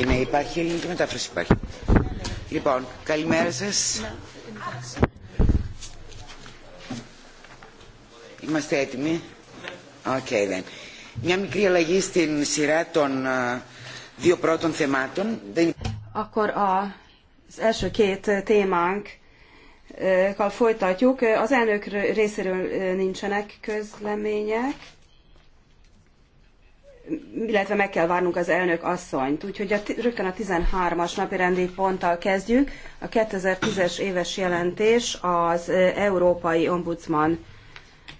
Είναι, υπάρχει ελληνική μετάφραση υπάρχει. Λοιπόν, καλημέρα σας. Είμαστε έτοιμοι. Οκ, okay, then. Μια μικρή αλλαγή στην σειρά των δύο πρώτων θεμάτων. Akkor a, az első két témánk folytatjuk. Az elnök részéről nincsenek közlemények illetve meg kell várnunk az elnök asszonyt. Úgyhogy a, rögtön a 13-as napi rendi ponttal kezdjük. A 2010-es éves jelentés az Európai Ombudsman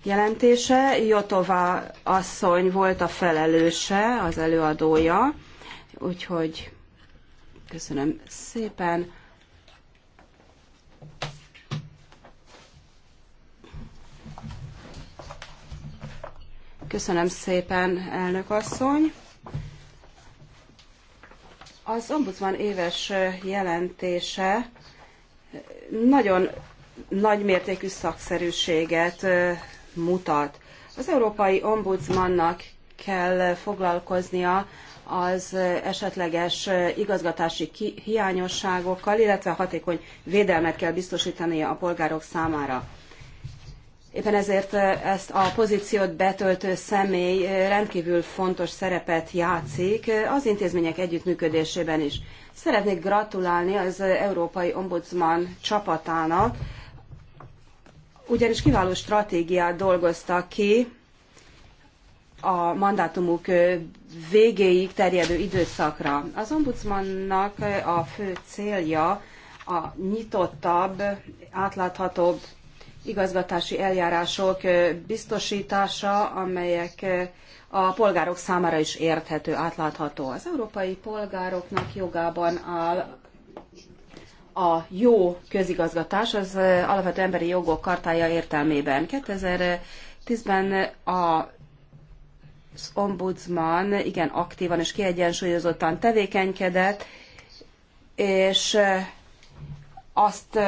jelentése. Jotova asszony volt a felelőse, az előadója. Úgyhogy köszönöm szépen. Köszönöm szépen, elnök asszony. Az ombudsman éves jelentése nagyon nagymértékű szakszerűséget mutat. Az európai ombudsmannak kell foglalkoznia az esetleges igazgatási hiányosságokkal, illetve hatékony védelmet kell biztosítania a polgárok számára. Éppen ezért eh, ezt a pozíciót betöltő személy eh, rendkívül fontos szerepet játszik eh, az intézmények együttműködésében is. Szeretnék gratulálni az Európai Ombudsman csapatának, ugyanis kiváló stratégiát dolgoztak ki a mandátumuk végéig terjedő időszakra. Az ombudsmannak a fő célja a nyitottabb, átláthatóbb igazgatási eljárások biztosítása, amelyek a polgárok számára is érthető, átlátható. Az európai polgároknak jogában áll a jó közigazgatás az alapvető emberi jogok kartája értelmében. 2010-ben a az ombudsman igen aktívan és kiegyensúlyozottan tevékenykedett, és azt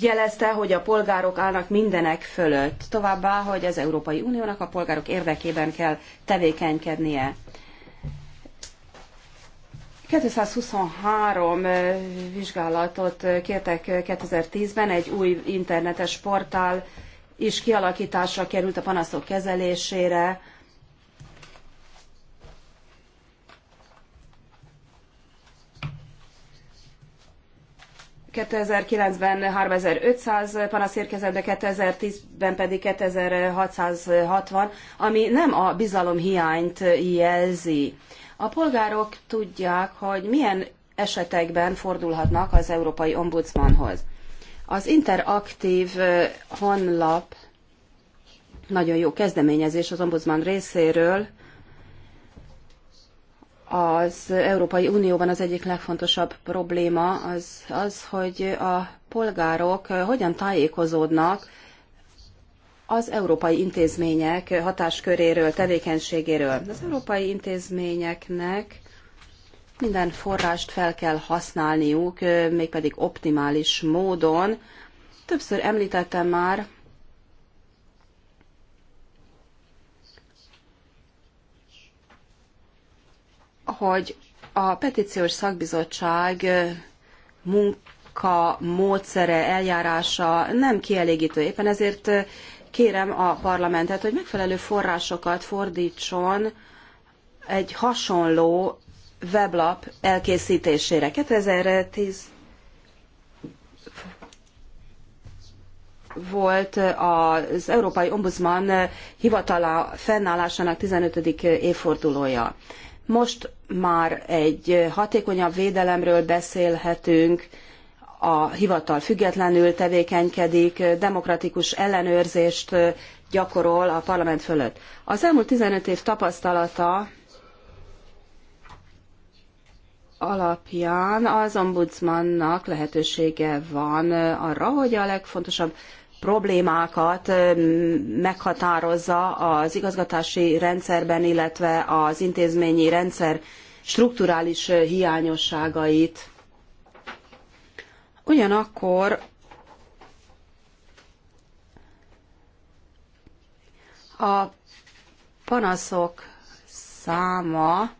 jelezte, hogy a polgárok állnak mindenek fölött, továbbá, hogy az Európai Uniónak a polgárok érdekében kell tevékenykednie. 223 vizsgálatot kértek 2010-ben, egy új internetes portál is kialakításra került a panaszok kezelésére, 2009-ben 3500 panasz érkezett, de 2010-ben pedig 2660, ami nem a bizalom hiányt jelzi. A polgárok tudják, hogy milyen esetekben fordulhatnak az Európai Ombudsmanhoz. Az interaktív honlap nagyon jó kezdeményezés az ombudsman részéről, az Európai Unióban az egyik legfontosabb probléma az, az hogy a polgárok hogyan tájékozódnak az európai intézmények hatásköréről, tevékenységéről. Az európai intézményeknek minden forrást fel kell használniuk, mégpedig optimális módon. Többször említettem már, hogy a petíciós szakbizottság munka módszere, eljárása nem kielégítő. Éppen ezért kérem a parlamentet, hogy megfelelő forrásokat fordítson egy hasonló weblap elkészítésére. 2010 volt az Európai Ombudsman hivatala fennállásának 15. évfordulója. Most már egy hatékonyabb védelemről beszélhetünk, a hivatal függetlenül tevékenykedik, demokratikus ellenőrzést gyakorol a parlament fölött. Az elmúlt 15 év tapasztalata alapján az ombudsmannak lehetősége van arra, hogy a legfontosabb problémákat meghatározza az igazgatási rendszerben, illetve az intézményi rendszer strukturális hiányosságait. Ugyanakkor a panaszok száma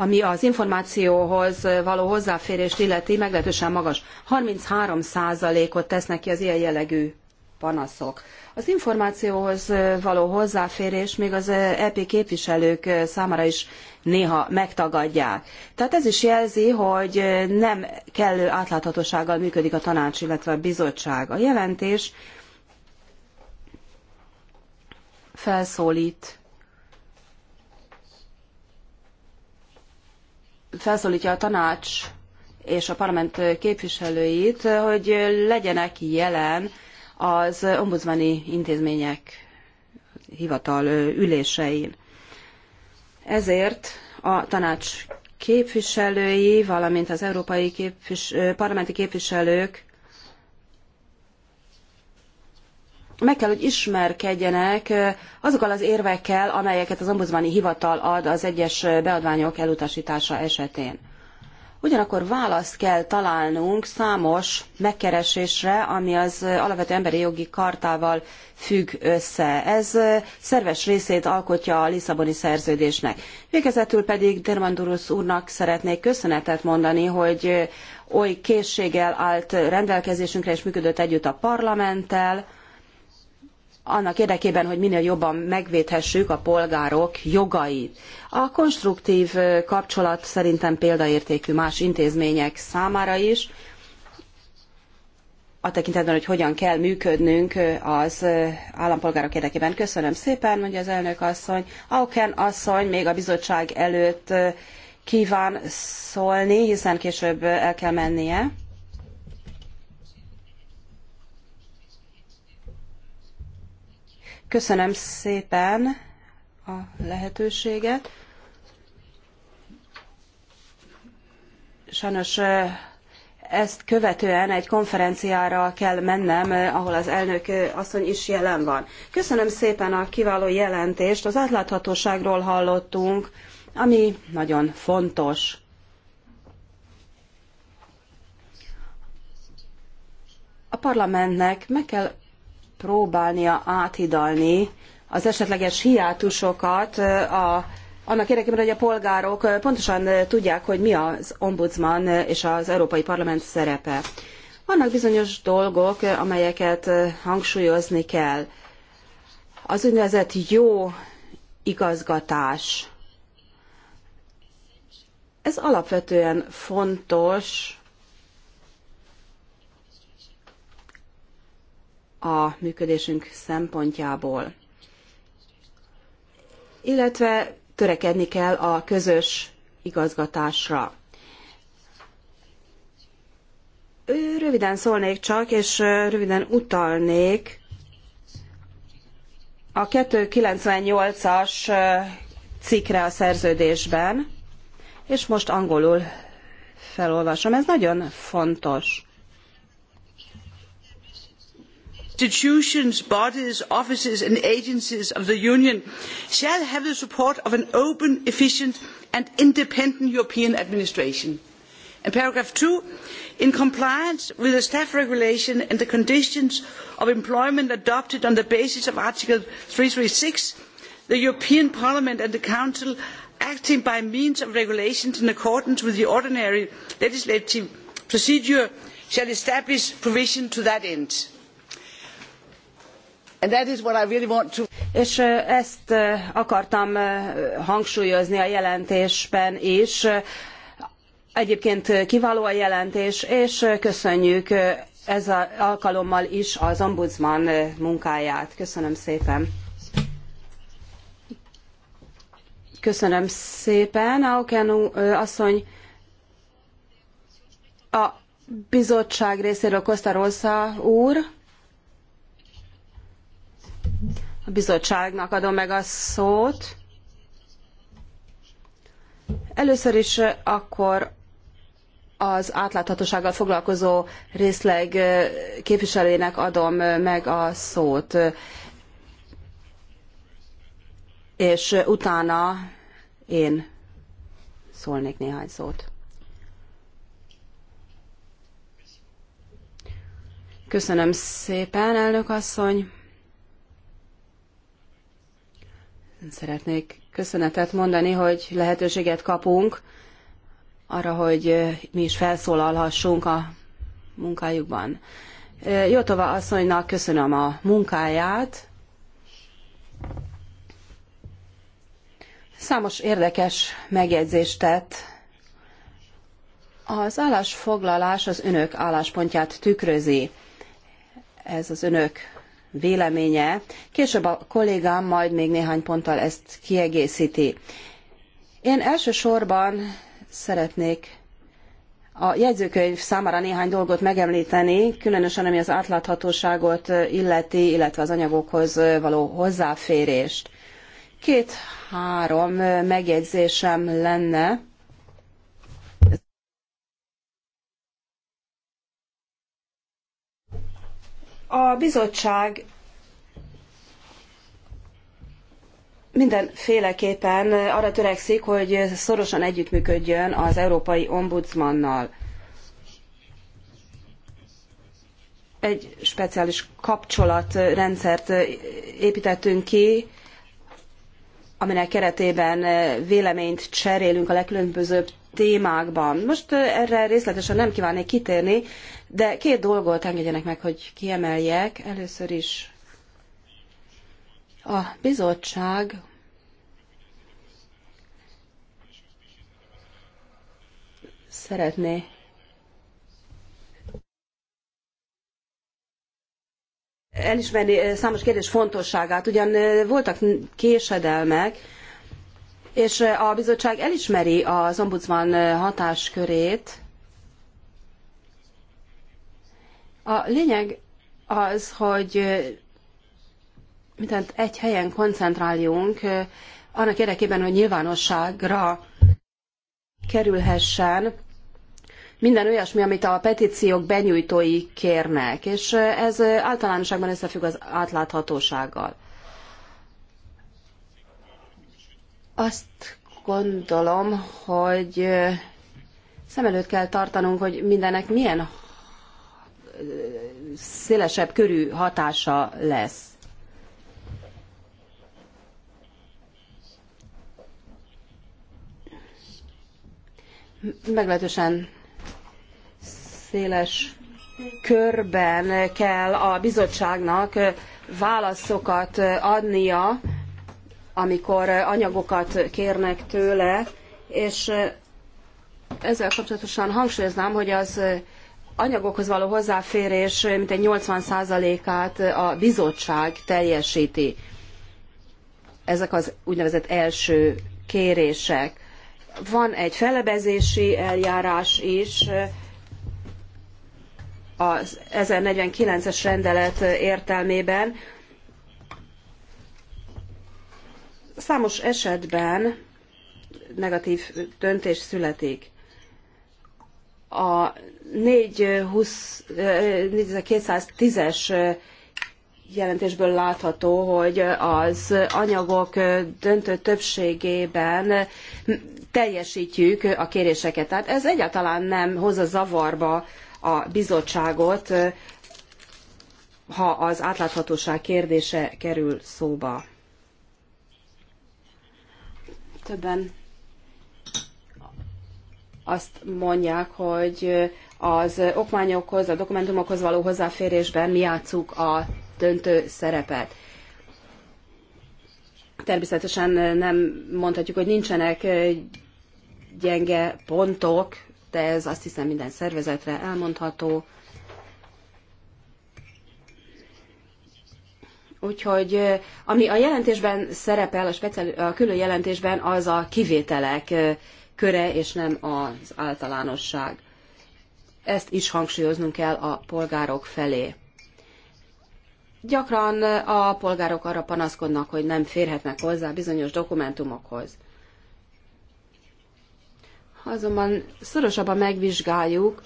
ami az információhoz való hozzáférést illeti, meglehetősen magas. 33%-ot tesznek ki az ilyen jellegű panaszok. Az információhoz való hozzáférés még az EP képviselők számára is néha megtagadják. Tehát ez is jelzi, hogy nem kellő átláthatósággal működik a tanács, illetve a bizottság. A jelentés felszólít felszólítja a tanács és a parlament képviselőit, hogy legyenek jelen az ombudsmani intézmények hivatal ülésein. Ezért a tanács képviselői, valamint az európai képvis- parlamenti képviselők meg kell, hogy ismerkedjenek azokkal az érvekkel, amelyeket az ombudsmani hivatal ad az egyes beadványok elutasítása esetén. Ugyanakkor választ kell találnunk számos megkeresésre, ami az alapvető emberi jogi kartával függ össze. Ez szerves részét alkotja a Lisszaboni szerződésnek. Végezetül pedig Dermandurus úrnak szeretnék köszönetet mondani, hogy oly készséggel állt rendelkezésünkre és működött együtt a parlamenttel, annak érdekében, hogy minél jobban megvédhessük a polgárok jogait. A konstruktív kapcsolat szerintem példaértékű más intézmények számára is, a tekintetben, hogy hogyan kell működnünk az állampolgárok érdekében. Köszönöm szépen, mondja az elnök asszony. Auken asszony még a bizottság előtt kíván szólni, hiszen később el kell mennie. Köszönöm szépen a lehetőséget. Sajnos ezt követően egy konferenciára kell mennem, ahol az elnök asszony is jelen van. Köszönöm szépen a kiváló jelentést. Az átláthatóságról hallottunk, ami nagyon fontos. A parlamentnek meg kell próbálnia áthidalni az esetleges hiátusokat a, annak érdekében, hogy a polgárok pontosan tudják, hogy mi az ombudsman és az Európai Parlament szerepe. Vannak bizonyos dolgok, amelyeket hangsúlyozni kell. Az úgynevezett jó igazgatás. Ez alapvetően fontos, a működésünk szempontjából. Illetve törekedni kell a közös igazgatásra. Röviden szólnék csak, és röviden utalnék a 298-as cikkre a szerződésben, és most angolul felolvasom. Ez nagyon fontos. institutions bodies offices and agencies of the union shall have the support of an open efficient and independent european administration. and paragraph two in compliance with the staff regulation and the conditions of employment adopted on the basis of article three hundred and thirty six the european parliament and the council acting by means of regulations in accordance with the ordinary legislative procedure shall establish provision to that end. És ezt akartam hangsúlyozni a jelentésben is. Egyébként kiváló a jelentés, és köszönjük ez alkalommal is az ombudsman munkáját. Köszönöm szépen. Köszönöm szépen, Aukenu asszony. A bizottság részéről Costa Rosa úr. A bizottságnak adom meg a szót. Először is eh, akkor az átláthatósággal foglalkozó részleg eh, képviselőjének adom eh, meg a szót, és utána én szólnék néhány szót. Köszönöm szépen, elnök asszony! Szeretnék köszönetet mondani, hogy lehetőséget kapunk arra, hogy mi is felszólalhassunk a munkájukban. Jótova asszonynak köszönöm a munkáját. Számos érdekes megjegyzést tett. Az állásfoglalás az önök álláspontját tükrözi. Ez az önök véleménye. Később a kollégám majd még néhány ponttal ezt kiegészíti. Én elsősorban szeretnék a jegyzőkönyv számára néhány dolgot megemlíteni, különösen ami az átláthatóságot illeti, illetve az anyagokhoz való hozzáférést. Két-három megjegyzésem lenne. A bizottság mindenféleképpen arra törekszik, hogy szorosan együttműködjön az Európai Ombudsmannal. Egy speciális kapcsolatrendszert építettünk ki, aminek keretében véleményt cserélünk a legkülönbözőbb témákban. Most erre részletesen nem kívánnék kitérni, de két dolgot engedjenek meg, hogy kiemeljek. Először is a bizottság szeretné elismerni számos kérdés fontosságát. Ugyan voltak késedelmek, és a bizottság elismeri az ombudsman hatáskörét. A lényeg az, hogy mindent egy helyen koncentráljunk, annak érdekében, hogy nyilvánosságra kerülhessen minden olyasmi, amit a petíciók benyújtói kérnek, és ez általánosságban összefügg az átláthatósággal. Azt gondolom, hogy szem előtt kell tartanunk, hogy mindennek milyen szélesebb körű hatása lesz. Meglehetősen széles körben kell a bizottságnak válaszokat adnia amikor anyagokat kérnek tőle, és ezzel kapcsolatosan hangsúlyoznám, hogy az anyagokhoz való hozzáférés mintegy 80%-át a bizottság teljesíti. Ezek az úgynevezett első kérések. Van egy felebezési eljárás is, az 1049-es rendelet értelmében, Számos esetben negatív döntés születik. A 4210-es eh, eh, jelentésből látható, hogy az anyagok eh, döntő többségében teljesítjük a kéréseket. Tehát ez egyáltalán nem hozza zavarba a bizottságot, ha az átláthatóság kérdése kerül szóba. Többen azt mondják, hogy az okmányokhoz, a dokumentumokhoz való hozzáférésben mi játszuk a döntő szerepet. Természetesen nem mondhatjuk, hogy nincsenek gyenge pontok, de ez azt hiszem minden szervezetre elmondható. Úgyhogy ami a jelentésben szerepel, a, speciál, a külön jelentésben az a kivételek köre, és nem az általánosság. Ezt is hangsúlyoznunk kell a polgárok felé. Gyakran a polgárok arra panaszkodnak, hogy nem férhetnek hozzá bizonyos dokumentumokhoz. azonban szorosabban megvizsgáljuk,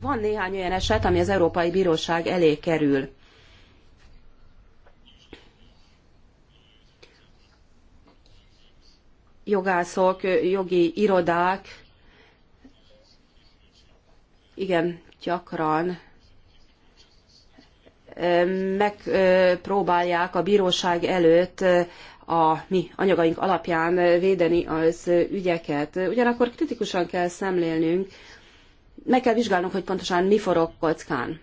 van néhány olyan eset, ami az Európai Bíróság elé kerül. jogászok, jogi irodák igen gyakran megpróbálják a bíróság előtt a mi anyagaink alapján védeni az ügyeket. Ugyanakkor kritikusan kell szemlélnünk, meg kell vizsgálnunk, hogy pontosan mi forog kockán.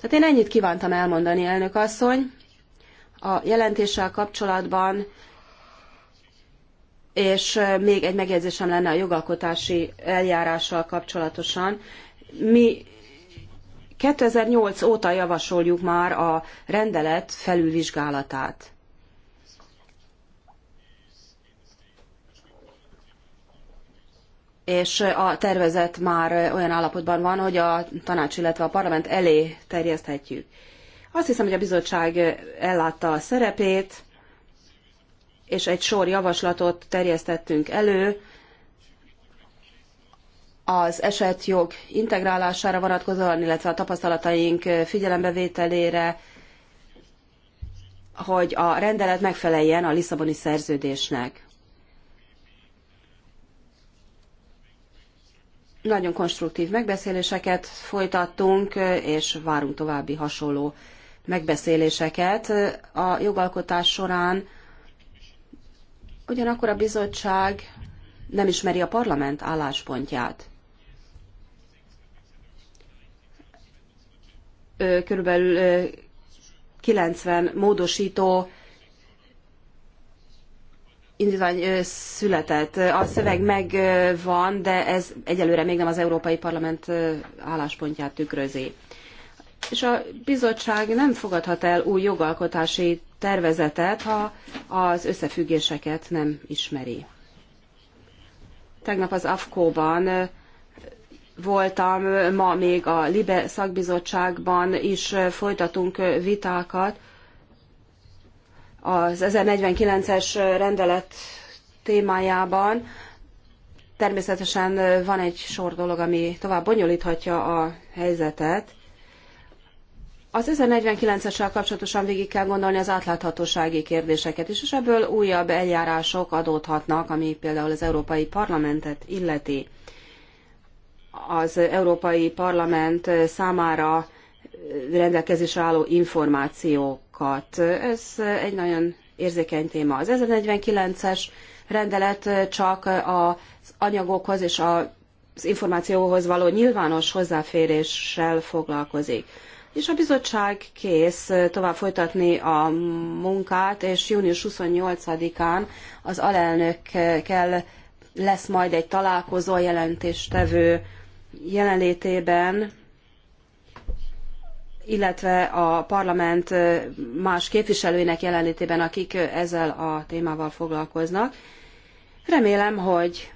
Tehát én ennyit kívántam elmondani, elnök asszony. A jelentéssel kapcsolatban és még egy megjegyzésem lenne a jogalkotási eljárással kapcsolatosan. Mi 2008 óta javasoljuk már a rendelet felülvizsgálatát. és a tervezet már olyan állapotban van, hogy a tanács, illetve a parlament elé terjeszthetjük. Azt hiszem, hogy a bizottság ellátta a szerepét, és egy sor javaslatot terjesztettünk elő az esetjog integrálására vonatkozóan, illetve a tapasztalataink figyelembevételére, hogy a rendelet megfeleljen a Lisszaboni szerződésnek. Nagyon konstruktív megbeszéléseket folytattunk, és várunk további hasonló megbeszéléseket a jogalkotás során Ugyanakkor a bizottság nem ismeri a parlament álláspontját. Körülbelül 90 módosító indítvány született. A szöveg megvan, de ez egyelőre még nem az Európai Parlament álláspontját tükrözi és a bizottság nem fogadhat el új jogalkotási tervezetet, ha az összefüggéseket nem ismeri. Tegnap az AFKO-ban voltam, ma még a LIBE szakbizottságban is folytatunk vitákat az 1049-es rendelet témájában. Természetesen van egy sor dolog, ami tovább bonyolíthatja a helyzetet, az 1049-essel kapcsolatosan végig kell gondolni az átláthatósági kérdéseket is, és ebből újabb eljárások adódhatnak, ami például az Európai Parlamentet illeti. Az Európai Parlament számára rendelkezésre álló információkat. Ez egy nagyon érzékeny téma. Az 1049-es rendelet csak az anyagokhoz és az információhoz való nyilvános hozzáféréssel foglalkozik és a bizottság kész tovább folytatni a munkát, és június 28-án az alelnökkel lesz majd egy találkozó a jelentéstevő jelenlétében, illetve a parlament más képviselőinek jelenlétében, akik ezzel a témával foglalkoznak. Remélem, hogy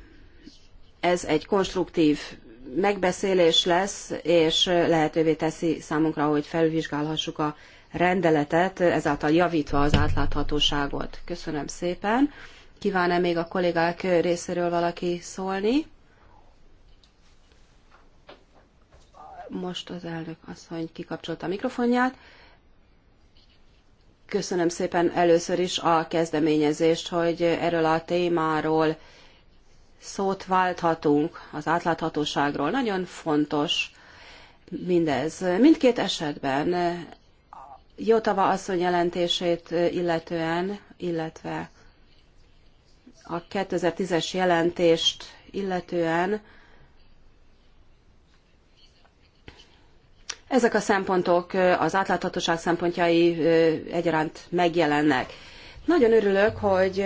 ez egy konstruktív megbeszélés lesz, és lehetővé teszi számunkra, hogy felvizsgálhassuk a rendeletet, ezáltal javítva az átláthatóságot. Köszönöm szépen. Kíván-e még a kollégák részéről valaki szólni? Most az elnök asszony kikapcsolta a mikrofonját. Köszönöm szépen először is a kezdeményezést, hogy erről a témáról szót válthatunk az átláthatóságról. Nagyon fontos mindez. Mindkét esetben Jótava asszony jelentését illetően, illetve a 2010-es jelentést illetően ezek a szempontok, az átláthatóság szempontjai egyaránt megjelennek. Nagyon örülök, hogy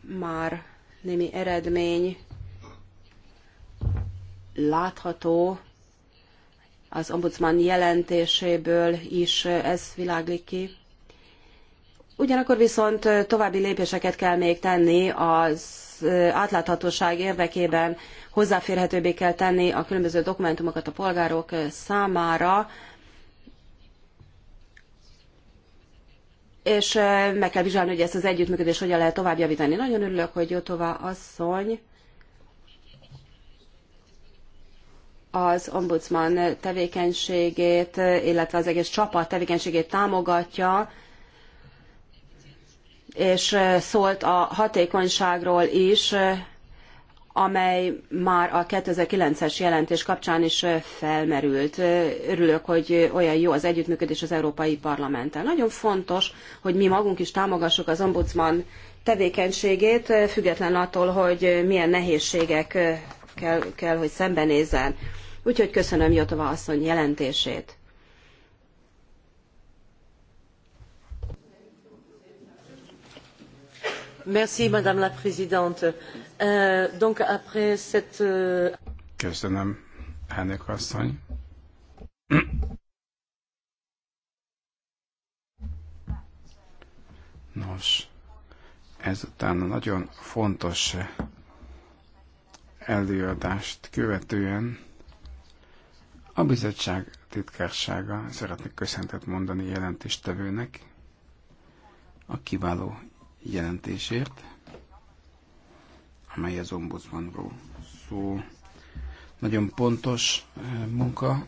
már némi eredmény látható, az ombudsman jelentéséből is ez világlik ki. Ugyanakkor viszont további lépéseket kell még tenni az átláthatóság érdekében, hozzáférhetőbbé kell tenni a különböző dokumentumokat a polgárok számára, és meg kell vizsgálni, hogy ezt az együttműködést hogyan lehet tovább javítani. Nagyon örülök, hogy Jotova asszony az ombudsman tevékenységét, illetve az egész csapat tevékenységét támogatja, és szólt a hatékonyságról is, amely már a 2009-es jelentés kapcsán is felmerült. Örülök, hogy olyan jó az együttműködés az Európai Parlamenttel. Nagyon fontos, hogy mi magunk is támogassuk az ombudsman tevékenységét, független attól, hogy milyen nehézségek kell, kell hogy szembenézzen. Úgyhogy köszönöm Jotova asszony jelentését. Merci, Madame la Présidente. Euh, donc après cette... Euh, Köszönöm, elnök asszony. Nos, ezután a nagyon fontos előadást követően a bizottság titkársága szeretnék köszöntet mondani jelentéstevőnek a kiváló jelentésért amely az ombudsmanról szól. Nagyon pontos eh, munka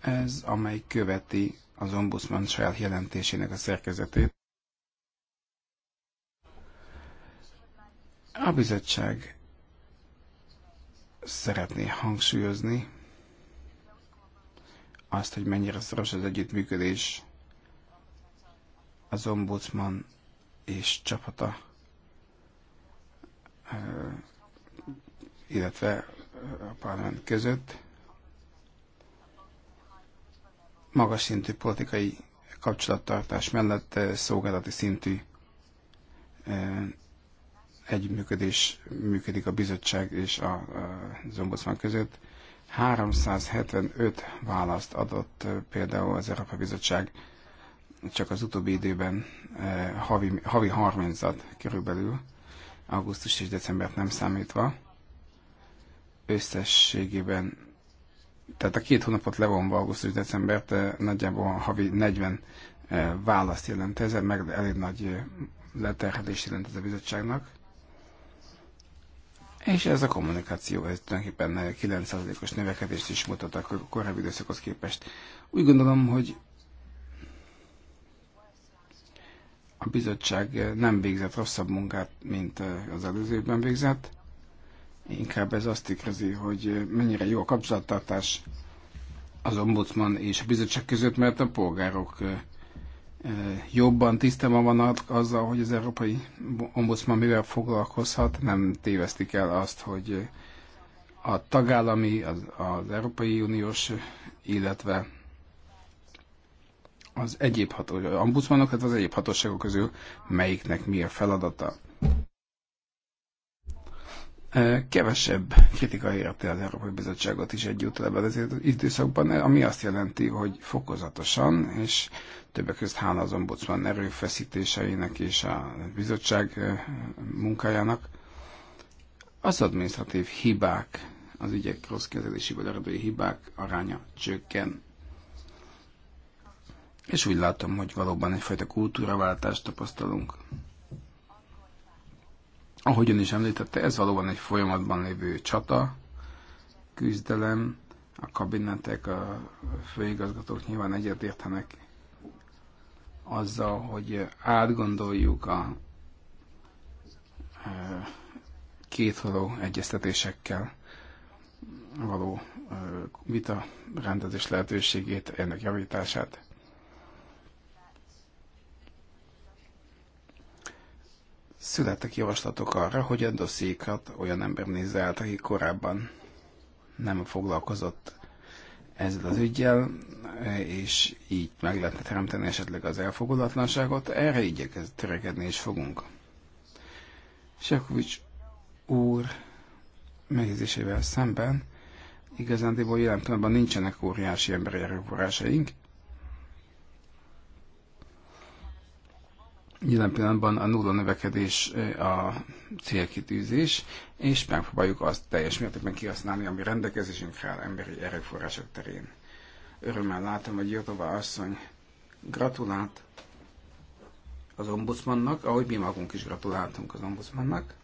ez, amely követi az ombudsman saját jelentésének a szerkezetét. A bizottság szeretné hangsúlyozni azt, hogy mennyire szoros az együttműködés az ombudsman és csapata illetve a parlament között magas szintű politikai kapcsolattartás mellett szolgálati szintű együttműködés működik a bizottság és a, az között. 375 választ adott például az Európa Bizottság csak az utóbbi időben havi, havi 30-at körülbelül augusztus és decembert nem számítva, összességében, tehát a két hónapot levonva augusztus és decembert, eh, nagyjából a havi 40 eh, választ jelent ez, meg elég nagy eh, leterhelés jelent ez a bizottságnak. És ez a kommunikáció, ez tulajdonképpen 9%-os növekedést is mutat a korábbi időszakhoz képest. Úgy gondolom, hogy a bizottság nem végzett rosszabb munkát, mint az előző évben végzett. Inkább ez azt tükrözi, hogy mennyire jó a kapcsolattartás az ombudsman és a bizottság között, mert a polgárok jobban tisztában vannak azzal, hogy az európai ombudsman mivel foglalkozhat, nem tévesztik el azt, hogy a tagállami, az, az Európai Uniós, illetve az egyéb hatóságok, ombudsmanok, hát az egyéb hatóságok közül melyiknek mi a feladata. Kevesebb kritika érte az Európai Bizottságot is egyúttal ebben az időszakban, ami azt jelenti, hogy fokozatosan, és többek között hála az ombudsman erőfeszítéseinek és a bizottság munkájának, az adminisztratív hibák, az ügyek rossz kezeléséből eredő hibák aránya csökken és úgy látom, hogy valóban egyfajta kultúraváltást tapasztalunk. Ahogyan is említette, ez valóban egy folyamatban lévő csata, küzdelem, a kabinetek, a főigazgatók nyilván egyetértenek azzal, hogy átgondoljuk a e, két való egyeztetésekkel való e, vita rendezés lehetőségét, ennek javítását. Születtek javaslatok arra, hogy a dossziékat olyan ember nézze át, aki korábban nem foglalkozott ezzel az ügyjel, és így meg lehetne teremteni esetleg az elfogadatlanságot. Erre igyekezni törekedni is fogunk. Sekovics úr megjegyzésével szemben igazándiból jelen pillanatban nincsenek óriási emberi erőforrásaink, Jelen pillanatban a nulla növekedés a célkitűzés, és megpróbáljuk azt teljes mértékben kihasználni, ami rendelkezésünkre áll emberi erőforrások terén. Örömmel látom, hogy Jotova asszony gratulált az ombudsmannak, ahogy mi magunk is gratuláltunk az ombudsmannak.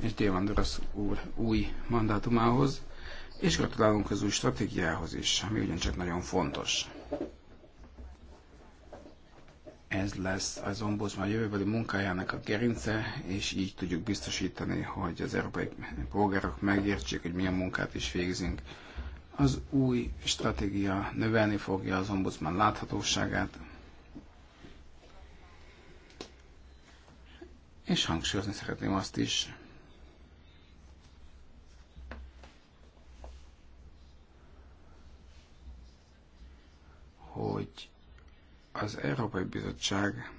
És Dévandorasz úr új mandátumához, és gratulálunk az új stratégiához is, ami ugyancsak nagyon fontos. Ez lesz az ombudsman jövőbeli munkájának a gerince, és így tudjuk biztosítani, hogy az európai polgárok megértsék, hogy milyen munkát is végzünk. Az új stratégia növelni fogja az ombudsman láthatóságát, és hangsúlyozni szeretném azt is, hogy az Európai Bizottság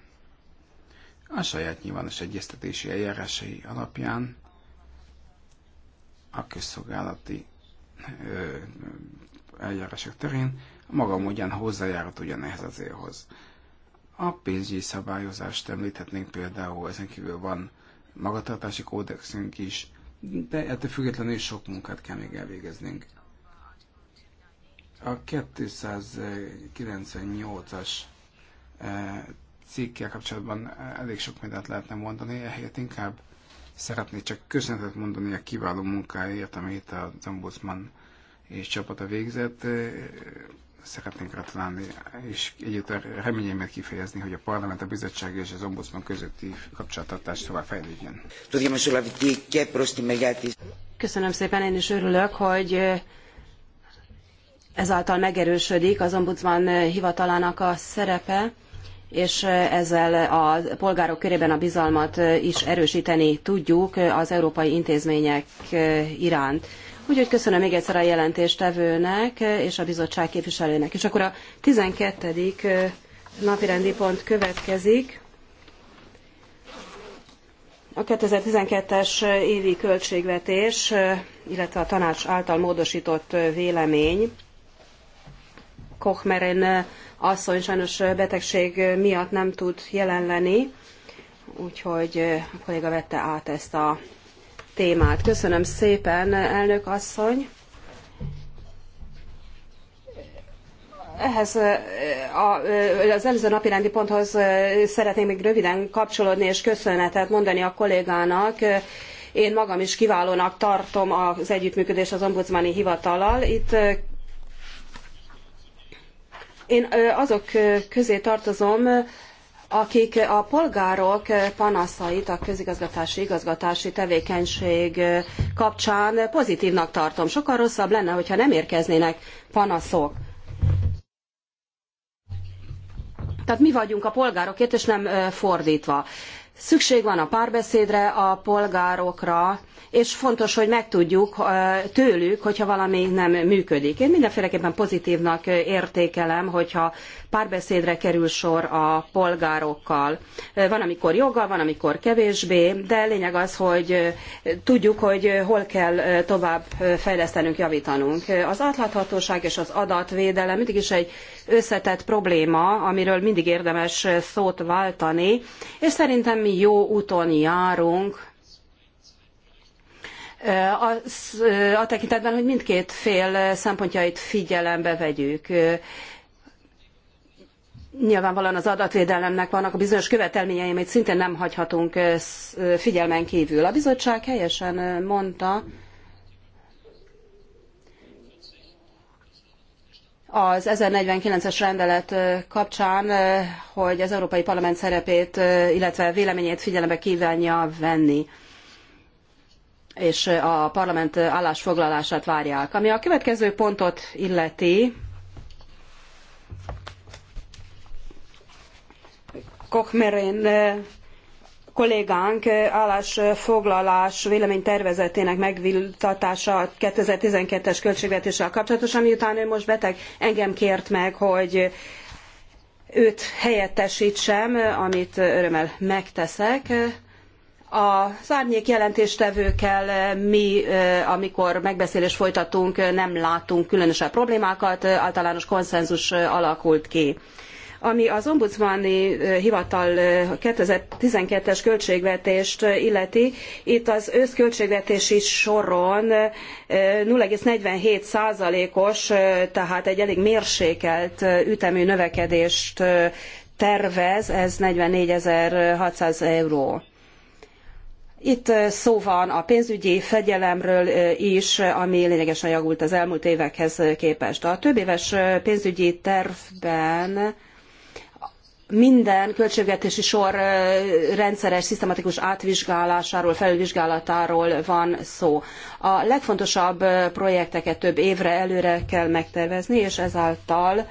a saját nyilvános egyeztetési eljárásai alapján a közszolgálati ö, eljárások terén maga módján hozzájárult ugyanehhez az élhoz. A pénzügyi szabályozást említhetnénk például, ezen kívül van magatartási kódexünk is, de ettől függetlenül sok munkát kell még elvégeznünk. A 298-as E, cikkkel kapcsolatban elég sok mindent lehetne mondani, ehelyett inkább szeretnék csak köszönetet mondani a kiváló munkáért, amit a Zombudsman és csapata végzett. E, szeretnénk gratulálni, és együtt a reményeimet kifejezni, hogy a parlament, a bizottság és az ombudsman közötti kapcsolatartás tovább fejlődjön. Köszönöm szépen, én is örülök, hogy ezáltal megerősödik az ombudsman hivatalának a szerepe és ezzel a polgárok körében a bizalmat is erősíteni tudjuk az európai intézmények iránt. Úgyhogy köszönöm még egyszer a jelentéstevőnek és a bizottság képviselőnek. És akkor a 12. napirendi pont következik. A 2012-es évi költségvetés, illetve a tanács által módosított vélemény. Kochmeren eh, asszony sajnos eh, betegség eh, miatt nem tud jelen lenni, úgyhogy a kolléga vette át ezt a témát. Köszönöm szépen, elnök asszony! ehhez az előző napi rendi ponthoz szeretnék még röviden kapcsolódni és köszönetet mondani a kollégának. Én magam is kiválónak tartom az együttműködést az ombudsmani hivatalal. Itt én azok közé tartozom, akik a polgárok panaszait a közigazgatási igazgatási tevékenység kapcsán pozitívnak tartom. Sokkal rosszabb lenne, hogyha nem érkeznének panaszok. Tehát mi vagyunk a polgárokért, és nem fordítva. Szükség van a párbeszédre, a polgárokra, és fontos, hogy megtudjuk tőlük, hogyha valami nem működik. Én mindenféleképpen pozitívnak értékelem, hogyha párbeszédre kerül sor a polgárokkal. Van, amikor joggal, van, amikor kevésbé, de lényeg az, hogy eh, tudjuk, hogy eh, hol kell eh, tovább fejlesztenünk, javítanunk. Az átláthatóság és az adatvédelem mindig is egy összetett probléma, amiről mindig érdemes szót váltani, és szerintem mi jó úton járunk, a, a tekintetben, hogy mindkét fél szempontjait figyelembe vegyük nyilvánvalóan az adatvédelemnek vannak a bizonyos követelményei, amit szintén nem hagyhatunk figyelmen kívül. A bizottság helyesen mondta, az 1049-es rendelet kapcsán, hogy az Európai Parlament szerepét, illetve véleményét figyelembe kívánja venni és a parlament állásfoglalását várják. Ami a következő pontot illeti, Kochmerin eh, kollégánk eh, állásfoglalás véleménytervezetének megvitatása a 2012-es költségvetéssel kapcsolatosan, miután ő most beteg, engem kért meg, hogy őt helyettesítsem, amit örömmel megteszek. Az árnyék jelentéstevőkkel eh, mi, amikor megbeszélést folytatunk, nem látunk különösebb problémákat, általános konszenzus alakult ki. Ami az ombudsmani hivatal 2012-es költségvetést illeti, itt az költségvetési soron 0,47 os tehát egy elég mérsékelt ütemű növekedést tervez, ez 44.600 euró. Itt szó van a pénzügyi fegyelemről is, ami lényegesen javult az elmúlt évekhez képest. A többéves pénzügyi tervben minden költségvetési sor rendszeres, szisztematikus átvizsgálásáról, felülvizsgálatáról van szó. A legfontosabb projekteket több évre előre kell megtervezni, és ezáltal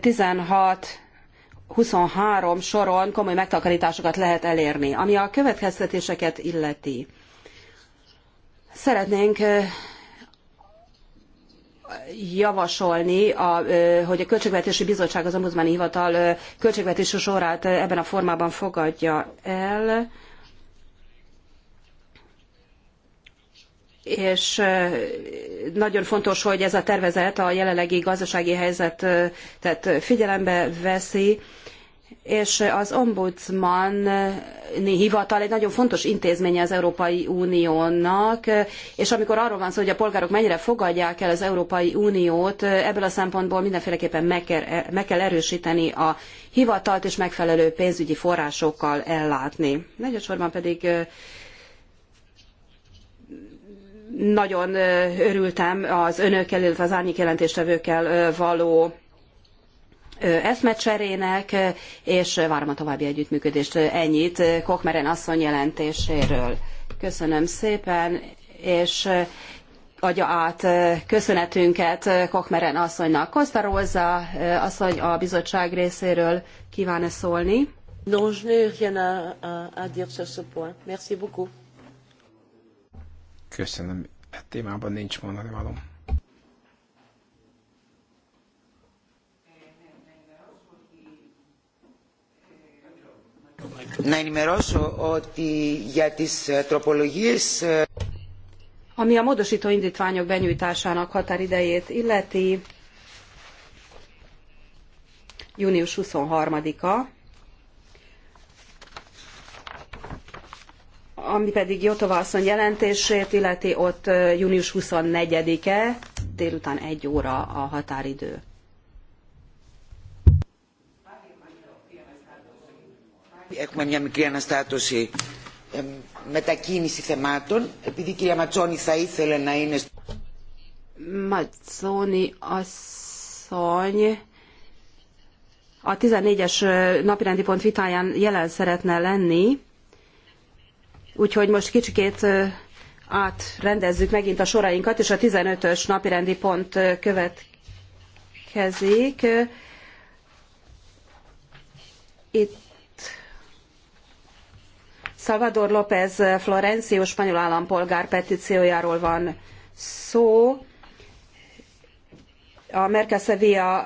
16 23 soron komoly megtakarításokat lehet elérni. Ami a következtetéseket illeti, szeretnénk javasolni, a, hogy a Költségvetési Bizottság az Ombudsmani Hivatal költségvetési sorát ebben a formában fogadja el. és nagyon fontos, hogy ez a tervezet a jelenlegi gazdasági helyzetet figyelembe veszi, és az ombudsmani hivatal egy nagyon fontos intézménye az Európai Uniónak, és amikor arról van szó, hogy a polgárok mennyire fogadják el az Európai Uniót, ebből a szempontból mindenféleképpen meg kell, meg kell erősíteni a hivatalt, és megfelelő pénzügyi forrásokkal ellátni. Negyedsorban pedig nagyon örültem az önökkel, illetve az árnyék jelentéstevőkkel való eszmecserének, és várom a további együttműködést. Ennyit Kokmeren asszony jelentéséről. Köszönöm szépen, és adja át köszönetünket Kokmeren asszonynak. Kosta Róza asszony a bizottság részéről kíván-e szólni? Non, je n'ai rien à, à, à dire sur ce point. Merci beaucoup. Köszönöm. E témában nincs mondani valóm. να ενημερώσω ότι για τις τροπολογίες... Ami a módosító indítványok benyújtásának határidejét illeti, június 23-a, ami pedig Jotova asszony jelentését illeti, ott június 24-e, délután 1 óra a határidő. έχουμε μια μικρή αναστάτωση ε, μετακίνηση θεμάτων. Επειδή η κυρία Ματσόνη θα ήθελε να είναι... Ματσόνη Ασόνη... a 14-es napirendi pont vitáján jelen szeretne lenni, úgyhogy most kicsikét átrendezzük megint a sorainkat, és a 15-ös napirendi pont következik. Itt Salvador López Florencio spanyol állampolgár petíciójáról van szó. A Merkel Sevilla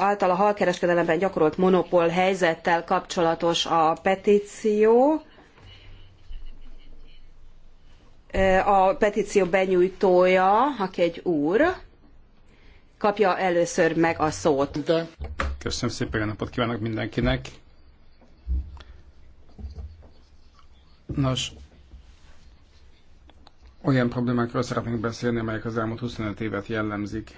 által a halkereskedelemben gyakorolt monopól helyzettel kapcsolatos a petíció. A petíció benyújtója, aki egy úr, kapja először meg a szót. Köszönöm szépen, napot kívánok mindenkinek! Nos, olyan problémákról szeretnénk beszélni, amelyek az elmúlt 25 évet jellemzik.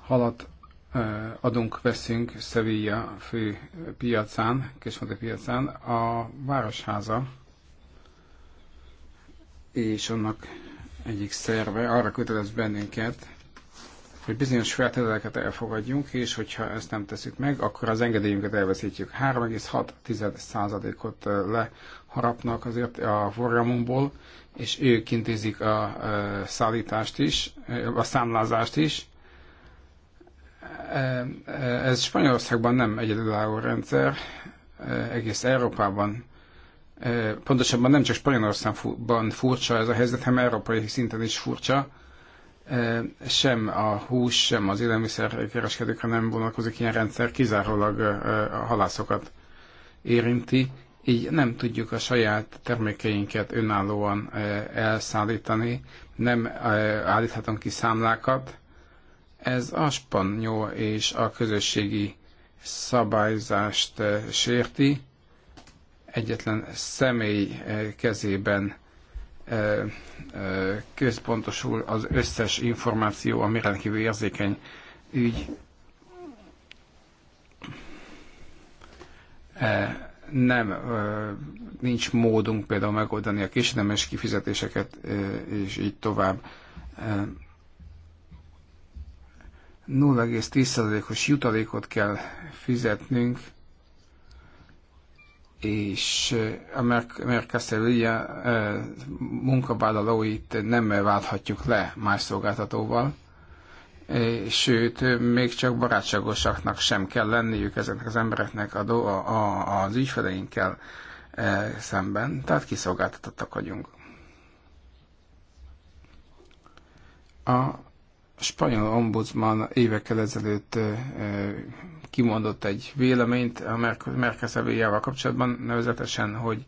Halat adunk, veszünk Sevilla fő piacán, kismeti piacán, a Városháza és annak egyik szerve arra kötelez bennünket, hogy bizonyos feltételeket elfogadjunk, és hogyha ezt nem teszük meg, akkor az engedélyünket elveszítjük. 3,6%-ot leharapnak azért a forgalomból, és ők intézik a szállítást is, a számlázást is. Ez Spanyolországban nem egyedülálló rendszer, egész Európában pontosabban nem csak Spanyolországban furcsa ez a helyzet, hanem európai szinten is furcsa sem a hús, sem az élelmiszer kereskedőkre nem vonatkozik ilyen rendszer, kizárólag a halászokat érinti, így nem tudjuk a saját termékeinket önállóan elszállítani, nem állíthatunk ki számlákat. Ez a spanyol és a közösségi szabályzást sérti, egyetlen személy kezében központosul az összes információ, ami rendkívül érzékeny ügy. Nem, nincs módunk például megoldani a késedelmes kifizetéseket, és így tovább. 0,10%-os jutalékot kell fizetnünk és a Mercastellia munkavállalóit nem válthatjuk le más szolgáltatóval, sőt, még csak barátságosaknak sem kell lenniük ezeknek az embereknek a, do- a, a, az ügyfeleinkkel szemben, tehát kiszolgáltatottak vagyunk. A spanyol ombudsman évekkel ezelőtt kimondott egy véleményt a Merkel kapcsolatban, nevezetesen, hogy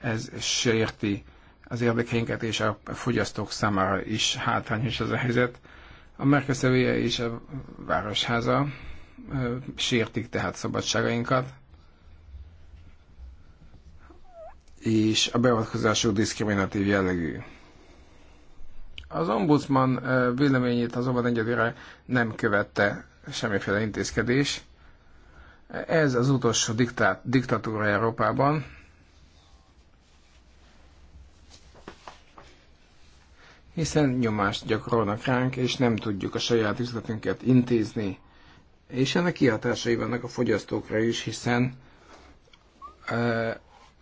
ez sérti az érdekeinket, és a fogyasztók számára is hátrányos az a helyzet. A Merkel és a Városháza sértik tehát szabadságainkat, és a beavatkozások diszkriminatív jellegű. Az ombudsman véleményét azonban egyedülre nem követte semmiféle intézkedés. Ez az utolsó diktát, diktatúra Európában. Hiszen nyomást gyakorolnak ránk, és nem tudjuk a saját üzletünket intézni. És ennek kihatásai vannak a fogyasztókra is, hiszen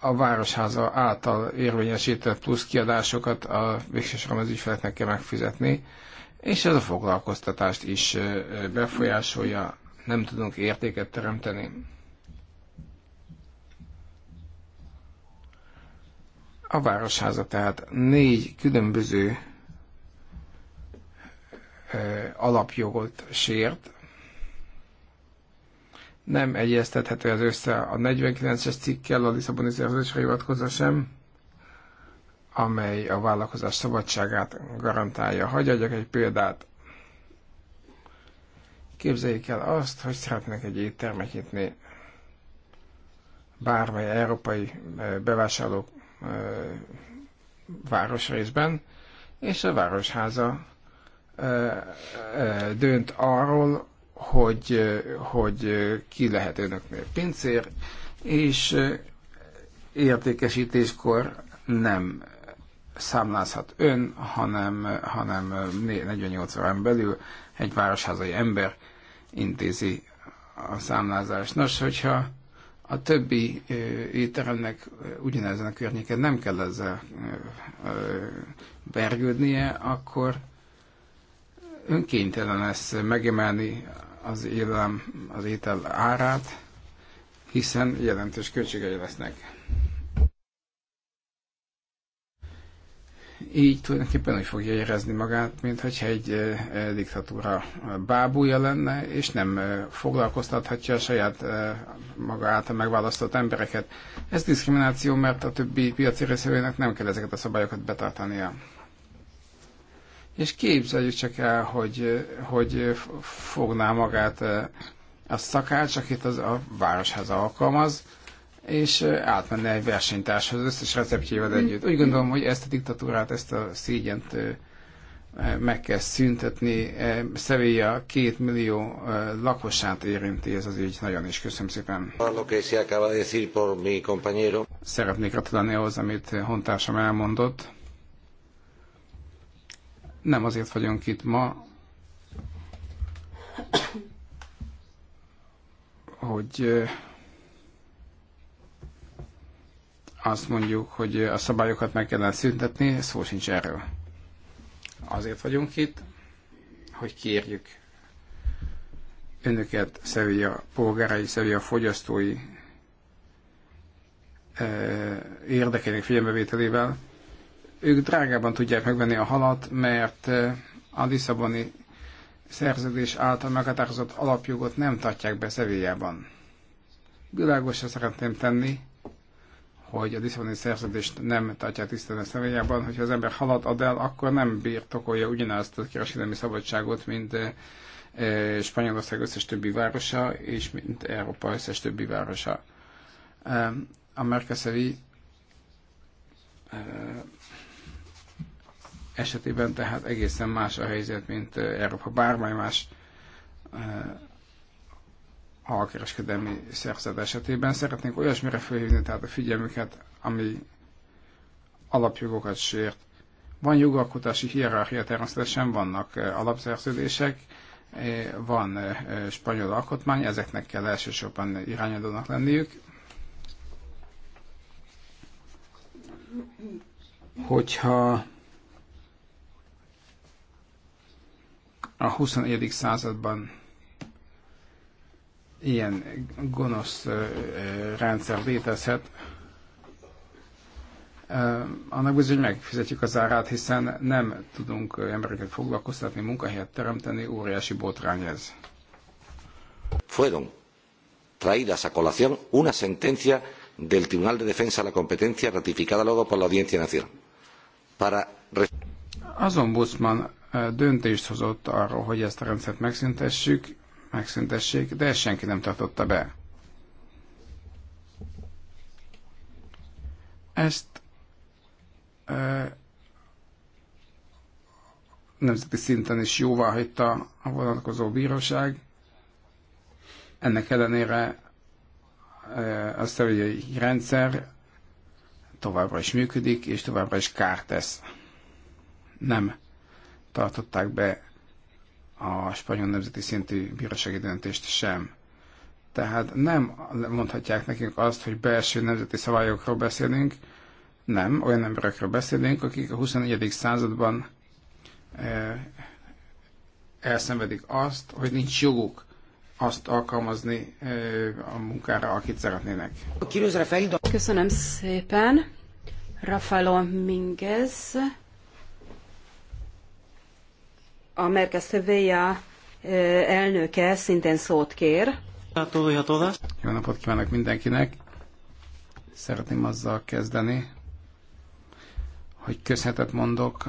a Városháza által érvényesített plusz kiadásokat a végsősorban az ügyfeleknek kell megfizetni, és ez a foglalkoztatást is befolyásolja, nem tudunk értéket teremteni. A Városháza tehát négy különböző alapjogot sért. Nem egyeztethető ez össze a 49-es cikkel, a Lisszaboni szerződésre hivatkozva sem, amely a vállalkozás szabadságát garantálja. Hagyjak egy példát. Képzeljék el azt, hogy szeretnek egy éttermet nyitni bármely európai eh, bevásárló eh, városrészben, és a városháza eh, dönt arról, hogy, hogy ki lehet önöknél pincér, és értékesítéskor nem számlázhat ön, hanem, hanem 48 órán belül egy városházai ember intézi a számlázást. Nos, hogyha a többi étteremnek ugyanezen a környéken nem kell ezzel vergődnie, akkor önkéntelen lesz megemelni az élelem, az étel árát, hiszen jelentős költségei lesznek. így tulajdonképpen úgy fogja érezni magát, mintha egy diktatúra bábúja lenne, és nem foglalkoztathatja a saját maga által megválasztott embereket. Ez diszkrimináció, mert a többi piaci részvevőnek nem kell ezeket a szabályokat betartania. És képzeljük csak el, hogy, hogy fogná magát a szakács, akit az a városház alkalmaz, és átmenne egy versenytárshoz összes receptjével mm. együtt. Úgy gondolom, hogy ezt a diktatúrát, ezt a szígyent meg kell szüntetni. Sevilla két millió lakosát érinti ez az ügy nagyon, is köszönöm szépen. Szeretnék gratulálni ahhoz, amit hontársam elmondott. Nem azért vagyunk itt ma, hogy azt mondjuk, hogy a szabályokat meg kellene szüntetni, szó sincs erről. Azért vagyunk itt, hogy kérjük önöket, Szevilla polgárai, Szevilla fogyasztói érdekének figyelmevételével. Ők drágában tudják megvenni a halat, mert a Lisszaboni szerződés által meghatározott alapjogot nem tartják be Szevillában. Világosra szeretném tenni, hogy a diszponi szerződést nem tartják a személyában, hogyha az ember halat ad el, akkor nem birtokolja ugyanazt a kereskedelmi szabadságot, mint eh, eh, Spanyolország összes többi városa, és mint Európa összes többi városa. A Mercosuri eh, esetében tehát egészen más a helyzet, mint Európa bármely más a kereskedelmi szerzet esetében. Szeretnénk olyasmire felhívni tehát a figyelmüket, ami alapjogokat sért. Van jogalkotási hierarchia, természetesen vannak eh, alapszerződések, eh, van eh, spanyol alkotmány, ezeknek kell elsősorban irányadónak lenniük. Hogyha a 21. században ilyen gonosz rendszer létezhet, annak bizony megfizetjük az árát, hiszen nem tudunk embereket foglalkoztatni, munkahelyet teremteni, óriási botrány ez. Fueron traídas a colación una sentencia del Tribunal de Defensa de la Competencia ratificada luego por la Audiencia Nacional. Para... Azon buszman döntést hozott arról, hogy ezt a rendszert megszüntessük, megszüntessék, de ezt senki nem tartotta be. Ezt e, nemzeti szinten is jóvá hagyta a vonatkozó bíróság. Ennek ellenére e, a szerviai rendszer továbbra is működik, és továbbra is kárt tesz. Nem tartották be a spanyol nemzeti szintű bírósági döntést sem. Tehát nem mondhatják nekünk azt, hogy belső nemzeti szabályokról beszélünk, nem, olyan emberekről beszélünk, akik a 21. században e, elszenvedik azt, hogy nincs joguk azt alkalmazni e, a munkára, akit szeretnének. Köszönöm szépen. Rafael Minguez a Merkez Sevilla elnöke szintén szót kér. Jó napot kívánok mindenkinek! Szeretném azzal kezdeni, hogy köszönetet mondok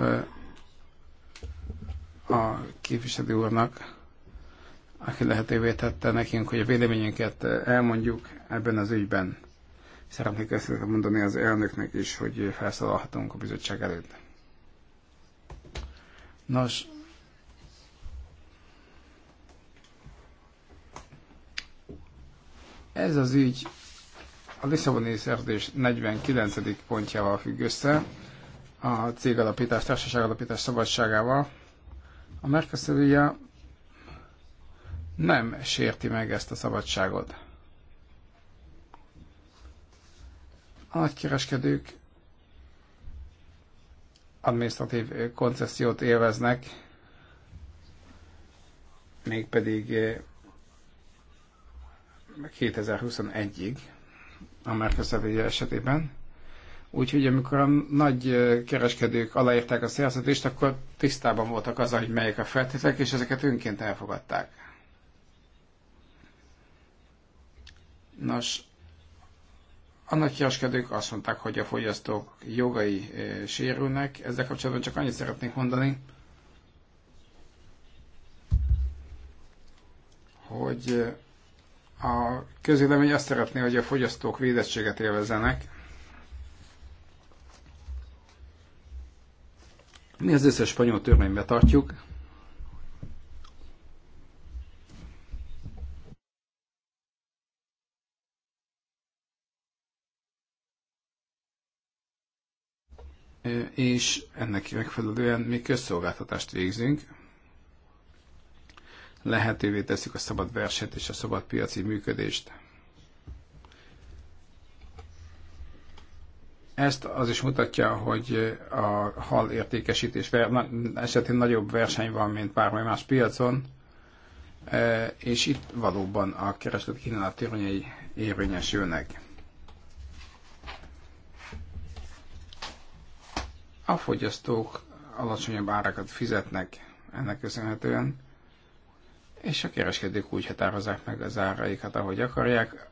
a képviselő úrnak, aki lehetővé tette nekünk, hogy a véleményünket elmondjuk ebben az ügyben. Szeretnék ezt mondani az elnöknek is, hogy felszólalhatunk a bizottság előtt. Nos, Ez az ügy a Lisszaboni szerződés 49. pontjával függ össze, a cégalapítás, társaságalapítás szabadságával. A Mercosurja nem sérti meg ezt a szabadságot. A nagykereskedők administratív koncesziót élveznek, mégpedig 2021-ig a Mercosur esetében. Úgyhogy amikor a nagy kereskedők aláírták a szerződést, akkor tisztában voltak azzal, hogy melyek a feltételek, és ezeket önként elfogadták. Nos, a nagy kereskedők azt mondták, hogy a fogyasztók jogai sérülnek. Ezzel kapcsolatban csak annyit szeretnék mondani, hogy a közélemény azt szeretné, hogy a fogyasztók védettséget élvezzenek. Mi az összes spanyol törvénybe tartjuk. És ennek megfelelően mi közszolgáltatást végzünk lehetővé teszik a szabad verset és a szabad piaci működést. Ezt az is mutatja, hogy a hal értékesítés esetén nagyobb verseny van, mint bármely más piacon, e, és itt valóban a kereslet kínálat törvényei érvényesülnek. A fogyasztók alacsonyabb árakat fizetnek ennek köszönhetően, és a kereskedők úgy határozzák meg az áraikat, ahogy akarják,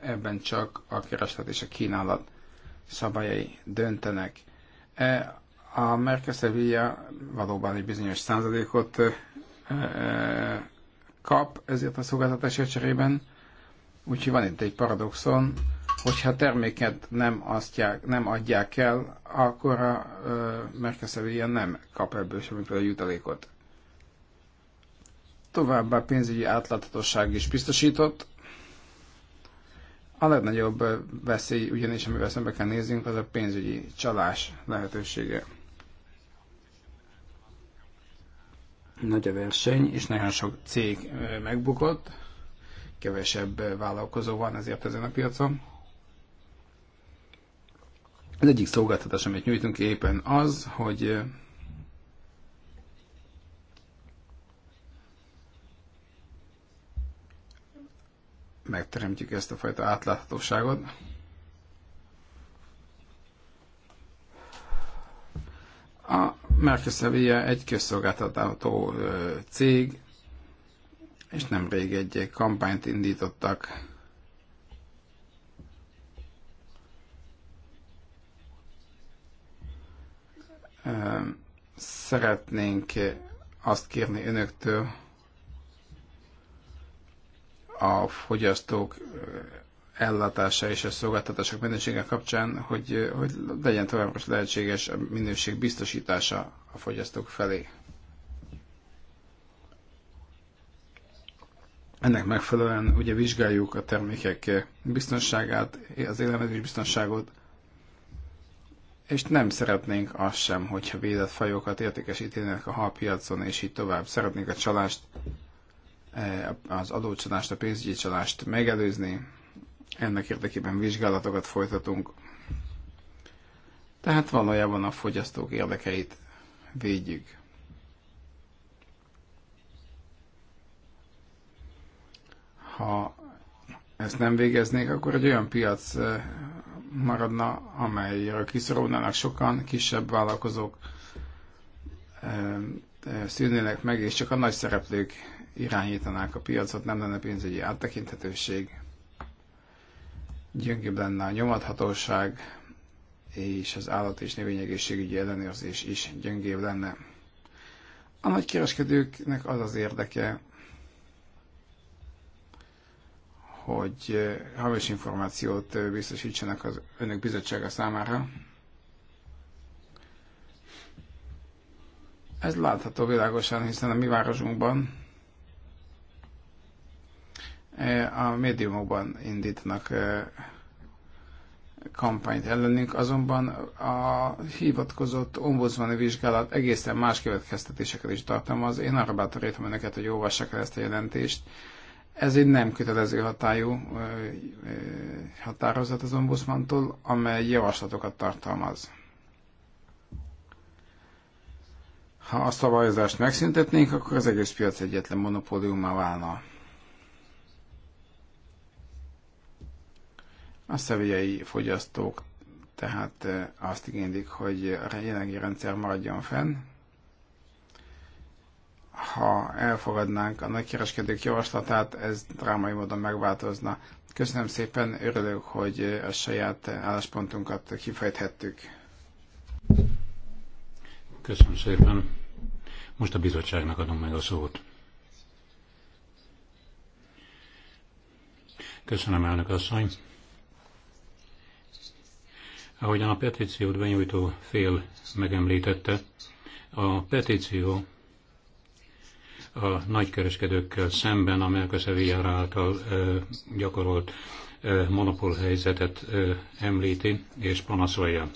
ebben csak a kereslet és a kínálat szabályai döntenek. A Mercosevilla valóban egy bizonyos százalékot kap ezért a szolgáltatás cserében, úgyhogy van itt egy paradoxon, hogyha terméket nem, asztják, nem adják el, akkor a Mercosevilla nem kap ebből a jutalékot. Továbbá pénzügyi átláthatóság is biztosított. A legnagyobb veszély, ugyanis amivel szembe kell néznünk, az a pénzügyi csalás lehetősége. Nagy a verseny, és nagyon sok cég megbukott, kevesebb vállalkozó van ezért ezen a piacon. Az egyik szolgáltatás, amit nyújtunk éppen az, hogy megteremtjük ezt a fajta átláthatóságot. A Merkel Sevilla egy közszolgáltató cég, és nemrég egy kampányt indítottak szeretnénk azt kérni önöktől, a fogyasztók ellátása és a szolgáltatások minősége kapcsán, hogy, hogy legyen továbbra is lehetséges a minőség biztosítása a fogyasztók felé. Ennek megfelelően ugye vizsgáljuk a termékek biztonságát, az élelmezés biztonságot, és nem szeretnénk azt sem, hogyha védett fajokat értékesítenek a halpiacon, és így tovább. Szeretnénk a csalást Eh, az adócsalást, a pénzügyi csalást megelőzni. Ennek érdekében vizsgálatokat folytatunk. Tehát valójában a fogyasztók érdekeit védjük. Ha ezt nem végeznék, akkor egy olyan piac eh, maradna, amelyről kiszorulnának sokan, kisebb vállalkozók eh, szűnnének meg, és csak a nagy szereplők irányítanák a piacot, nem lenne pénzügyi áttekinthetőség, gyöngébb lenne a nyomathatóság, és az állat és növényegészségügyi ellenőrzés is gyöngébb lenne. A kereskedőknek az az érdeke, hogy hamis információt biztosítsanak az önök bizottsága számára. Ez látható világosan, hiszen a mi városunkban E, a médiumokban indítanak e, kampányt ellenünk, azonban a hivatkozott ombudsmani vizsgálat egészen más következtetéseket is tartalmaz. Én arra bátorítom önöket, hogy olvassák el ezt a jelentést. Ez egy nem kötelező hatályú e, határozat az ombudsmantól, amely javaslatokat tartalmaz. Ha a szabályozást megszüntetnénk, akkor az egész piac egyetlen monopóliumá válna. A szevélyei fogyasztók tehát eh, azt igénylik, hogy a jelenlegi rendszer maradjon fenn. Ha elfogadnánk a nagykereskedők javaslatát, ez drámai módon megváltozna. Köszönöm szépen, örülök, hogy a saját álláspontunkat kifejthettük. Köszönöm szépen. Most a bizottságnak adom meg a szót. Köszönöm, elnök asszony. Ahogyan a petíciót benyújtó fél megemlítette, a petíció a nagykereskedőkkel szemben, amelyek a Sevillára által gyakorolt monopolhelyzetet helyzetet említi és panaszolja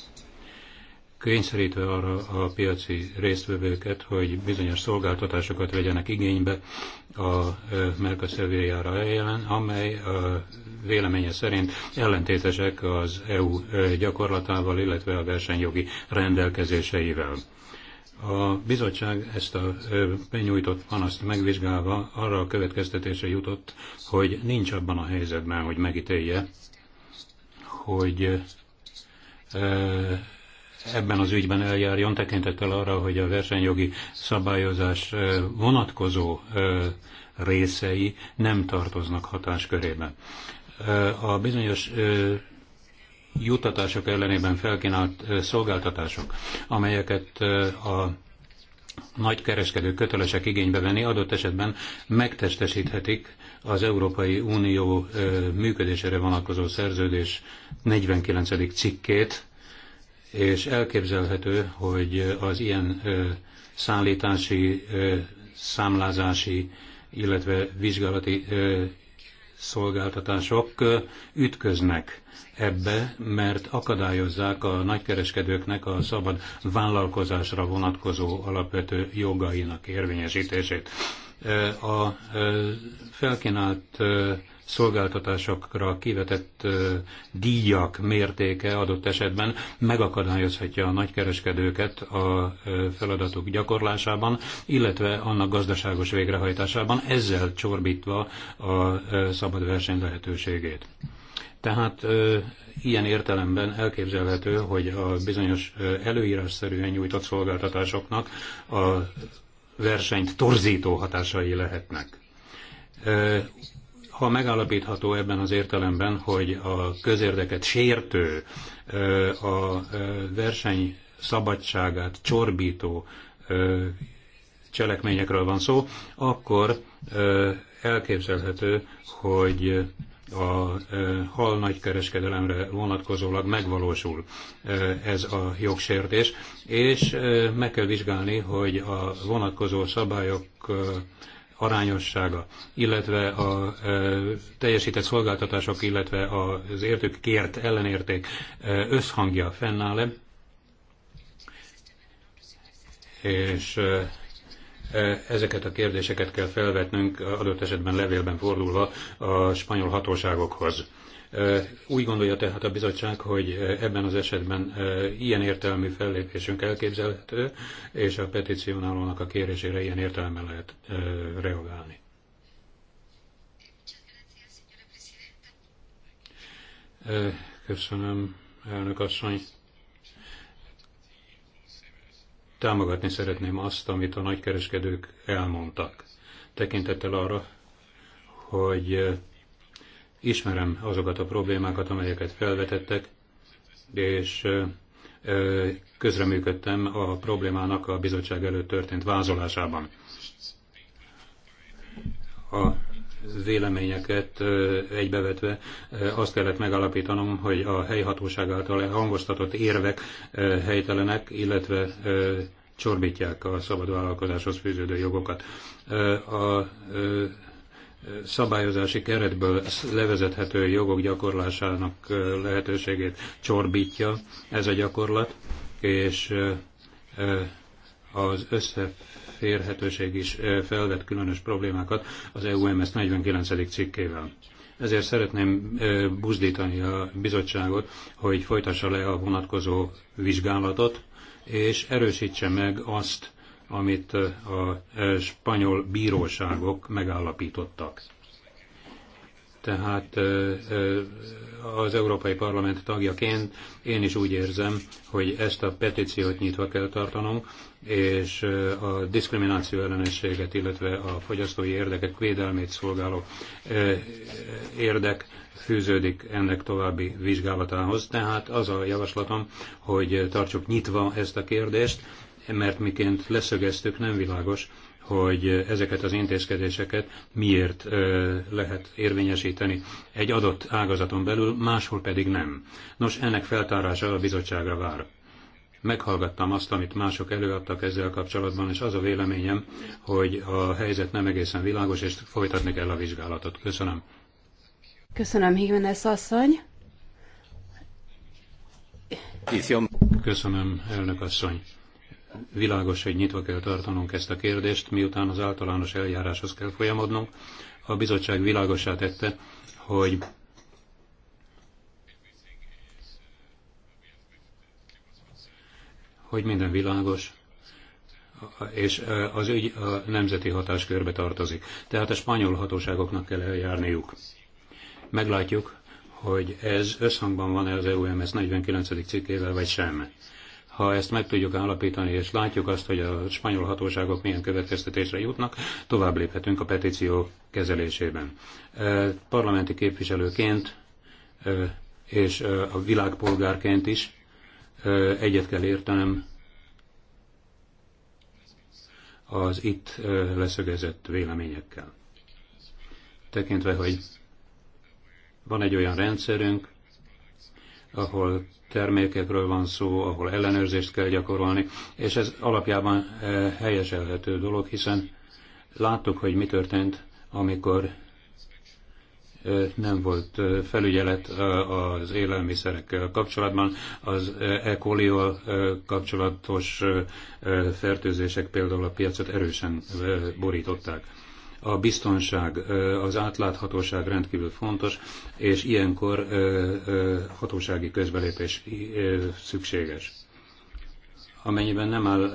kényszerítve arra a piaci résztvevőket, hogy bizonyos szolgáltatásokat vegyenek igénybe a Mercosur jára ellen, amely a véleménye szerint ellentétesek az EU gyakorlatával, illetve a versenyjogi rendelkezéseivel. A bizottság ezt a benyújtott panaszt megvizsgálva arra a következtetése jutott, hogy nincs abban a helyzetben, hogy megítélje, hogy ebben az ügyben eljárjon, tekintettel arra, hogy a versenyjogi szabályozás vonatkozó részei nem tartoznak hatáskörébe. A bizonyos juttatások ellenében felkínált szolgáltatások, amelyeket a nagy kereskedők kötelesek igénybe venni, adott esetben megtestesíthetik az Európai Unió működésére vonatkozó szerződés 49. cikkét, és elképzelhető, hogy az ilyen szállítási, számlázási, illetve vizsgálati szolgáltatások ütköznek ebbe, mert akadályozzák a nagykereskedőknek a szabad vállalkozásra vonatkozó alapvető jogainak érvényesítését. A felkínált szolgáltatásokra kivetett díjak mértéke adott esetben megakadályozhatja a nagykereskedőket a feladatok gyakorlásában, illetve annak gazdaságos végrehajtásában, ezzel csorbítva a szabad verseny lehetőségét. Tehát ö, ilyen értelemben elképzelhető, hogy a bizonyos előírásszerűen nyújtott szolgáltatásoknak a versenyt torzító hatásai lehetnek. Ha megállapítható ebben az értelemben, hogy a közérdeket sértő, a verseny szabadságát csorbító cselekményekről van szó, akkor elképzelhető, hogy a hal nagykereskedelemre vonatkozólag megvalósul ez a jogsértés, és meg kell vizsgálni, hogy a vonatkozó szabályok arányossága, illetve a teljesített szolgáltatások, illetve az értők kért ellenérték összhangja fennáll-e, és ezeket a kérdéseket kell felvetnünk adott esetben levélben fordulva a spanyol hatóságokhoz. Úgy gondolja tehát a bizottság, hogy ebben az esetben ilyen értelmű fellépésünk elképzelhető, és a petícionálónak a kérésére ilyen értelemben lehet reagálni. Köszönöm, elnök asszony. Támogatni szeretném azt, amit a nagykereskedők elmondtak. Tekintettel arra, hogy Ismerem azokat a problémákat, amelyeket felvetettek, és közreműködtem a problémának a bizottság előtt történt vázolásában. A véleményeket egybevetve azt kellett megalapítanom, hogy a helyhatóság által hangoztatott érvek helytelenek, illetve csorbítják a szabad vállalkozáshoz fűződő jogokat. A szabályozási keretből levezethető jogok gyakorlásának lehetőségét csorbítja ez a gyakorlat, és az összeférhetőség is felvet különös problémákat az EUMS 49. cikkével. Ezért szeretném buzdítani a bizottságot, hogy folytassa le a vonatkozó vizsgálatot, és erősítse meg azt, amit a spanyol bíróságok megállapítottak. Tehát az Európai Parlament tagjaként én is úgy érzem, hogy ezt a petíciót nyitva kell tartanunk, és a diszkrimináció ellenességet, illetve a fogyasztói érdekek védelmét szolgáló érdek fűződik ennek további vizsgálatához. Tehát az a javaslatom, hogy tartsuk nyitva ezt a kérdést, mert miként leszögeztük, nem világos, hogy ezeket az intézkedéseket miért lehet érvényesíteni egy adott ágazaton belül, máshol pedig nem. Nos, ennek feltárása a bizottságra vár. Meghallgattam azt, amit mások előadtak ezzel kapcsolatban, és az a véleményem, hogy a helyzet nem egészen világos, és folytatni kell a vizsgálatot. Köszönöm. Köszönöm, Himenes asszony. Köszönöm, elnök asszony. Világos, hogy nyitva kell tartanunk ezt a kérdést, miután az általános eljáráshoz kell folyamodnunk. A bizottság világosá tette, hogy hogy minden világos, és az ügy a nemzeti hatáskörbe tartozik. Tehát a spanyol hatóságoknak kell eljárniuk. Meglátjuk, hogy ez összhangban van-e az EUMS 49. cikkével, vagy sem. Ha ezt meg tudjuk állapítani, és látjuk azt, hogy a spanyol hatóságok milyen következtetésre jutnak, tovább léphetünk a petíció kezelésében. Parlamenti képviselőként és a világpolgárként is egyet kell értenem az itt leszögezett véleményekkel. Tekintve, hogy van egy olyan rendszerünk, ahol termékekről van szó, ahol ellenőrzést kell gyakorolni, és ez alapjában eh, helyeselhető dolog, hiszen láttuk, hogy mi történt, amikor eh, nem volt eh, felügyelet az élelmiszerekkel kapcsolatban, az E. coli kapcsolatos fertőzések például a piacot erősen borították. A biztonság, az átláthatóság rendkívül fontos, és ilyenkor hatósági közbelépés szükséges amennyiben nem áll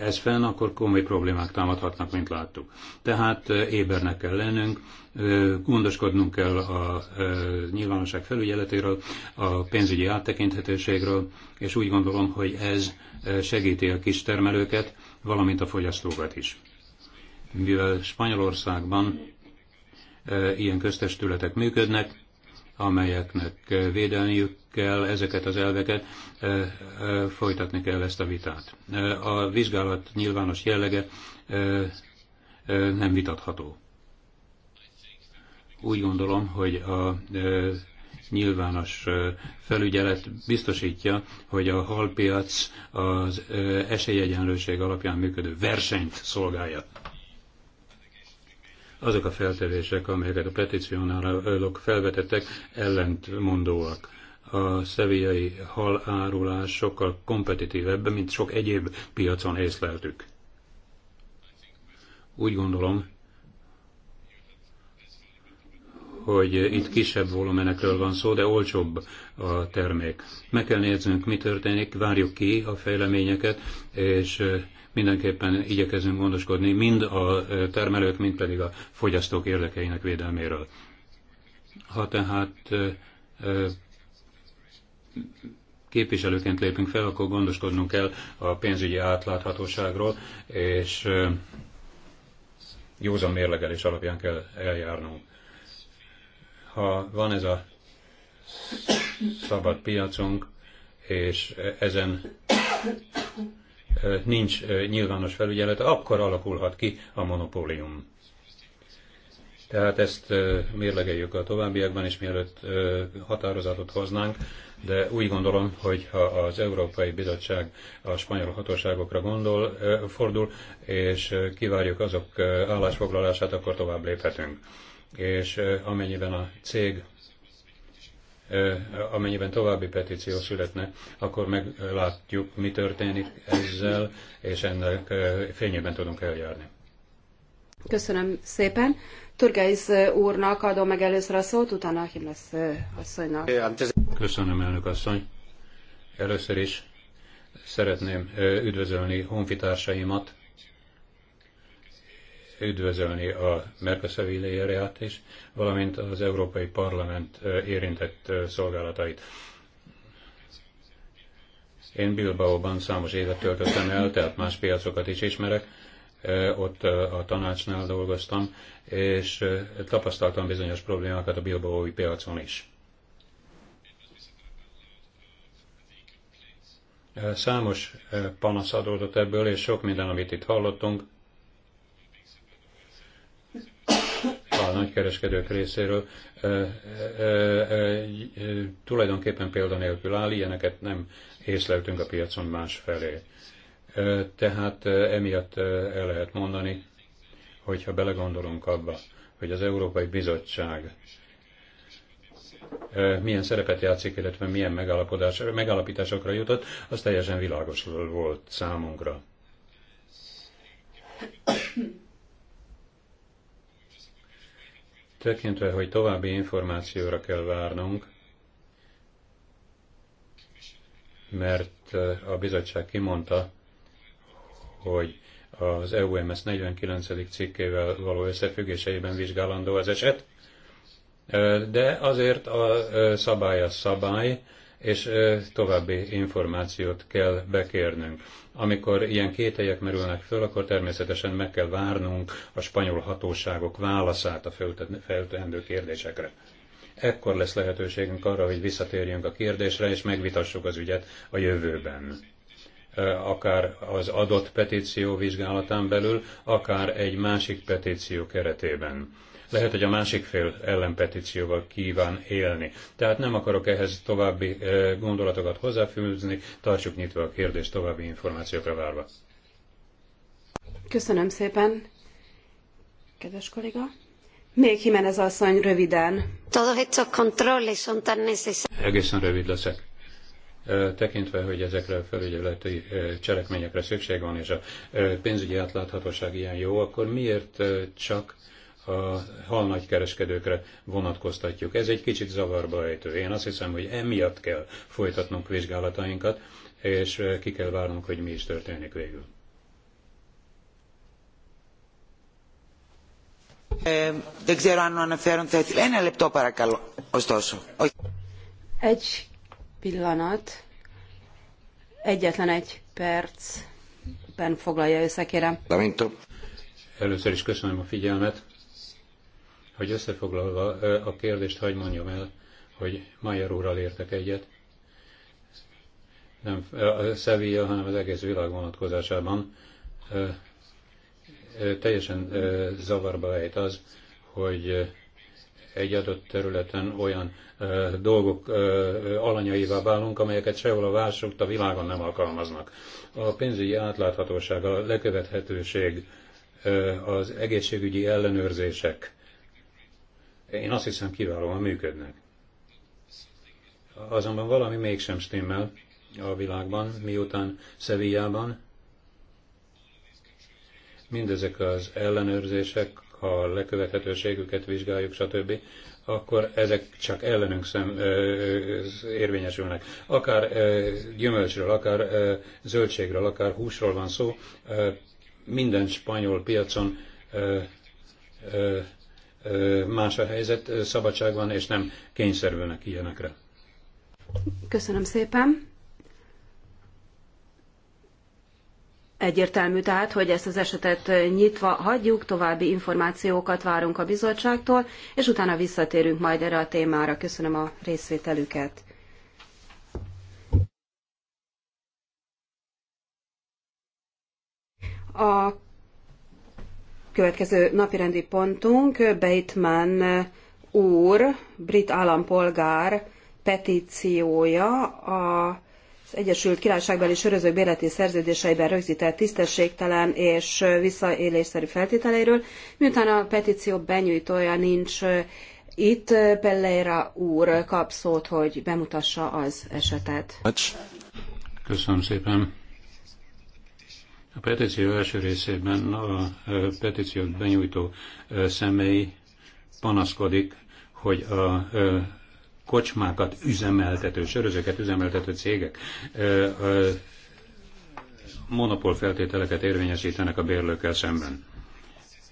ez fenn, akkor komoly problémák támadhatnak, mint láttuk. Tehát ébernek kell lennünk, gondoskodnunk kell a nyilvánosság felügyeletéről, a pénzügyi áttekinthetőségről, és úgy gondolom, hogy ez segíti a kis termelőket, valamint a fogyasztókat is mivel Spanyolországban e, ilyen köztestületek működnek, amelyeknek védelniük kell ezeket az elveket, e, e, folytatni kell ezt a vitát. A vizsgálat nyilvános jellege nem vitatható. Úgy gondolom, hogy a nyilvános felügyelet biztosítja, hogy a halpiac az esélyegyenlőség alapján működő versenyt szolgálja azok a feltevések, amelyeket a petícionálók felvetettek, ellentmondóak. A szeviai halárulás sokkal kompetitívebb, mint sok egyéb piacon észleltük. Úgy gondolom, hogy itt kisebb volumenekről van szó, de olcsóbb a termék. Meg kell néznünk, mi történik, várjuk ki a fejleményeket, és mindenképpen igyekezünk gondoskodni mind a termelők, mind pedig a fogyasztók érdekeinek védelméről. Ha tehát képviselőként lépünk fel, akkor gondoskodnunk kell a pénzügyi átláthatóságról, és józan mérlegelés alapján kell eljárnunk. Ha van ez a szabad piacunk, és ezen nincs nyilvános felügyelete, akkor alakulhat ki a monopólium. Tehát ezt mérlegeljük a továbbiakban, és mielőtt határozatot hoznánk, de úgy gondolom, hogy ha az Európai Bizottság a spanyol hatóságokra gondol, fordul, és kivárjuk azok állásfoglalását, akkor tovább léphetünk. És amennyiben a cég amennyiben további petíció születne, akkor meglátjuk, mi történik ezzel, és ennek fényében tudunk eljárni. Köszönöm szépen. Turgeiz úrnak adom meg először a szót, utána Himlesz asszonynak. Köszönöm, elnök asszony. Először is szeretném üdvözölni honfitársaimat, üdvözölni a Mercosevilléját is, valamint az Európai Parlament érintett szolgálatait. Én Bilbaóban számos évet töltöttem el, tehát más piacokat is ismerek, ott a tanácsnál dolgoztam, és tapasztaltam bizonyos problémákat a Bilbaói piacon is. Számos panasz adódott ebből, és sok minden, amit itt hallottunk, a nagykereskedők részéről tulajdonképpen példanélkül áll, ilyeneket nem észleltünk a piacon más felé. Tehát emiatt el lehet mondani, hogyha belegondolunk abba, hogy az Európai Bizottság milyen szerepet játszik, illetve milyen megállapodás, megállapításokra jutott, az teljesen világos volt számunkra. tekintve, hogy további információra kell várnunk, mert eh, a bizottság kimondta, hogy az EUMS 49. cikkével való összefüggéseiben vizsgálandó az eset, eh, de azért a eh, szabály a szabály, és további információt kell bekérnünk. Amikor ilyen kételyek merülnek föl, akkor természetesen meg kell várnunk a spanyol hatóságok válaszát a feltehendő kérdésekre. Ekkor lesz lehetőségünk arra, hogy visszatérjünk a kérdésre, és megvitassuk az ügyet a jövőben akár az adott petíció vizsgálatán belül, akár egy másik petíció keretében lehet, hogy a másik fél ellenpetícióval kíván élni. Tehát nem akarok ehhez további gondolatokat hozzáfűzni, tartsuk nyitva a kérdést további információkra várva. Köszönöm szépen, kedves kolléga. Még Jimenez asszony röviden. Egészen rövid leszek tekintve, hogy ezekre a felügyeleti cselekményekre szükség van, és a pénzügyi átláthatóság ilyen jó, akkor miért csak a halnagy kereskedőkre vonatkoztatjuk. Ez egy kicsit zavarba ejtő. Én azt hiszem, hogy emiatt kell folytatnunk vizsgálatainkat, és eh, ki kell várnunk, hogy mi is történik végül. Eh, egy pillanat, egyetlen egy percben foglalja össze, kérem. Először is köszönöm a figyelmet hogy összefoglalva a kérdést hagy mondjam el, hogy Mayer úrral értek egyet. Nem a Sevilla, hanem az egész világ vonatkozásában teljesen zavarba ejt az, hogy egy adott területen olyan ö, dolgok ö, alanyaivá válunk, amelyeket sehol a vásárlók a világon nem alkalmaznak. A pénzügyi átláthatóság, a lekövethetőség, ö, az egészségügyi ellenőrzések, én azt hiszem kiválóan működnek. Azonban valami mégsem stimmel a világban, miután Szevijában mindezek az ellenőrzések, ha a lekövethetőségüket vizsgáljuk, stb., akkor ezek csak ellenünk szem, ö, érvényesülnek. Akár ö, gyümölcsről, akár ö, zöldségről, akár húsról van szó, ö, minden spanyol piacon ö, ö, más a helyzet, szabadság van, és nem kényszerülnek ilyenekre. Köszönöm szépen. Egyértelmű tehát, hogy ezt az esetet nyitva hagyjuk, további információkat várunk a bizottságtól, és utána visszatérünk majd erre a témára. Köszönöm a részvételüket. A Következő napirendi pontunk Beitman úr, brit állampolgár petíciója az Egyesült Királyságbeli sörözők Béleti szerződéseiben rögzített tisztességtelen és visszaélésszerű feltételeiről. Miután a petíció benyújtója nincs itt, Pelleira úr kap szót, hogy bemutassa az esetet. Köszönöm szépen. A petíció első részében a petíciót benyújtó személy panaszkodik, hogy a kocsmákat üzemeltető, sörözőket üzemeltető cégek monopól feltételeket érvényesítenek a bérlőkkel szemben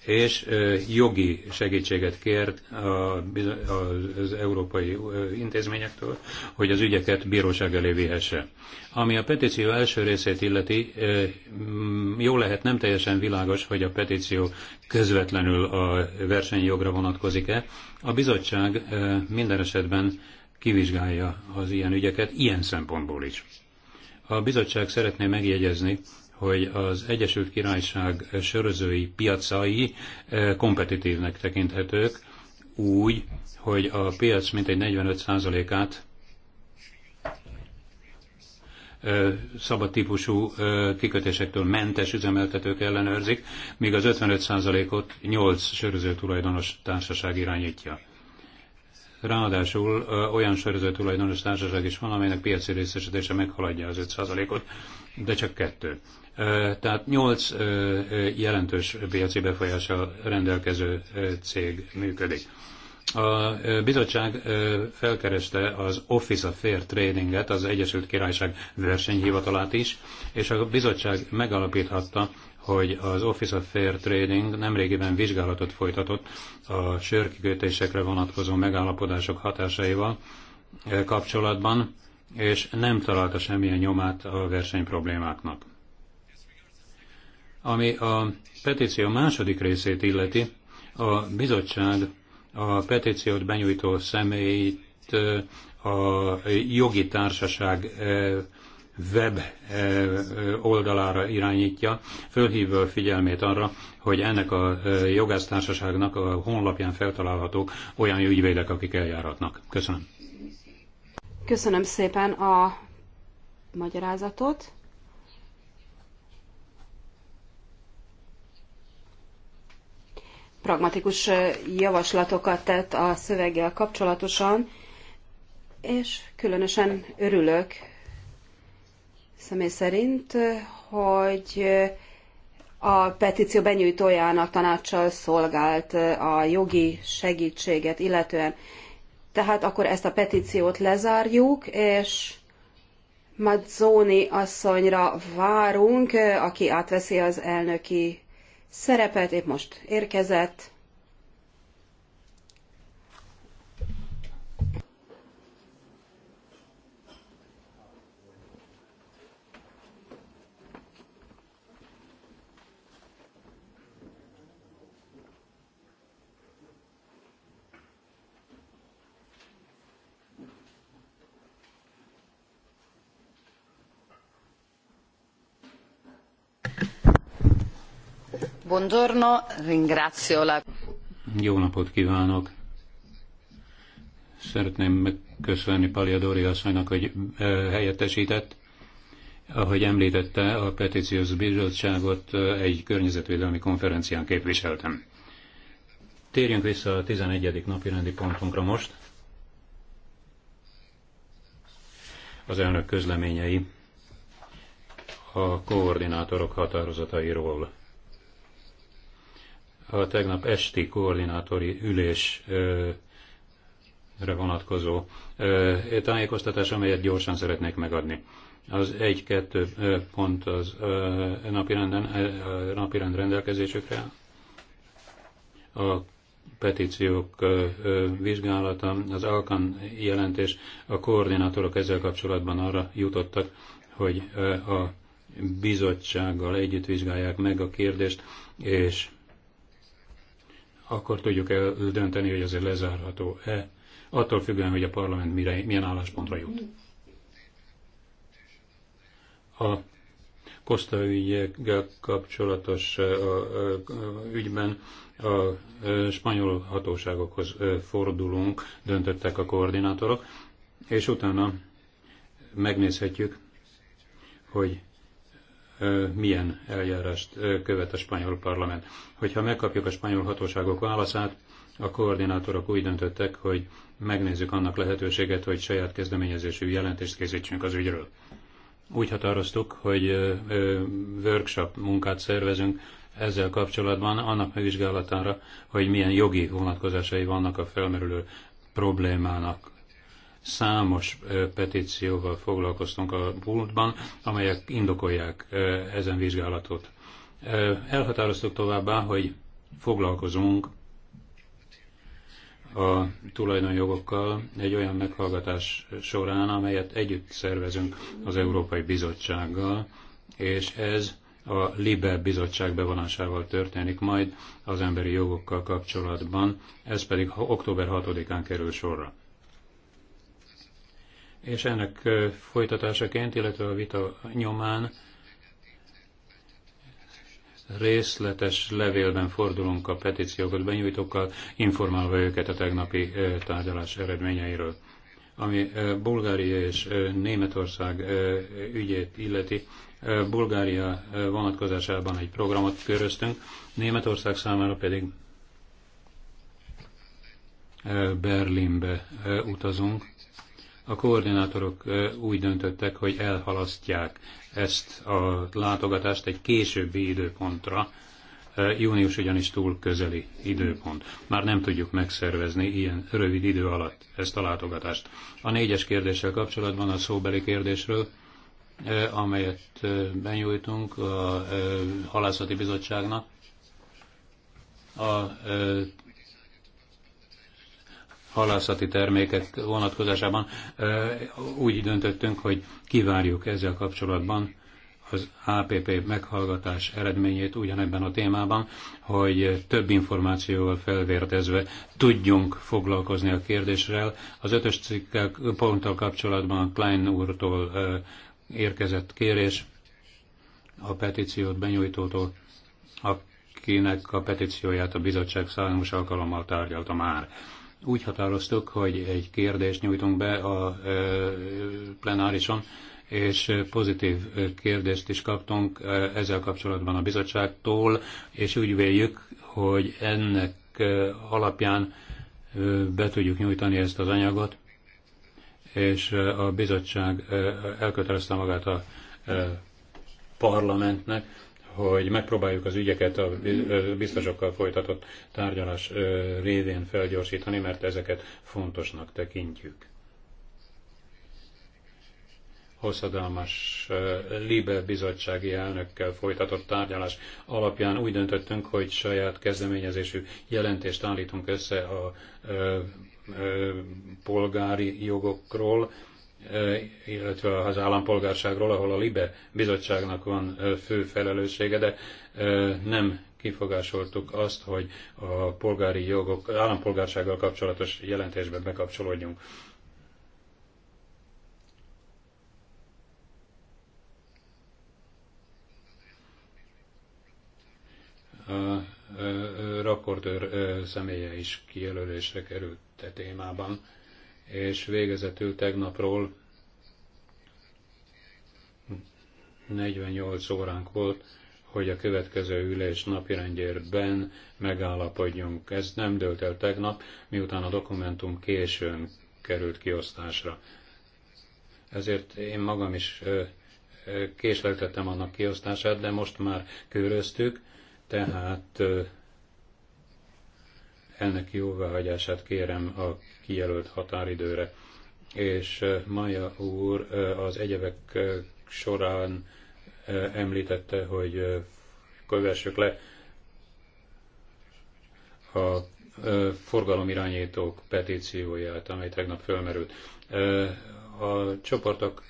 és jogi segítséget kért az európai intézményektől, hogy az ügyeket bíróság elé vihesse. Ami a petíció első részét illeti, jó lehet nem teljesen világos, hogy a petíció közvetlenül a versenyjogra vonatkozik-e. A bizottság minden esetben kivizsgálja az ilyen ügyeket, ilyen szempontból is. A bizottság szeretné megjegyezni, hogy az Egyesült Királyság sörözői piacai eh, kompetitívnek tekinthetők, úgy, hogy a piac mintegy 45%-át eh, szabad típusú eh, kikötésektől mentes üzemeltetők ellenőrzik, míg az 55%-ot 8 söröző tulajdonos társaság irányítja. Ráadásul olyan söröző tulajdonos társaság is van, amelynek piaci részesedése meghaladja az 5%-ot, de csak kettő. Tehát nyolc jelentős piaci befolyással rendelkező cég működik. A bizottság felkereste az Office of Fair Tradinget, az Egyesült Királyság versenyhivatalát is, és a bizottság megalapíthatta, hogy az Office of Fair Trading nemrégiben vizsgálatot folytatott a sörkikötésekre vonatkozó megállapodások hatásaival kapcsolatban, és nem találta semmilyen nyomát a verseny problémáknak. Ami a petíció második részét illeti, a bizottság a petíciót benyújtó személyt a jogi társaság web oldalára irányítja, fölhívva a figyelmét arra, hogy ennek a jogásztársaságnak a honlapján feltalálhatók olyan ügyvédek, akik eljáratnak. Köszönöm. Köszönöm szépen a magyarázatot. pragmatikus javaslatokat tett a szöveggel kapcsolatosan, és különösen örülök személy szerint, hogy a petíció benyújtójának tanácssal szolgált a jogi segítséget illetően. Tehát akkor ezt a petíciót lezárjuk, és Mazzoni asszonyra várunk, aki átveszi az elnöki szerepet épp most érkezett, Buongiorno, ringrazio la... Jó napot kívánok! Szeretném megköszönni Paliadori asszonynak, hogy helyettesített. Ahogy említette, a petíciós bizottságot egy környezetvédelmi konferencián képviseltem. Térjünk vissza a 11. napi rendi pontunkra most. Az elnök közleményei a koordinátorok határozatairól a tegnap esti koordinátori ülésre vonatkozó tájékoztatás, amelyet gyorsan szeretnék megadni. Az egy-kettő pont az napirenden, napirend rendelkezésükre a petíciók vizsgálata, az Alkan jelentés, a koordinátorok ezzel kapcsolatban arra jutottak, hogy a bizottsággal együtt vizsgálják meg a kérdést, és akkor tudjuk eldönteni, hogy azért lezárható-e, attól függően, hogy a parlament mire, milyen álláspontra jut. A Koszta ügyekkel kapcsolatos ügyben a spanyol hatóságokhoz fordulunk, döntöttek a koordinátorok, és utána megnézhetjük, hogy milyen eljárást követ a spanyol parlament. Hogyha megkapjuk a spanyol hatóságok válaszát, a koordinátorok úgy döntöttek, hogy megnézzük annak lehetőséget, hogy saját kezdeményezésű jelentést készítsünk az ügyről. Úgy határoztuk, hogy workshop munkát szervezünk ezzel kapcsolatban, annak megvizsgálatára, hogy milyen jogi vonatkozásai vannak a felmerülő problémának Számos petícióval foglalkoztunk a múltban, amelyek indokolják ezen vizsgálatot. Elhatároztuk továbbá, hogy foglalkozunk a tulajdonjogokkal egy olyan meghallgatás során, amelyet együtt szervezünk az Európai Bizottsággal, és ez a LIBE bizottság bevonásával történik majd az emberi jogokkal kapcsolatban, ez pedig október 6-án kerül sorra és ennek folytatásaként, illetve a vita nyomán részletes levélben fordulunk a petíciókat benyújtókkal, informálva őket a tegnapi tárgyalás eredményeiről. Ami Bulgária és Németország ügyét illeti, Bulgária vonatkozásában egy programot köröztünk, Németország számára pedig Berlinbe utazunk a koordinátorok úgy döntöttek, hogy elhalasztják ezt a látogatást egy későbbi időpontra, június ugyanis túl közeli időpont. Már nem tudjuk megszervezni ilyen rövid idő alatt ezt a látogatást. A négyes kérdéssel kapcsolatban a szóbeli kérdésről, amelyet benyújtunk a halászati bizottságnak, a halászati termékek vonatkozásában úgy döntöttünk, hogy kivárjuk ezzel kapcsolatban az APP meghallgatás eredményét ugyanebben a témában, hogy több információval felvértezve tudjunk foglalkozni a kérdéssel. Az ötös cikkel ponttal kapcsolatban a Klein úrtól érkezett kérés a petíciót benyújtótól, akinek a petícióját a bizottság számos alkalommal tárgyalta már. Úgy határoztuk, hogy egy kérdést nyújtunk be a plenárison, és pozitív kérdést is kaptunk ezzel kapcsolatban a bizottságtól, és úgy véljük, hogy ennek alapján be tudjuk nyújtani ezt az anyagot, és a bizottság elkötelezte magát a parlamentnek, hogy megpróbáljuk az ügyeket a biztosokkal folytatott tárgyalás révén felgyorsítani, mert ezeket fontosnak tekintjük. Hosszadalmas Libe bizottsági elnökkel folytatott tárgyalás alapján úgy döntöttünk, hogy saját kezdeményezésű jelentést állítunk össze a polgári jogokról, illetve az állampolgárságról, ahol a LIBE bizottságnak van fő felelőssége, de nem kifogásoltuk azt, hogy a polgári jogok, állampolgársággal kapcsolatos jelentésben bekapcsolódjunk. A raportőr személye is kijelölésre került a e témában és végezetül tegnapról 48 óránk volt, hogy a következő ülés napirendjérben megállapodjunk. Ez nem dőlt el tegnap, miután a dokumentum későn került kiosztásra. Ezért én magam is késleltettem annak kiosztását, de most már köröztük, tehát ennek jóváhagyását kérem a kijelölt határidőre. És Maja úr az egyebek során említette, hogy kövessük le a forgalomirányítók petícióját, amely tegnap fölmerült. A csoportok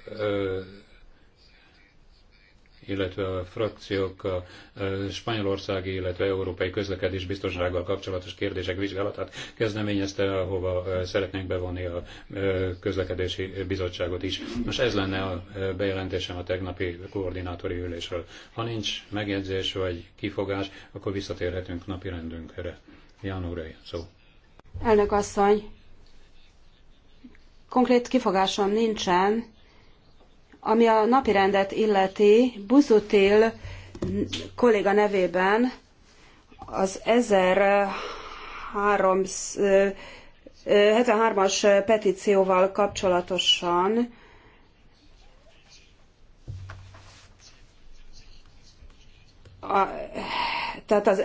illetve a frakciók a e, spanyolországi, illetve európai közlekedés biztonsággal kapcsolatos kérdések vizsgálatát kezdeményezte, ahova e, szeretnénk bevonni a e, közlekedési bizottságot is. Most ez lenne a bejelentésem a tegnapi koordinátori ülésről. Ha nincs megjegyzés vagy kifogás, akkor visszatérhetünk napi rendünkre. Ján úr, szó. Elnök asszony, konkrét kifogásom nincsen, ami a napirendet illeti, Buzutil kolléga nevében az 1373-as petícióval kapcsolatosan a, tehát az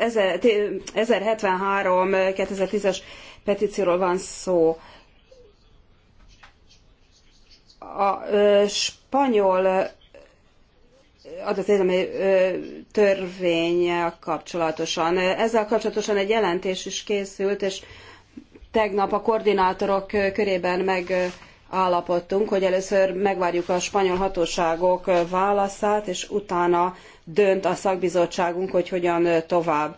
1073 2010-es petícióról van szó a spanyol adatvédelmi törvény kapcsolatosan. Ezzel kapcsolatosan egy jelentés is készült, és tegnap a koordinátorok körében megállapodtunk, hogy először megvárjuk a spanyol hatóságok válaszát, és utána dönt a szakbizottságunk, hogy hogyan tovább.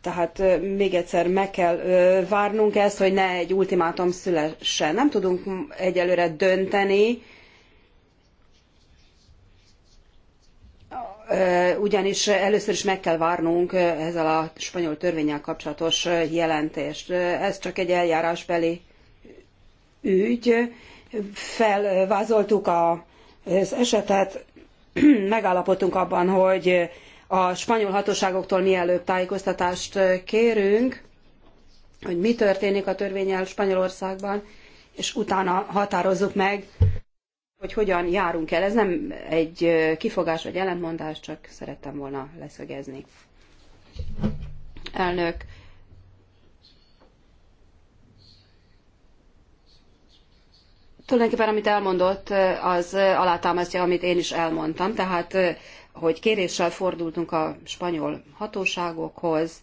Tehát még egyszer meg kell várnunk ezt, hogy ne egy ultimátum szülessen. Nem tudunk egyelőre dönteni, ugyanis először is meg kell várnunk ezzel a spanyol törvényel kapcsolatos jelentést. Ez csak egy eljárásbeli ügy. Felvázoltuk az esetet, megállapodtunk abban, hogy a spanyol hatóságoktól mielőbb tájékoztatást kérünk, hogy mi történik a törvényel Spanyolországban, és utána határozzuk meg, hogy hogyan járunk el. Ez nem egy kifogás vagy ellentmondás, csak szerettem volna leszögezni. Elnök, tulajdonképpen amit elmondott, az alátámasztja, amit én is elmondtam, tehát hogy kéréssel fordultunk a spanyol hatóságokhoz.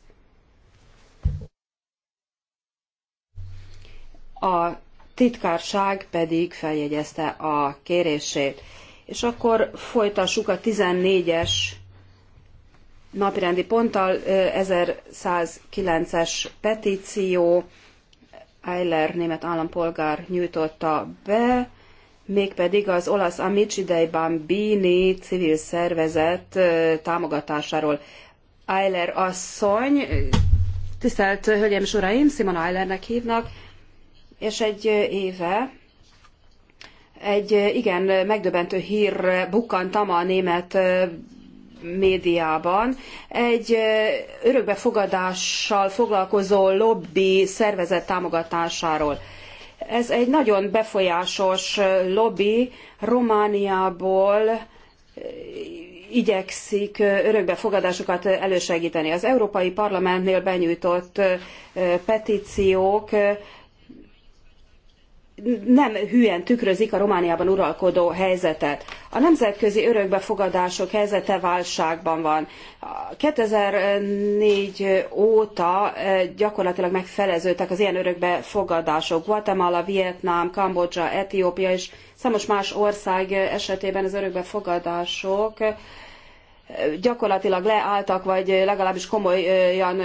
A titkárság pedig feljegyezte a kérését. És akkor folytassuk a 14-es napirendi ponttal 1109-es petíció. Eiler német állampolgár nyújtotta be mégpedig az olasz Amici dei Bambini civil szervezet támogatásáról. Eiler asszony, tisztelt Hölgyeim és Uraim, Simona Eilernek hívnak, és egy éve egy igen megdöbentő hír bukkantam a német médiában. Egy örökbefogadással foglalkozó lobby szervezet támogatásáról. Ez egy nagyon befolyásos lobby Romániából eh, igyekszik eh, örökbefogadásokat elősegíteni. Az Európai Parlamentnél benyújtott eh, petíciók nem hülyen tükrözik a Romániában uralkodó helyzetet. A nemzetközi örökbefogadások helyzete válságban van. 2004 óta eh, gyakorlatilag megfeleződtek az ilyen örökbefogadások. Guatemala, Vietnám, Kambodzsa, Etiópia és számos más ország eh, esetében az örökbefogadások eh, gyakorlatilag leálltak, vagy legalábbis komolyan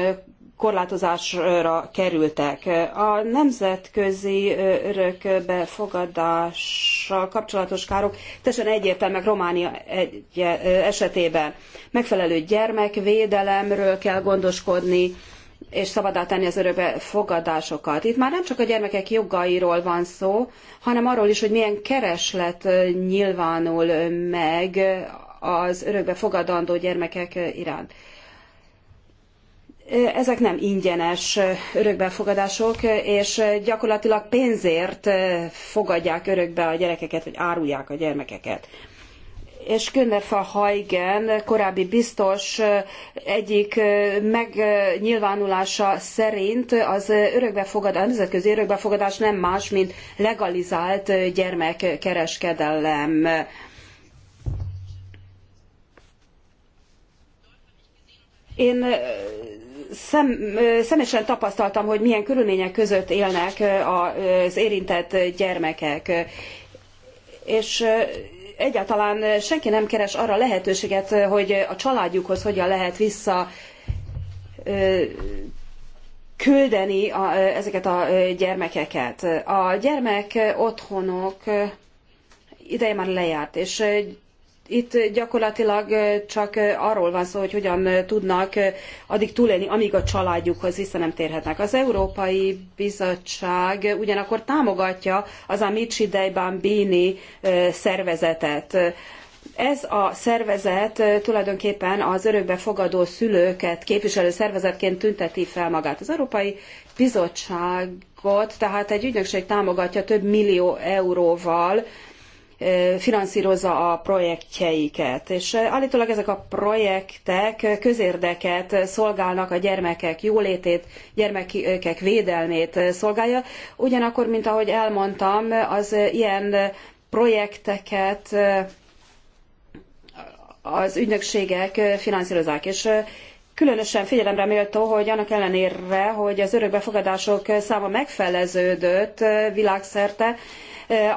korlátozásra kerültek. A nemzetközi örökbefogadással kapcsolatos károk teljesen egyértelműek Románia egy esetében. Megfelelő gyermekvédelemről kell gondoskodni, és szabadá tenni az örökbe fogadásokat. Itt már nem csak a gyermekek jogairól van szó, hanem arról is, hogy milyen kereslet nyilvánul meg az örökbe fogadandó gyermekek iránt. Ezek nem ingyenes örökbefogadások, és gyakorlatilag pénzért fogadják örökbe a gyerekeket, vagy árulják a gyermekeket és Günner van korábbi biztos egyik megnyilvánulása szerint az örökbefogadás, a nemzetközi örökbefogadás nem más, mint legalizált gyermekkereskedelem. Én szem, személyesen tapasztaltam, hogy milyen körülmények között élnek az érintett gyermekek. És egyáltalán senki nem keres arra lehetőséget, hogy a családjukhoz hogyan lehet vissza küldeni a, ezeket a gyermekeket. A gyermek otthonok ideje már lejárt, és itt gyakorlatilag csak arról van szó, hogy hogyan tudnak addig túlélni, amíg a családjukhoz vissza nem térhetnek. Az Európai Bizottság ugyanakkor támogatja az Amici dei Bambini szervezetet. Ez a szervezet tulajdonképpen az örökbefogadó szülőket képviselő szervezetként tünteti fel magát. Az Európai Bizottságot tehát egy ügynökség támogatja több millió euróval, finanszírozza a projektjeiket. És állítólag ezek a projektek közérdeket szolgálnak a gyermekek jólétét, gyermekek védelmét szolgálja. Ugyanakkor, mint ahogy elmondtam, az ilyen projekteket az ügynökségek finanszírozzák. És különösen figyelemre méltó, hogy annak ellenére, hogy az örökbefogadások száma megfeleződött világszerte,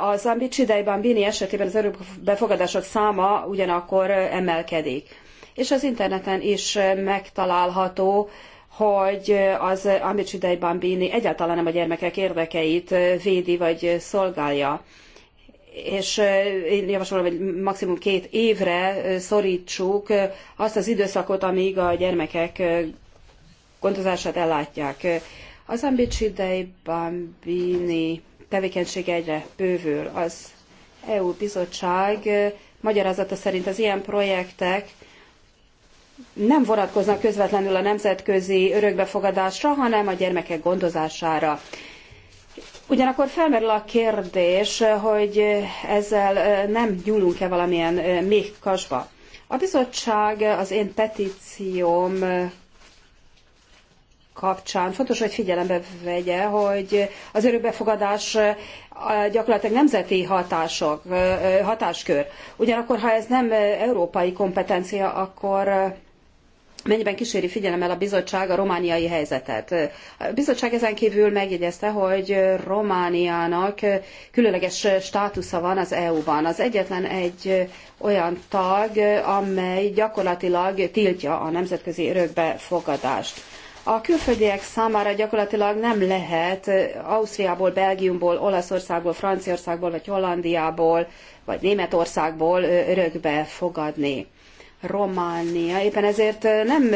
az Ambicsidei Bambini esetében az örökbefogadások száma ugyanakkor emelkedik. És az interneten is megtalálható, hogy az Ambicsidei Bambini egyáltalán nem a gyermekek érdekeit védi vagy szolgálja és én javasolom, hogy maximum két évre szorítsuk azt az időszakot, amíg a gyermekek gondozását ellátják. Az Ambicsi Dei Bambini tevékenysége egyre bővül. Az EU bizottság magyarázata szerint az ilyen projektek nem vonatkoznak közvetlenül a nemzetközi örökbefogadásra, hanem a gyermekek gondozására. Ugyanakkor felmerül a kérdés, hogy ezzel nem nyúlunk-e valamilyen még kasba. A bizottság az én petícióm kapcsán fontos, hogy figyelembe vegye, hogy az örökbefogadás gyakorlatilag nemzeti hatások, hatáskör. Ugyanakkor, ha ez nem európai kompetencia, akkor mennyiben kíséri figyelemmel a bizottság a romániai helyzetet. A bizottság ezen kívül megjegyezte, hogy Romániának különleges státusza van az EU-ban. Az egyetlen egy olyan tag, amely gyakorlatilag tiltja a nemzetközi örökbefogadást. A külföldiek számára gyakorlatilag nem lehet Ausztriából, Belgiumból, Olaszországból, Franciaországból, vagy Hollandiából, vagy Németországból örökbe fogadni. Románia éppen ezért nem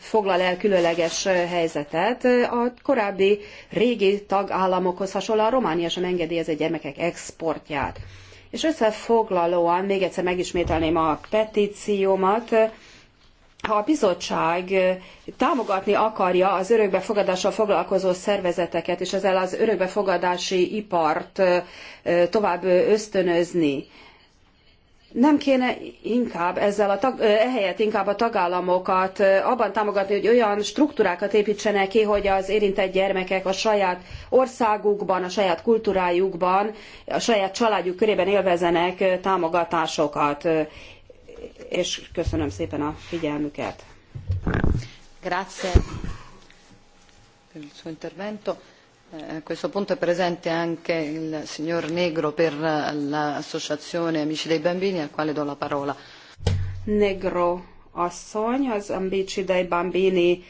foglal el különleges helyzetet. A korábbi régi tagállamokhoz hasonlóan Románia sem engedélyez a gyermekek exportját. És összefoglalóan még egyszer megismételném a petíciómat ha a bizottság támogatni akarja az örökbefogadással foglalkozó szervezeteket, és ezzel az örökbefogadási ipart tovább ösztönözni, nem kéne inkább ezzel a tag, ehelyett inkább a tagállamokat abban támogatni, hogy olyan struktúrákat építsenek ki, hogy az érintett gyermekek a saját országukban, a saját kultúrájukban, a saját családjuk körében élvezenek támogatásokat és köszönöm szépen a figyelmüket. Grazie per il suo intervento. Eh, a questo punto è presente anche il signor Negro per l'associazione Amici dei Bambini, al quale do la parola. Negro asszony, az Amici dei Bambini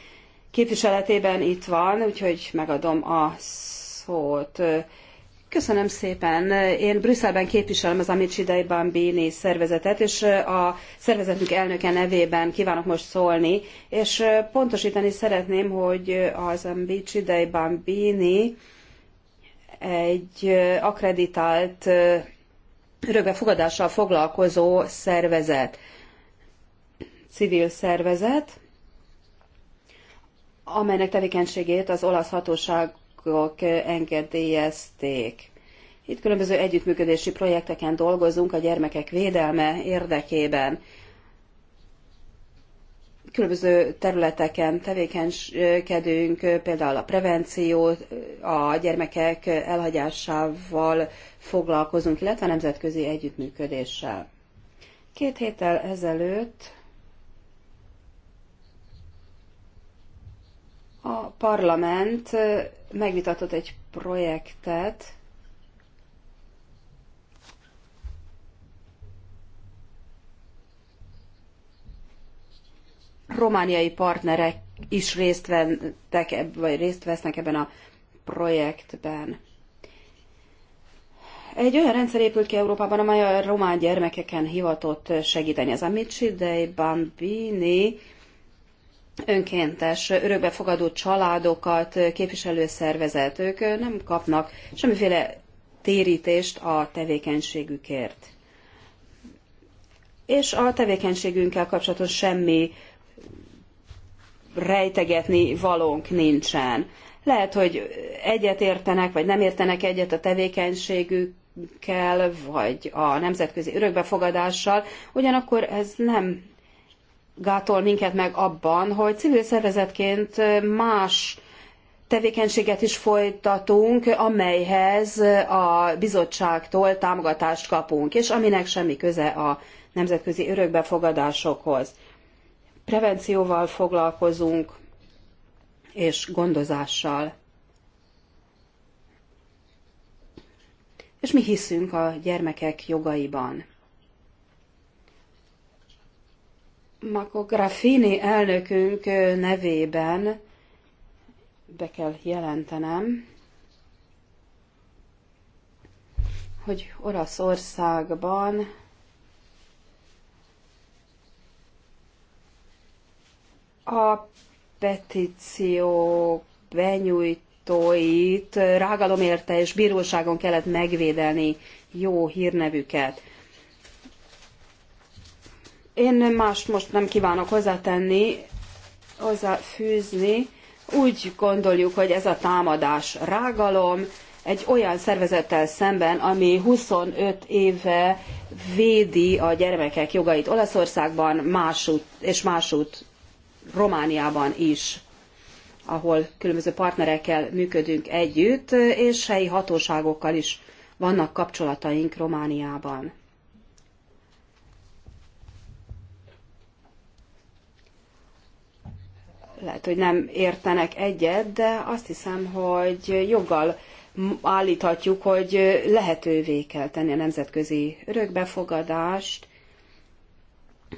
képviseletében itt van, úgyhogy megadom a szót. Köszönöm szépen. Én Brüsszelben képviselem az Amici Dei Bambini szervezetet, és a szervezetünk elnöke nevében kívánok most szólni, és pontosítani szeretném, hogy az Amici Dei Bambini egy akreditált örökbefogadással foglalkozó szervezet, civil szervezet, amelynek tevékenységét az olasz hatóság bankok engedélyezték. Itt különböző együttműködési projekteken dolgozunk a gyermekek védelme érdekében. Különböző területeken tevékenykedünk, például a prevenció, a gyermekek elhagyásával foglalkozunk, illetve nemzetközi együttműködéssel. Két héttel ezelőtt A parlament megvitatott egy projektet, romániai partnerek is részt vettek, vagy részt vesznek ebben a projektben. Egy olyan rendszer épült ki Európában, amely a román gyermekeken hivatott segíteni. Az Amici dei Bambini önkéntes örökbefogadó családokat képviselő szervezet. Ők nem kapnak semmiféle térítést a tevékenységükért. És a tevékenységünkkel kapcsolatos semmi rejtegetni valónk nincsen. Lehet, hogy egyet értenek, vagy nem értenek egyet a tevékenységükkel, vagy a nemzetközi örökbefogadással, ugyanakkor ez nem gátol minket meg abban, hogy civil szervezetként más tevékenységet is folytatunk, amelyhez a bizottságtól támogatást kapunk, és aminek semmi köze a nemzetközi örökbefogadásokhoz. Prevencióval foglalkozunk, és gondozással. És mi hiszünk a gyermekek jogaiban. Marco Graffini elnökünk nevében be kell jelentenem, hogy Oroszországban a petíció benyújtóit rágalomérte és bíróságon kellett megvédelni jó hírnevüket. Én más most nem kívánok hozzátenni, hozzáfűzni. Úgy gondoljuk, hogy ez a támadás rágalom egy olyan szervezettel szemben, ami 25 éve védi a gyermekek jogait Olaszországban másút, és másút Romániában is ahol különböző partnerekkel működünk együtt, és helyi hatóságokkal is vannak kapcsolataink Romániában. lehet, hogy nem értenek egyet, de azt hiszem, hogy joggal állíthatjuk, hogy lehetővé kell tenni a nemzetközi örökbefogadást,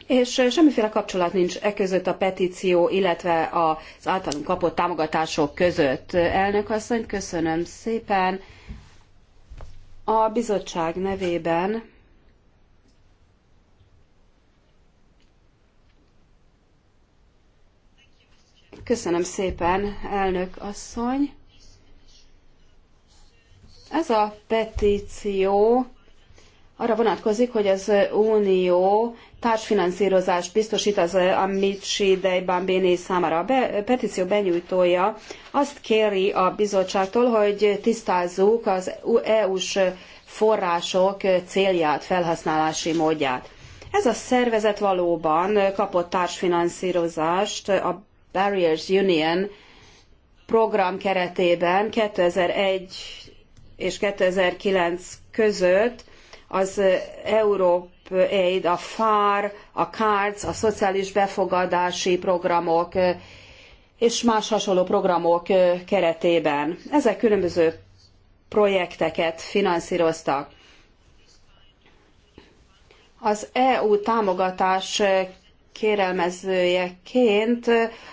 és semmiféle kapcsolat nincs e között a petíció, illetve az általunk kapott támogatások között. Elnök asszony, köszönöm szépen. A bizottság nevében Köszönöm szépen, elnök asszony. Ez a petíció arra vonatkozik, hogy az Unió társfinanszírozást biztosít az Amici Dei Bambini számára. A be, petíció benyújtója azt kéri a bizottságtól, hogy tisztázzuk az EU-s források célját, felhasználási módját. Ez a szervezet valóban kapott társfinanszírozást a Barriers Union program keretében 2001 és 2009 között az Europe Aid, a FAR, a CARDS, a szociális befogadási programok és más hasonló programok keretében. Ezek különböző projekteket finanszíroztak. Az EU támogatás kérelmezőjeként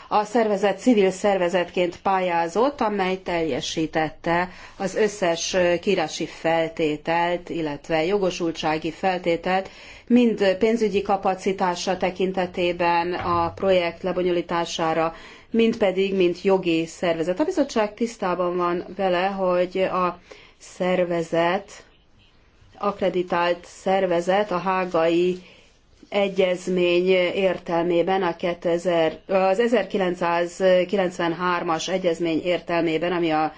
a szervezet civil szervezetként pályázott, amely teljesítette az összes kírási feltételt, illetve jogosultsági feltételt, mind pénzügyi kapacitása tekintetében a projekt lebonyolítására, mind pedig, mint jogi szervezet. A bizottság tisztában van vele, hogy a szervezet, akreditált szervezet a hágai egyezmény értelmében, a 2000, az 1993-as egyezmény értelmében, ami a,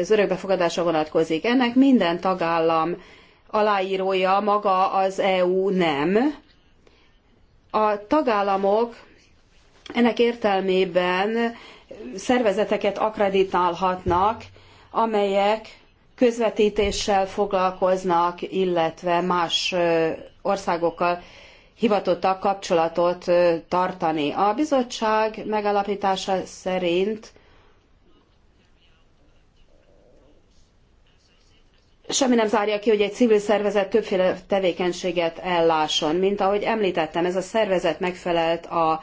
az örökbefogadásra vonatkozik. Ennek minden tagállam aláírója, maga az EU nem. A tagállamok ennek értelmében szervezeteket akreditálhatnak, amelyek közvetítéssel foglalkoznak, illetve más országokkal hivatottak kapcsolatot tartani. A bizottság megalapítása szerint semmi nem zárja ki, hogy egy civil szervezet többféle tevékenységet ellásson. Mint ahogy említettem, ez a szervezet megfelelt a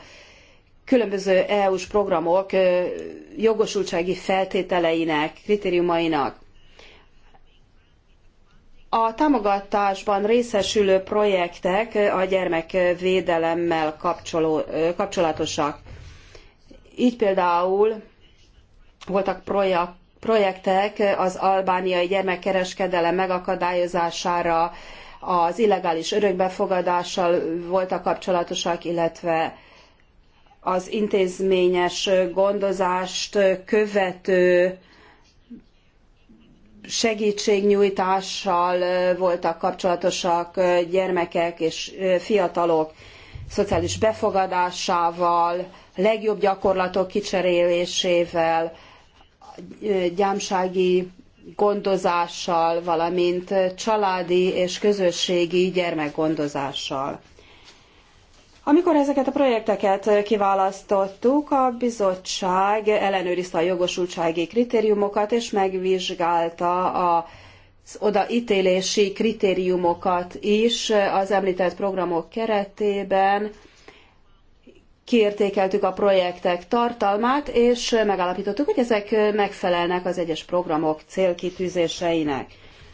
különböző EU-s programok jogosultsági feltételeinek, kritériumainak. A támogatásban részesülő projektek a gyermekvédelemmel kapcsolatosak. Így például voltak projektek az albániai gyermekkereskedelem megakadályozására, az illegális örökbefogadással voltak kapcsolatosak, illetve az intézményes gondozást követő segítségnyújtással voltak kapcsolatosak gyermekek és fiatalok szociális befogadásával, legjobb gyakorlatok kicserélésével, gyámsági gondozással, valamint családi és közösségi gyermekgondozással. Amikor ezeket a projekteket kiválasztottuk, a bizottság ellenőrizte a jogosultsági kritériumokat, és megvizsgálta az odaítélési kritériumokat is az említett programok keretében. Kiértékeltük a projektek tartalmát, és megállapítottuk, hogy ezek megfelelnek az egyes programok célkitűzéseinek.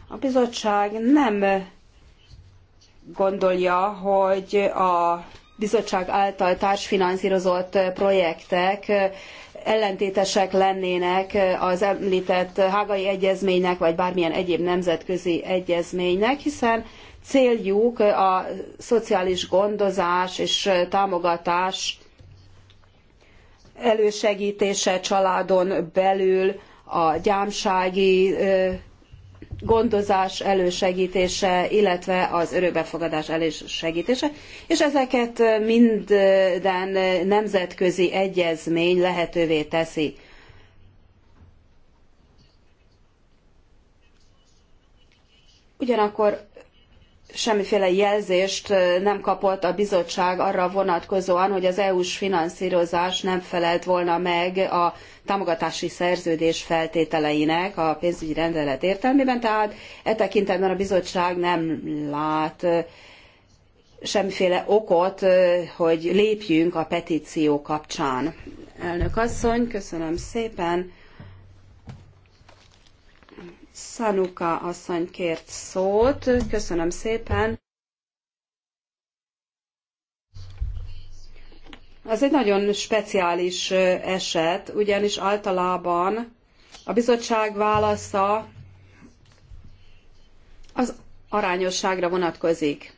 A bizottság nem gondolja, hogy a bizottság által társfinanszírozott projektek ellentétesek lennének az említett hágai egyezménynek, vagy bármilyen egyéb nemzetközi egyezménynek, hiszen céljuk a szociális gondozás és támogatás elősegítése családon belül, a gyámsági gondozás elősegítése, illetve az örökbefogadás elősegítése, és ezeket minden nemzetközi egyezmény lehetővé teszi. Ugyanakkor semmiféle jelzést nem kapott a bizottság arra vonatkozóan, hogy az EU-s finanszírozás nem felelt volna meg a támogatási szerződés feltételeinek a pénzügyi rendelet értelmében, tehát e tekintetben a bizottság nem lát semmiféle okot, hogy lépjünk a petíció kapcsán. Elnök asszony, köszönöm szépen. Szanuka asszony kért szót. Köszönöm szépen. Ez egy nagyon speciális eset, ugyanis általában a bizottság válasza az arányosságra vonatkozik.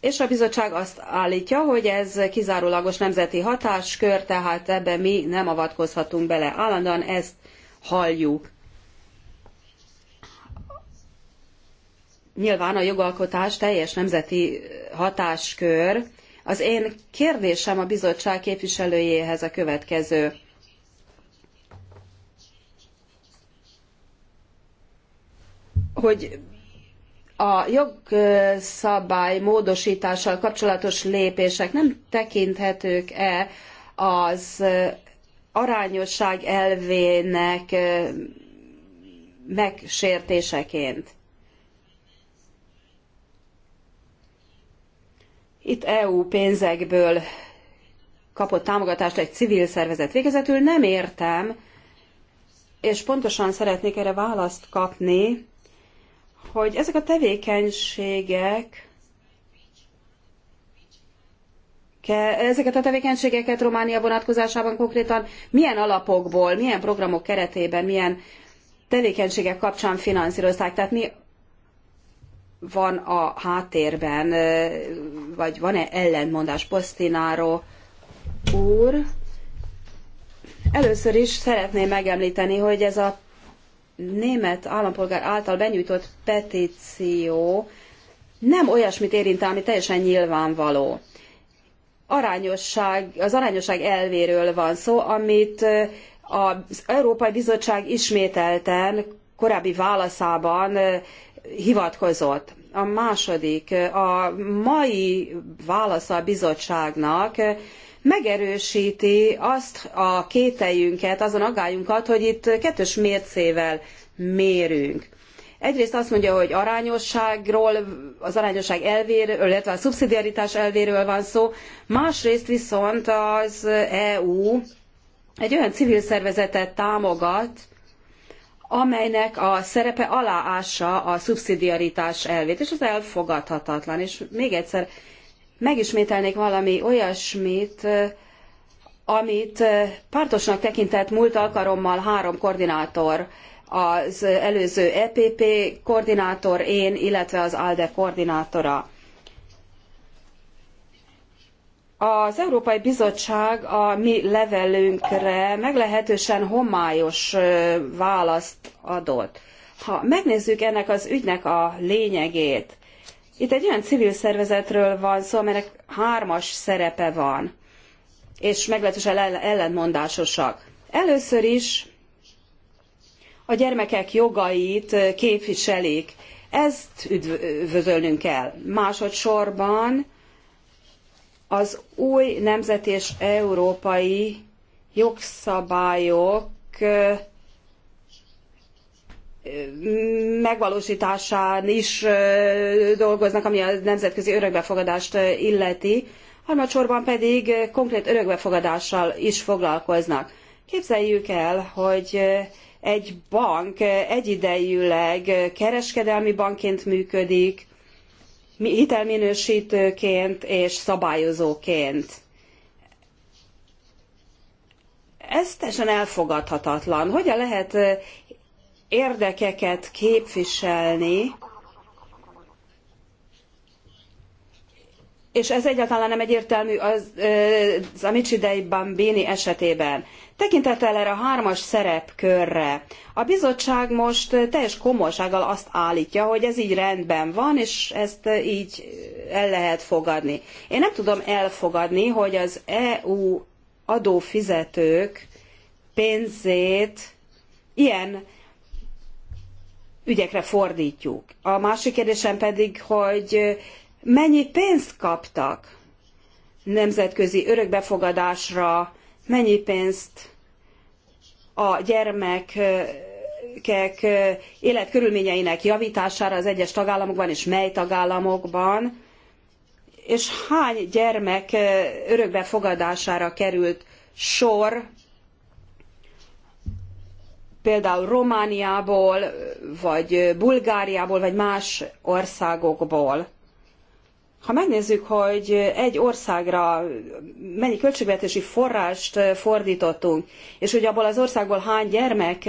És a bizottság azt állítja, hogy ez kizárólagos nemzeti hatáskör, tehát ebbe mi nem avatkozhatunk bele. Állandóan ezt halljuk. nyilván a jogalkotás teljes nemzeti hatáskör. Az én kérdésem a bizottság képviselőjéhez a következő. Hogy a jogszabály módosítással kapcsolatos lépések nem tekinthetők-e az arányosság elvének megsértéseként? itt EU pénzekből kapott támogatást egy civil szervezet végezetül, nem értem, és pontosan szeretnék erre választ kapni, hogy ezek a tevékenységek, ezeket a tevékenységeket Románia vonatkozásában konkrétan milyen alapokból, milyen programok keretében, milyen tevékenységek kapcsán finanszírozták. Tehát mi van a háttérben, vagy van-e ellentmondás Posztináró úr? Először is szeretném megemlíteni, hogy ez a német állampolgár által benyújtott petíció nem olyasmit érint, ami teljesen nyilvánvaló. Arányosság, az arányosság elvéről van szó, amit az Európai Bizottság ismételten korábbi válaszában hivatkozott. A második, a mai válasz a bizottságnak megerősíti azt a kételjünket, azon aggályunkat, hogy itt kettős mércével mérünk. Egyrészt azt mondja, hogy arányosságról, az arányosság elvéről, illetve a szubszidiaritás elvéről van szó, másrészt viszont az EU egy olyan civil szervezetet támogat, amelynek a szerepe aláássa a szubszidiaritás elvét, és ez elfogadhatatlan. És még egyszer megismételnék valami olyasmit, amit pártosnak tekintett múlt alkalommal három koordinátor, az előző EPP koordinátor, én, illetve az ALDE koordinátora. Az Európai Bizottság a mi levelünkre meglehetősen homályos választ adott. Ha megnézzük ennek az ügynek a lényegét, itt egy olyan civil szervezetről van szó, amelynek hármas szerepe van, és meglehetősen ellentmondásosak. Először is a gyermekek jogait képviselik. Ezt üdvözölnünk kell. Másodszorban az új nemzeti és európai jogszabályok megvalósításán is dolgoznak, ami a nemzetközi örökbefogadást illeti, harmadsorban pedig konkrét örökbefogadással is foglalkoznak. Képzeljük el, hogy egy bank egyidejűleg kereskedelmi bankként működik, hitelminősítőként és szabályozóként. Ez teljesen elfogadhatatlan. Hogyan lehet érdekeket képviselni, és ez egyáltalán nem egyértelmű az, az Amicidei Bambini esetében. Tekintettel erre a hármas szerepkörre, a bizottság most teljes komolysággal azt állítja, hogy ez így rendben van, és ezt így el lehet fogadni. Én nem tudom elfogadni, hogy az EU adófizetők pénzét ilyen ügyekre fordítjuk. A másik kérdésem pedig, hogy mennyi pénzt kaptak nemzetközi örökbefogadásra, mennyi pénzt a gyermekek életkörülményeinek javítására az egyes tagállamokban és mely tagállamokban, és hány gyermek örökbefogadására került sor például Romániából, vagy Bulgáriából, vagy más országokból. Ha megnézzük, hogy egy országra mennyi költségvetési forrást fordítottunk, és hogy abból az országból hány gyermek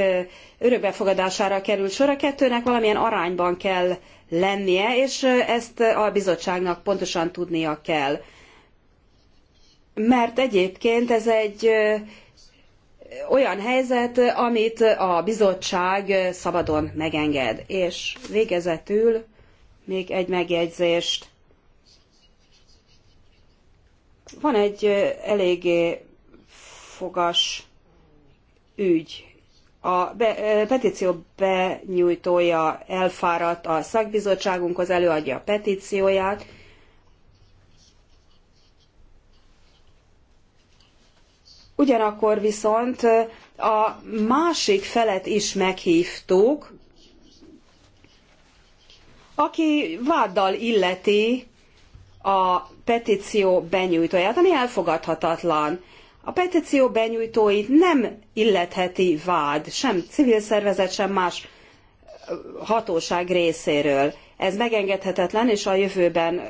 örökbefogadására került sor, a kettőnek valamilyen arányban kell lennie, és ezt a bizottságnak pontosan tudnia kell. Mert egyébként ez egy olyan helyzet, amit a bizottság szabadon megenged. És végezetül még egy megjegyzést van egy eléggé fogas ügy. A be, petíció benyújtója elfáradt a szakbizottságunkhoz, előadja a petícióját, Ugyanakkor viszont a másik felet is meghívtuk, aki váddal illeti a petíció benyújtóját, ami elfogadhatatlan. A petíció benyújtóit nem illetheti vád, sem civil szervezet, sem más hatóság részéről. Ez megengedhetetlen, és a jövőben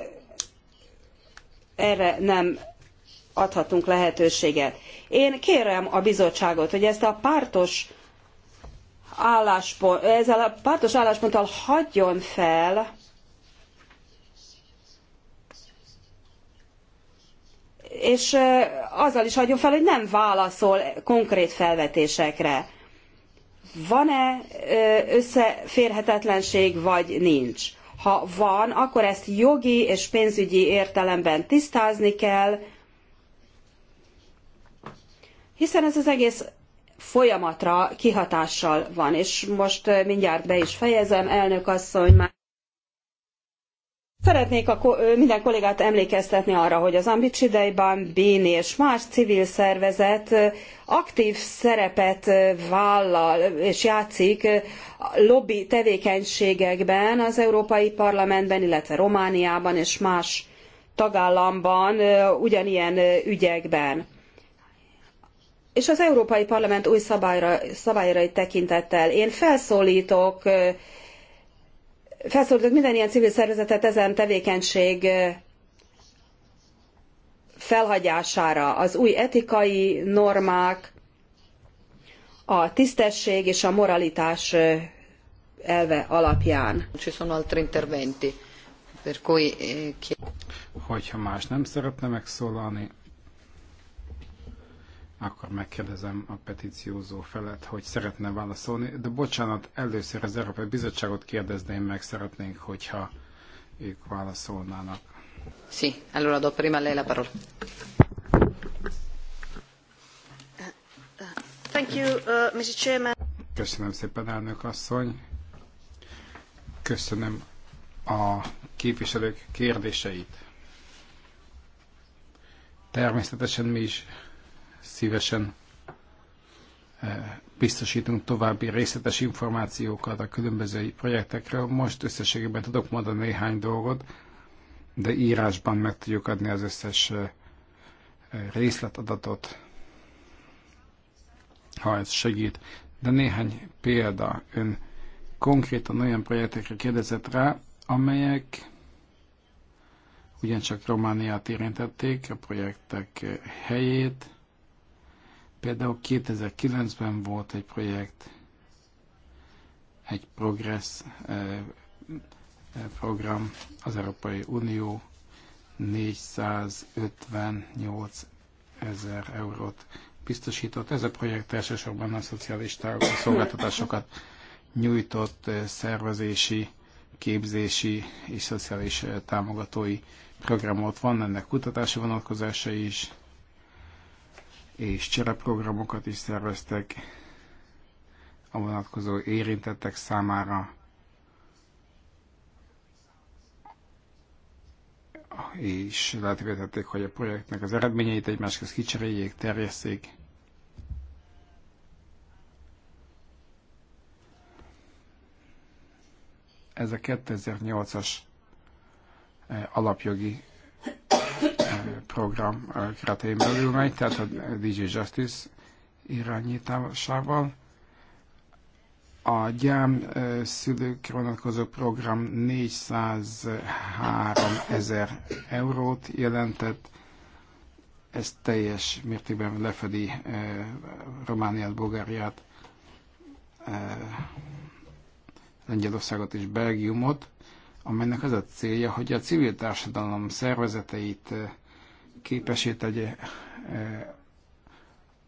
erre nem adhatunk lehetőséget. Én kérem a bizottságot, hogy ezt a pártos álláspont, ezzel a pártos állásponttal hagyjon fel, és azzal is hagyjon fel, hogy nem válaszol konkrét felvetésekre. Van-e összeférhetetlenség, vagy nincs? Ha van, akkor ezt jogi és pénzügyi értelemben tisztázni kell, hiszen ez az egész folyamatra kihatással van. És most mindjárt be is fejezem, elnök asszony már. Szeretnék a minden kollégát emlékeztetni arra, hogy az Ambicsidejban BIN és más civil szervezet aktív szerepet vállal és játszik lobby tevékenységekben az Európai Parlamentben, illetve Romániában és más tagállamban ugyanilyen ügyekben. És az Európai Parlament új szabályra, tekintettel én felszólítok Felszólítok minden ilyen civil szervezetet ezen tevékenység felhagyására. Az új etikai normák, a tisztesség és a moralitás elve alapján. Eh, Hogyha más nem szeretne megszólalni, akkor megkérdezem a petíciózó felett, hogy szeretne válaszolni. De bocsánat, először az Európai Bizottságot kérdezném meg, szeretnénk, hogyha ők válaszolnának. Sí, allora do prima lei la parola. Thank you, uh, Mr. Chairman. Köszönöm szépen, elnök asszony. Köszönöm a képviselők kérdéseit. Természetesen mi is szívesen eh, biztosítunk további részletes információkat a különböző projektekről. Most összességében tudok mondani néhány dolgot, de írásban meg tudjuk adni az összes eh, részletadatot, ha ez segít. De néhány példa. Ön konkrétan olyan projektekre kérdezett rá, amelyek ugyancsak Romániát érintették, a projektek helyét, Például 2009-ben volt egy projekt, egy progress program, az Európai Unió 458 ezer eurót biztosított. Ez a projekt elsősorban a szociális szolgáltatásokat nyújtott szervezési, képzési és szociális támogatói programot. Van ennek kutatási vonatkozása is, és csereprogramokat is szerveztek a vonatkozó érintettek számára. és lehetővé tették, hogy a projektnek az eredményeit egymáshoz kicseréljék, terjesszék. Ez a 2008-as eh, alapjogi program keretein belül megy, tehát a DJ Justice irányításával. A gyám szülők vonatkozó program 403 ezer eurót jelentett, ez teljes mértékben lefedi Romániát, Bulgáriát, Lengyelországot és Belgiumot, amelynek az a célja, hogy a civil társadalom szervezeteit képesé tegye e,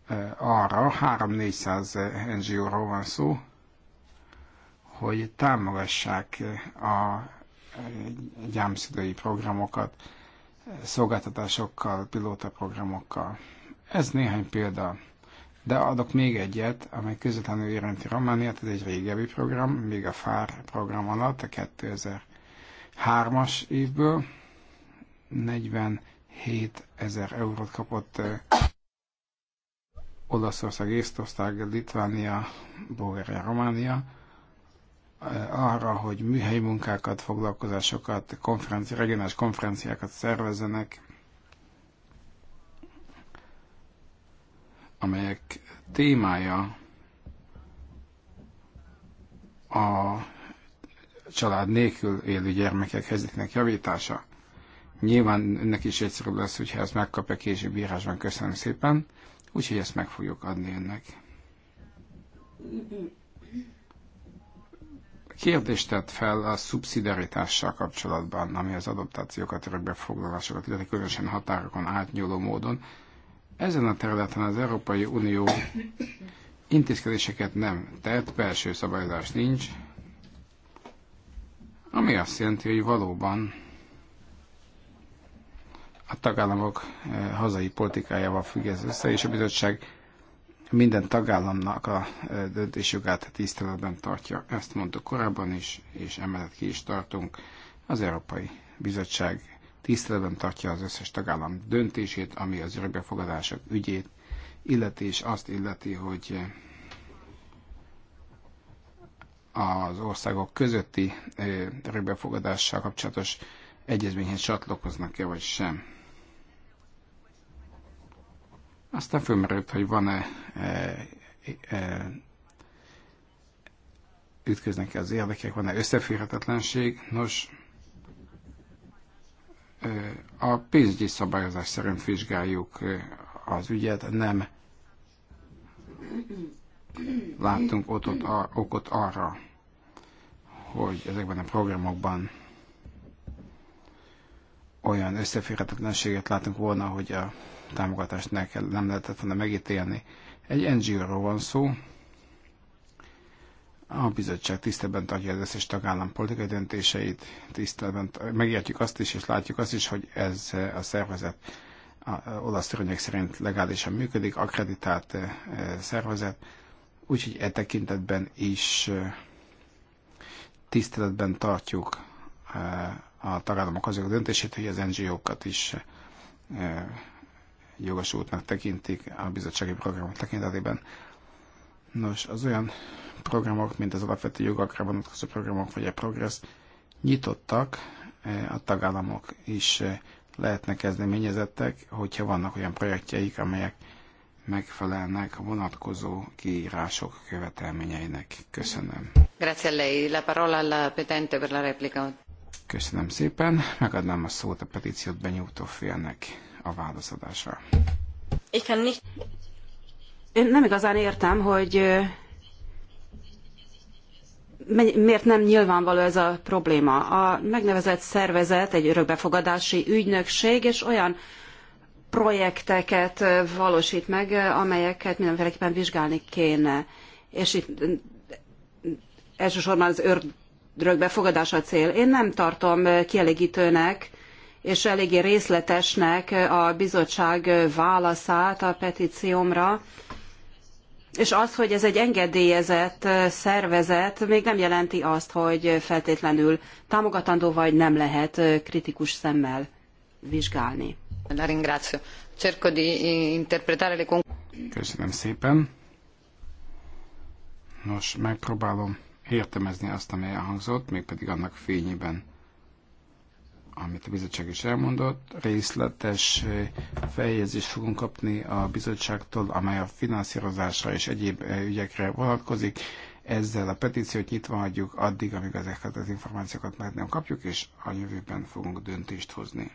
e, arra, 3-400 NGO-ról van szó, hogy támogassák a e, gyámszülői programokat, szolgáltatásokkal, pilótaprogramokkal. Ez néhány példa. De adok még egyet, amely közvetlenül érinti Romániát, ez egy régebbi program, még a FAR program alatt, a 2003-as évből, 40 7000 eurót kapott eh, Olaszország, Észtország, Litvánia, Bulgária, Románia eh, arra, hogy műhelyi munkákat, foglalkozásokat, konferenci, regionális konferenciákat szervezzenek, amelyek témája a család nélkül élő gyermekek helyzetének javítása. Nyilván önnek is egyszerűbb lesz, hogyha ezt megkapja később írásban. Köszönöm szépen. Úgyhogy ezt meg fogjuk adni önnek. Kérdést tett fel a szubszidaritással kapcsolatban, ami az adaptációkat, örökbefoglalásokat, illetve különösen határokon átnyúló módon. Ezen a területen az Európai Unió intézkedéseket nem tett, belső szabályozás nincs, ami azt jelenti, hogy valóban a tagállamok eh, hazai politikájával függ ez össze, és a bizottság minden tagállamnak a eh, döntésjogát tiszteletben tartja. Ezt mondtuk korábban is, és emellett ki is tartunk. Az Európai Bizottság tiszteletben tartja az összes tagállam döntését, ami az örökbefogadások ügyét illeti, és azt illeti, hogy eh, az országok közötti örökbefogadással kapcsolatos egyezményhez csatlakoznak-e vagy sem. Aztán fölmerült, hogy van-e e, e, ütköznek -e az érdekek, van-e összeférhetetlenség. Nos, e, a pénzügyi szabályozás szerint vizsgáljuk e, az ügyet, nem láttunk a, okot arra, hogy ezekben a programokban olyan összeférhetetlenséget látunk volna, hogy a támogatást ne kell, nem lehetett volna megítélni. Egy NGO-ról van szó, a bizottság tisztelben tartja az összes tagállam politikai döntéseit, tisztelben megértjük azt is, és látjuk azt is, hogy ez a szervezet a olasz törvények szerint legálisan működik, akreditált e, e, szervezet, úgyhogy e tekintetben is e, tiszteletben tartjuk a tagállamok azok döntését, hogy az NGO-kat is eh, jogosultnak tekintik a bizottsági programok tekintetében. Nos, az olyan programok, mint az alapvető jogokra vonatkozó programok, vagy a Progress nyitottak, eh, a tagállamok is eh, lehetnek kezdeményezettek, hogyha vannak olyan projektjeik, amelyek megfelelnek a vonatkozó kiírások követelményeinek. Köszönöm. Grazie a lei. La parola alla petente per la replica. Köszönöm szépen. Megadnám a szót a petíciót benyújtó félnek a válaszadásra. Én nem igazán értem, hogy miért nem nyilvánvaló ez a probléma. A megnevezett szervezet egy örökbefogadási ügynökség, és olyan projekteket valósít meg, amelyeket mindenféleképpen vizsgálni kéne. És itt elsősorban az a cél. Én nem tartom kielégítőnek és eléggé részletesnek a bizottság válaszát a petíciómra, és az, hogy ez egy engedélyezett szervezet, még nem jelenti azt, hogy feltétlenül támogatandó vagy nem lehet kritikus szemmel vizsgálni. Köszönöm szépen. Nos, megpróbálom értemezni azt, amely elhangzott, mégpedig annak fényében, amit a bizottság is elmondott. Részletes eh, feljegyzést fogunk kapni a bizottságtól, amely a finanszírozásra és egyéb eh, ügyekre vonatkozik. Ezzel a petíciót nyitva hagyjuk addig, amíg ezeket az információkat meg nem kapjuk, és a jövőben fogunk döntést hozni.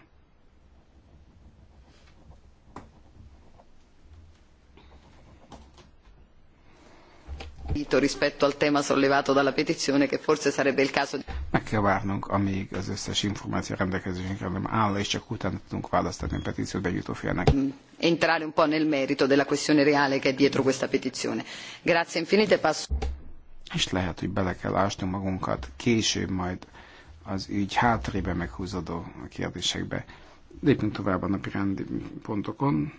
rispetto al tema sollevato dalla petizione che forse sarebbe il caso Meg kell várnunk, amíg az összes információ rendelkezésünkre nem áll, és csak utána tudunk választani a petíciót benyújtó félnek. Mm, entrare un po' nel merito della questione reale che è dietro questa petizione. Grazie infinite passo. És lehet, hogy bele kell ásnunk magunkat később majd az ügy hátrébe meghúzódó kérdésekbe. Lépjünk tovább a napi rendi pontokon.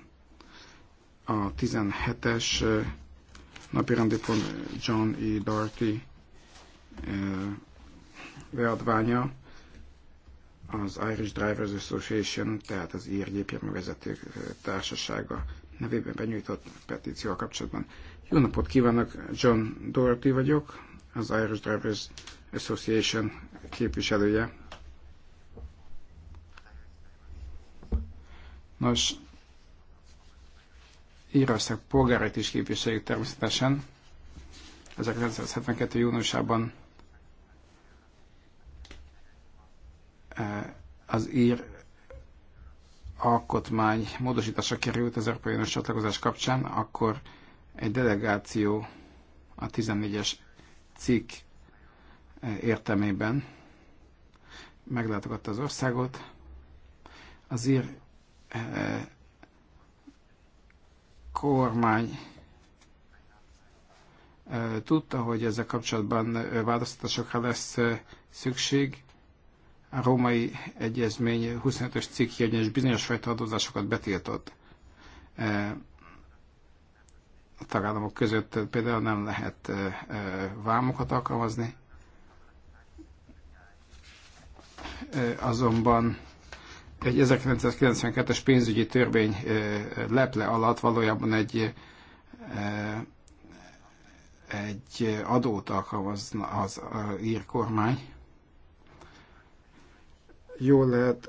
A 17-es napirendi pont John E. Darty beadványa, az Irish Drivers Association, tehát az ír gépjárművezetők társasága nevében benyújtott a kapcsolatban. Jó napot kívánok, John Doherty vagyok, az Irish Drivers Association képviselője. Nos, Írország polgárait is képviseljük természetesen. 1972. júniusában e, az ír alkotmány módosítása került az Európai Uniós csatlakozás kapcsán, akkor egy delegáció a 14-es cikk e, értelmében meglátogatta az országot. Az ír e, kormány tudta, hogy ezzel kapcsolatban változtatásokra lesz szükség. A római egyezmény 25-ös cikkjegyen és bizonyos fajta adózásokat betiltott. A tagállamok között például nem lehet vámokat alkalmazni. Azonban egy 1992-es pénzügyi törvény leple alatt valójában egy egy adót alkalmazna az ír kormány. Jól lehet,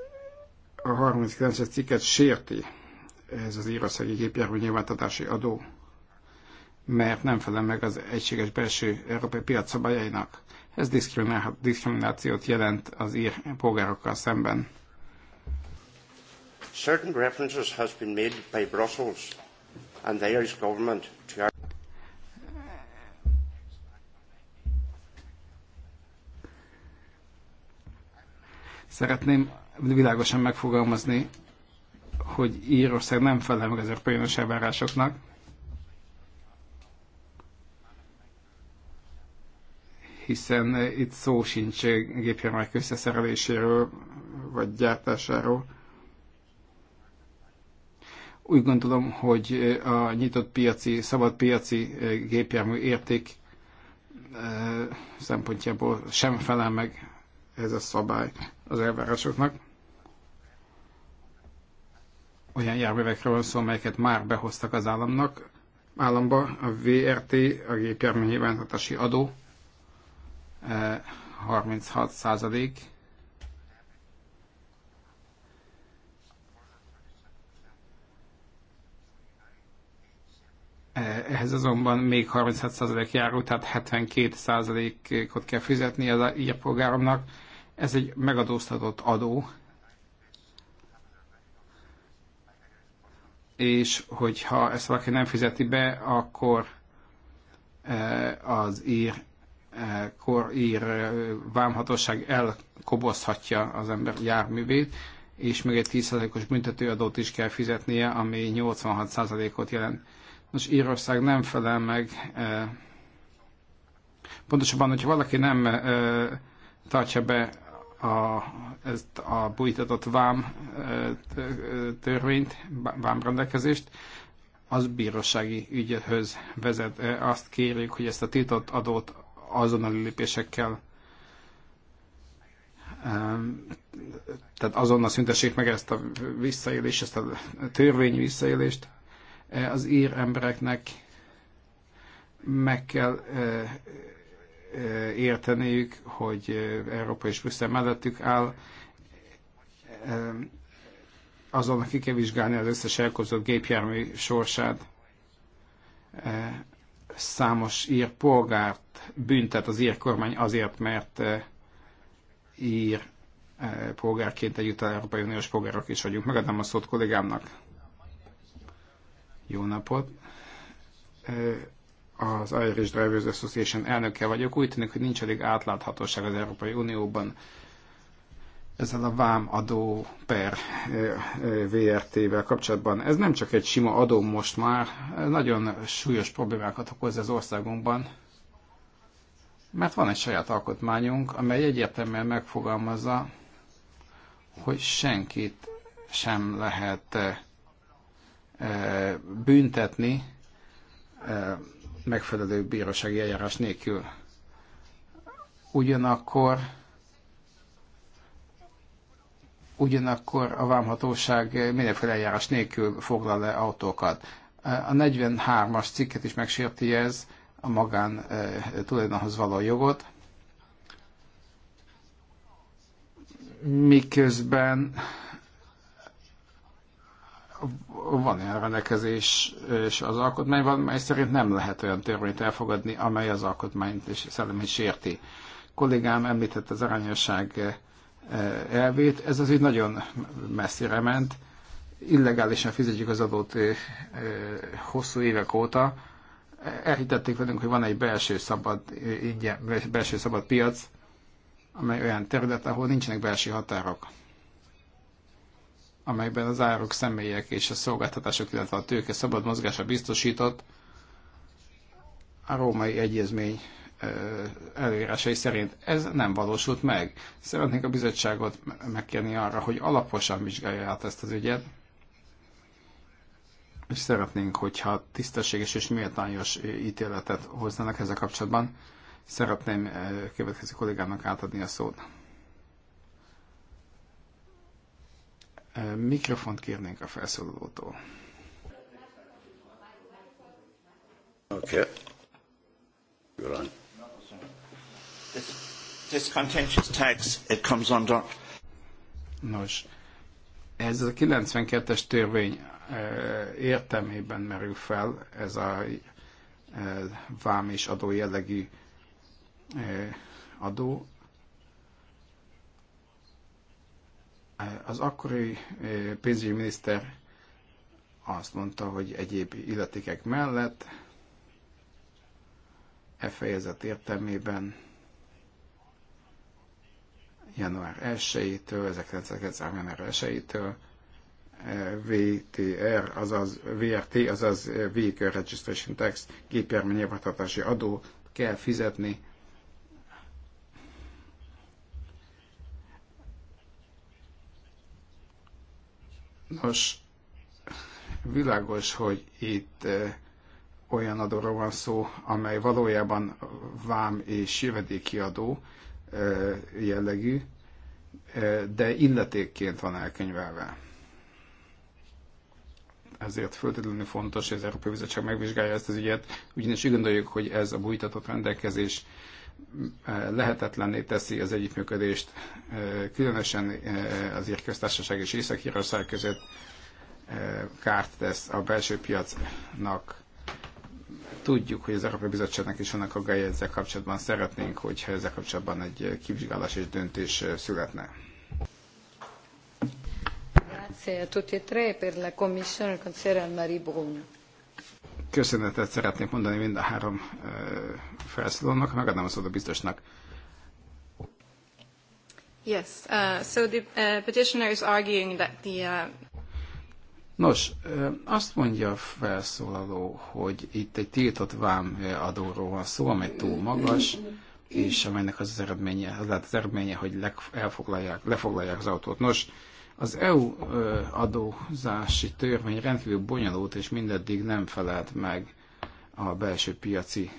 a 39-es cikket sérti ez az írországi gépjármű nyilvántatási adó, mert nem felel meg az egységes belső európai piac szabályainak. Ez diszkriminációt jelent az ír polgárokkal szemben Certain references has been made by Brussels and the Irish government to our Szeretném világosan megfogalmazni, hogy Írország nem felel meg az Európai Uniós elvárásoknak, hiszen itt szó sincs gépjárművek összeszereléséről vagy gyártásáról. Úgy gondolom, hogy a nyitott piaci, szabad piaci gépjármű érték szempontjából sem felel meg ez a szabály az elvárásoknak. Olyan járművekről van szó, melyeket már behoztak az államnak, államba a VRT, a gépjármű nyilvántartási adó 36 százalék, E, ehhez azonban még 37% járó, tehát 72%-ot kell fizetni az írpolgáromnak. Ez egy megadóztatott adó. És hogyha ezt valaki nem fizeti be, akkor e, az ír e, kor ír vámhatóság elkobozhatja az ember járművét, és még egy 10%-os büntetőadót is kell fizetnie, ami 86%-ot jelent Nos, Írország nem felel meg. Eh, pontosabban, hogyha valaki nem eh, tartja be a, ezt a bújtatott vám eh, törvényt, vám rendelkezést, az bírósági ügyhöz vezet. Azt kérjük, hogy ezt a tiltott adót azonnali lépésekkel tehát azonnal szüntessék meg ezt a visszaélést, ezt a törvény visszaélést. E, az ír embereknek meg kell e, e, érteniük, hogy Európa és Brüsszel mellettük áll, azonnak ki kell vizsgálni az összes elkozott gépjármű sorsát. Számos ír polgárt büntet az ír kormány azért, mert ír polgárként együtt Európai Uniós polgárok is vagyunk. Megadom a szót kollégámnak. Jó napot! Az Irish Drivers Association elnöke vagyok. Úgy tűnik, hogy nincs elég átláthatóság az Európai Unióban ezzel a vám adó per VRT-vel kapcsolatban. Ez nem csak egy sima adó most már, nagyon súlyos problémákat okoz az országunkban, mert van egy saját alkotmányunk, amely egyértelműen megfogalmazza, hogy senkit sem lehet büntetni megfelelő bírósági eljárás nélkül. Ugyanakkor ugyanakkor a vámhatóság mindenféle eljárás nélkül foglal le autókat. A 43-as cikket is megsérti ez, a magán tulajdonhoz való jogot, miközben van ilyen rendelkezés és az alkotmányban, mely szerint nem lehet olyan törvényt elfogadni, amely az alkotmányt és szellemét sérti. Kollégám említett az arányosság eh, elvét, ez az így nagyon messzire ment. Illegálisan fizetjük az adót eh, eh, hosszú évek óta. Elhitették velünk, hogy van egy belső szabad, ingyen, belső szabad piac, amely olyan terület, ahol nincsenek belső határok amelyben az árok, személyek és a szolgáltatások, illetve a tőke szabad mozgása biztosított a római egyezmény előírásai szerint. Ez nem valósult meg. Szeretnék a bizottságot megkérni arra, hogy alaposan vizsgálja át ezt az ügyet, és szeretnénk, hogyha tisztességes és méltányos ítéletet hoznának ezzel kapcsolatban. Szeretném következő kollégának átadni a szót. Mikrofont kérnénk a felszólalótól. Oké. Okay. This, this contentious tax, it comes under... Nos, ez a 92-es törvény értelmében merül fel ez a vám és adó jellegű adó, Az akkori eh, pénzügyi miniszter azt mondta, hogy egyéb illetékek mellett e fejezet értelmében január 1-től, 1993. január 1-től VTR, azaz VRT, azaz eh, Vehicle Registration Tax, gépjármű adó kell fizetni Nos, világos, hogy itt eh, olyan adóról van szó, amely valójában vám és jövedéki adó eh, jellegű, eh, de illetékként van elkönyvelve. Ezért föltétlenül fontos, hogy az Európai Bizottság megvizsgálja ezt az ügyet, ugyanis úgy gondoljuk, hogy ez a bújtatott rendelkezés lehetetlenné teszi az együttműködést, eh, különösen eh, az Írköztársaság és Észak-Írország között eh, kárt tesz a belső piacnak. Tudjuk, hogy az Európai Bizottságnak is vannak aggája ezzel kapcsolatban. Szeretnénk, hogyha ezzel kapcsolatban egy kivizsgálás és döntés születne. Grazie a tutti e tre per la Commissione, il e Marie Brun. Köszönetet szeretnék mondani mind a három felszólónak, megadnám a szót a biztosnak. Yes, uh, so the uh, petitioner is arguing that the uh... Nos, azt mondja a felszólaló, hogy itt egy tiltott vám adóról van szó, amely túl magas, és amelynek az, az eredménye, az lehet az eredménye, hogy lefoglalják, lefoglalják az autót. Nos, az EU adózási törvény rendkívül bonyolult, és mindeddig nem felelt meg a belső piaci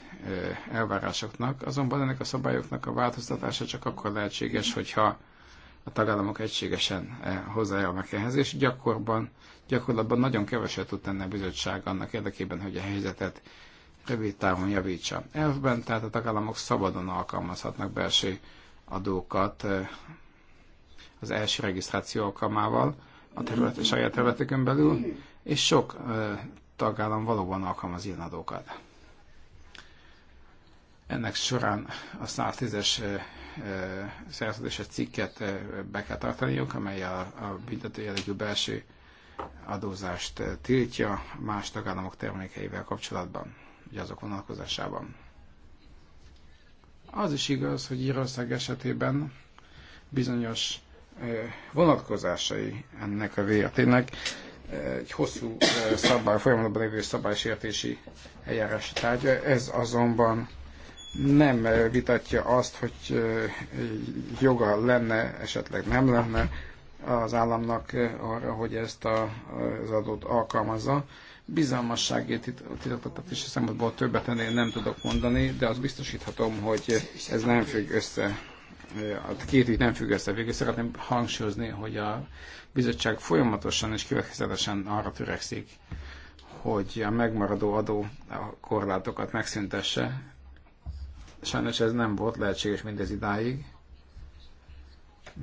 elvárásoknak, azonban ennek a szabályoknak a változtatása csak akkor lehetséges, hogyha a tagállamok egységesen hozzájárnak ehhez, és gyakorban, gyakorlatban nagyon keveset tud tenni a bizottság annak érdekében, hogy a helyzetet rövid távon javítsa. Elvben tehát a tagállamok szabadon alkalmazhatnak belső adókat az első regisztráció alkalmával a terület, a saját területükön belül, és sok tagállam valóban alkalmaz ilyen adókat. Ennek során a 110-es szerződéses cikket be kell tartaniuk, amely a, a büntetőjellegű belső adózást tiltja más tagállamok termékeivel kapcsolatban, ugye azok vonalkozásában. Az is igaz, hogy Írország esetében bizonyos vonatkozásai ennek a VAT-nek egy hosszú szabály, folyamatban lévő szabálysértési eljárás tárgya. Ez azonban nem vitatja azt, hogy joga lenne, esetleg nem lenne az államnak arra, hogy ezt a, az adót alkalmazza. Bizalmassági a szempontból többet ennél nem tudok mondani, de azt biztosíthatom, hogy ez nem függ össze a két ügy nem össze, végül, szeretném hangsúlyozni, hogy a bizottság folyamatosan és következetesen arra törekszik, hogy a megmaradó adó korlátokat megszüntesse. Sajnos ez nem volt lehetséges mindez idáig,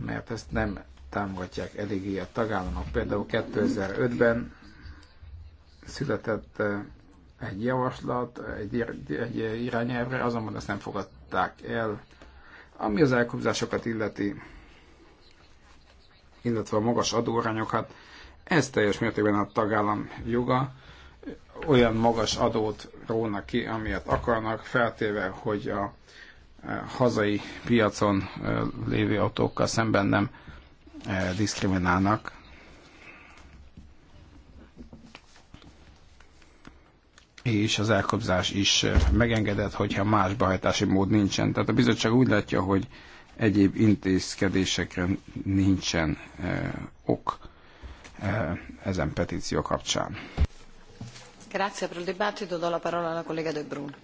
mert ezt nem támogatják eléggé a tagállamok. Például 2005-ben született eh, egy javaslat, egy, egy irányelvre, azonban ezt nem fogadták el ami az elkobzásokat illeti, illetve a magas adóarányokat, ez teljes mértékben a tagállam joga. Olyan magas adót rónak ki, amilyet akarnak, feltéve, hogy a e, hazai piacon e, lévő autókkal szemben nem e, diszkriminálnak. és az elkobzás is megengedett, hogyha más behajtási mód nincsen. Tehát a bizottság úgy látja, hogy egyéb intézkedésekre nincsen eh, ok eh, ezen petíció kapcsán. Grazie per il dibattito, do la parola alla collega De Brun.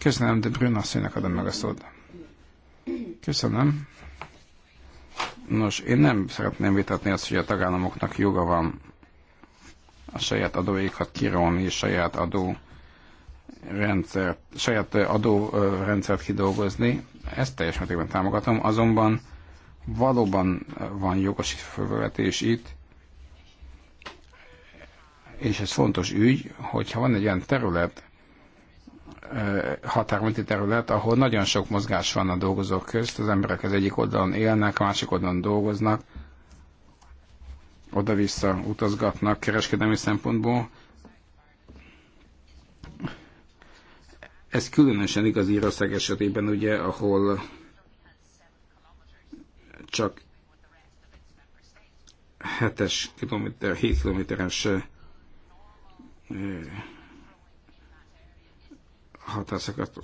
Köszönöm, De Brun asszonynak adom meg a szót. Köszönöm. Nos, én nem szeretném vitatni azt, hogy a tagállamoknak joga van a saját adóikat kirolni, és saját adó rendszert, saját adó rendszert kidolgozni. Ezt teljes mértékben támogatom, azonban valóban van jogos felvetés itt, és ez fontos ügy, hogyha van egy olyan terület, határmenti terület, ahol nagyon sok mozgás van a dolgozók közt, az emberek az egyik oldalon élnek, a másik oldalon dolgoznak, oda-vissza utazgatnak kereskedelmi szempontból. Ez különösen igaz Írország esetében, ugye, ahol csak 7-es kilométer, 7 kilométeres eh,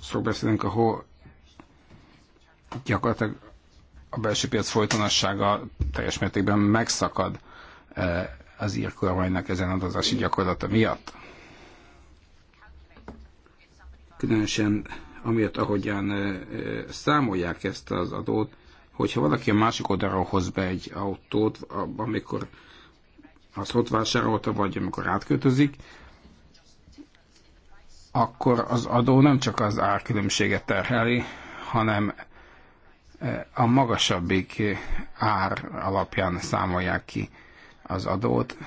szok beszélünk, ahol gyakorlatilag a belső piac folytonossága teljes mértékben megszakad Eh, az ír kormánynak ezen adózási gyakorlata miatt. Különösen amiatt, ahogyan eh, számolják ezt az adót, hogyha valaki a másik oldalról hoz be egy autót, amikor az ott vásárolta, vagy amikor átköltözik, akkor az adó nem csak az árkülönbséget terheli, hanem eh, a magasabbik ár alapján számolják ki az adót.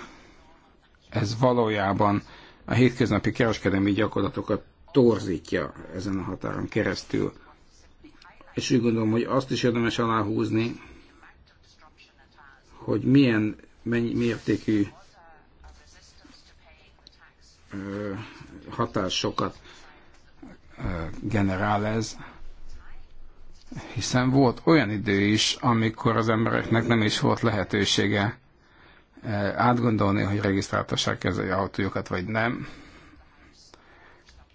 Ez valójában a hétköznapi kereskedelmi gyakorlatokat torzítja ezen a határon keresztül. És úgy gondolom, hogy azt is érdemes aláhúzni, hogy milyen mennyi, mértékű ö, hatásokat ö, generál ez, hiszen volt olyan idő is, amikor az embereknek nem is volt lehetősége Eh, átgondolni, hogy regisztráltassák ez az autójukat, vagy nem.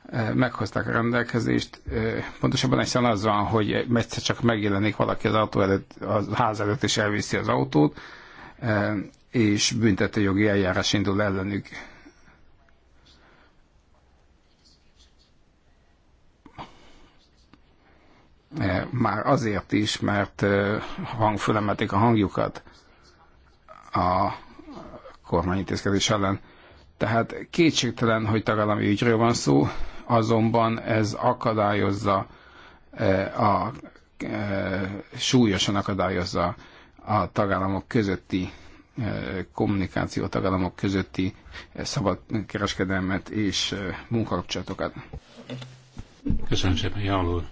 Eh, meghozták a rendelkezést. Eh, pontosabban egyszerűen az van, hogy egyszer csak megjelenik valaki az autó előtt, a ház előtt, és elviszi az autót, és büntetőjogi eljárás indul ellenük. már azért is, mert hangfülemetik a hangjukat. A kormányintézkedés ellen. Tehát kétségtelen, hogy tagállami ügyről van szó, azonban ez akadályozza e, a e, súlyosan akadályozza a tagállamok közötti e, kommunikáció, tagállamok közötti szabad kereskedelmet és munkakapcsolatokat. Köszönöm szépen, Jánul.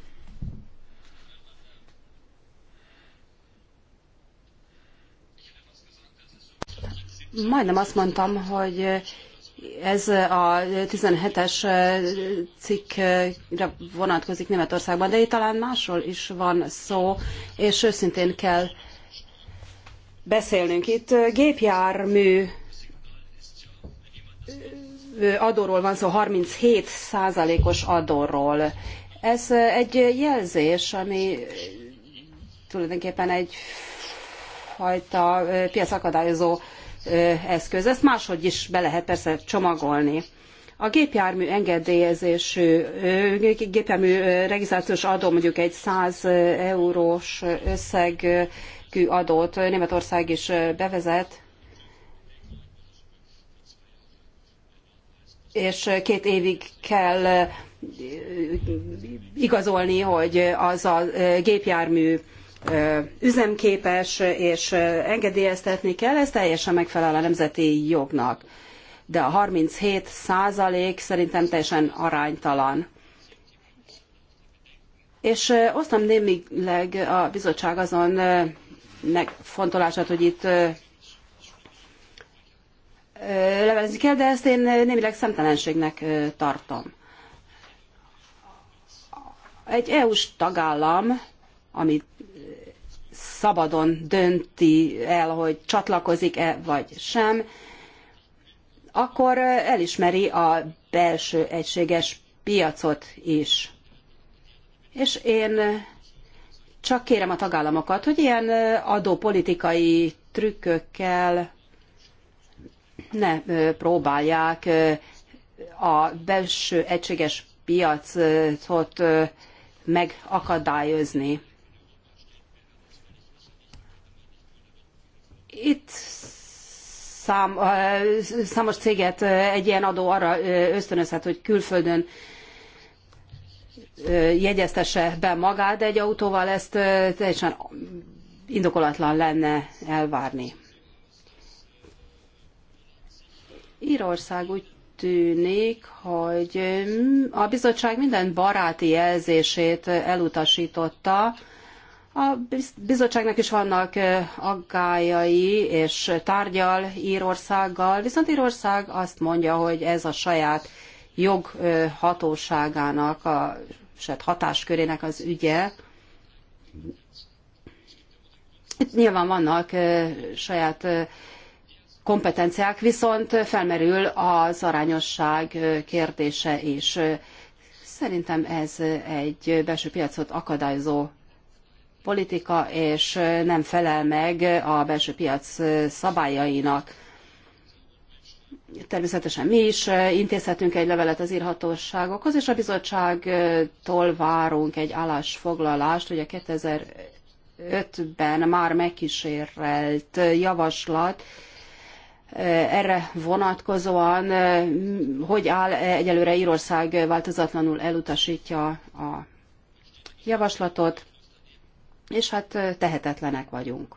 majdnem azt mondtam, hogy ez a 17-es cikkre vonatkozik Németországban, de itt talán másról is van szó, és őszintén kell beszélnünk. Itt gépjármű adóról van szó, 37 százalékos adóról. Ez egy jelzés, ami tulajdonképpen egyfajta piacakadályozó eszköz. Ezt máshogy is be lehet persze csomagolni. A gépjármű engedélyezésű, gépjármű regisztrációs adó mondjuk egy 100 eurós összegű adót Németország is bevezet, és két évig kell igazolni, hogy az a gépjármű üzemképes és engedélyeztetni kell, ez teljesen megfelel a nemzeti jognak. De a 37 százalék szerintem teljesen aránytalan. És osztam némileg a bizottság azon megfontolását, hogy itt levelezni kell, de ezt én némileg szemtelenségnek tartom. Egy EU-s tagállam, amit szabadon dönti el, hogy csatlakozik-e vagy sem, akkor elismeri a belső egységes piacot is. És én csak kérem a tagállamokat, hogy ilyen adópolitikai trükkökkel ne próbálják a belső egységes piacot megakadályozni. Itt szám, számos céget egy ilyen adó arra ösztönözhet, hogy külföldön jegyeztesse be magát, egy autóval ezt teljesen indokolatlan lenne elvárni. Írország úgy tűnik, hogy mm, a bizottság minden baráti jelzését elutasította, a bizottságnak is vannak aggályai, és tárgyal Írországgal, viszont Írország azt mondja, hogy ez a saját joghatóságának, a sőt, hatáskörének az ügye. Itt nyilván vannak saját kompetenciák, viszont felmerül az arányosság kérdése is. Szerintem ez egy belső piacot akadályozó politika, és nem felel meg a belső piac szabályainak. Természetesen mi is intézhetünk egy levelet az írhatóságokhoz, és a bizottságtól várunk egy állásfoglalást, hogy a 2005-ben már megkísérelt javaslat erre vonatkozóan, hogy áll egyelőre Írország változatlanul elutasítja a javaslatot és hát tehetetlenek vagyunk.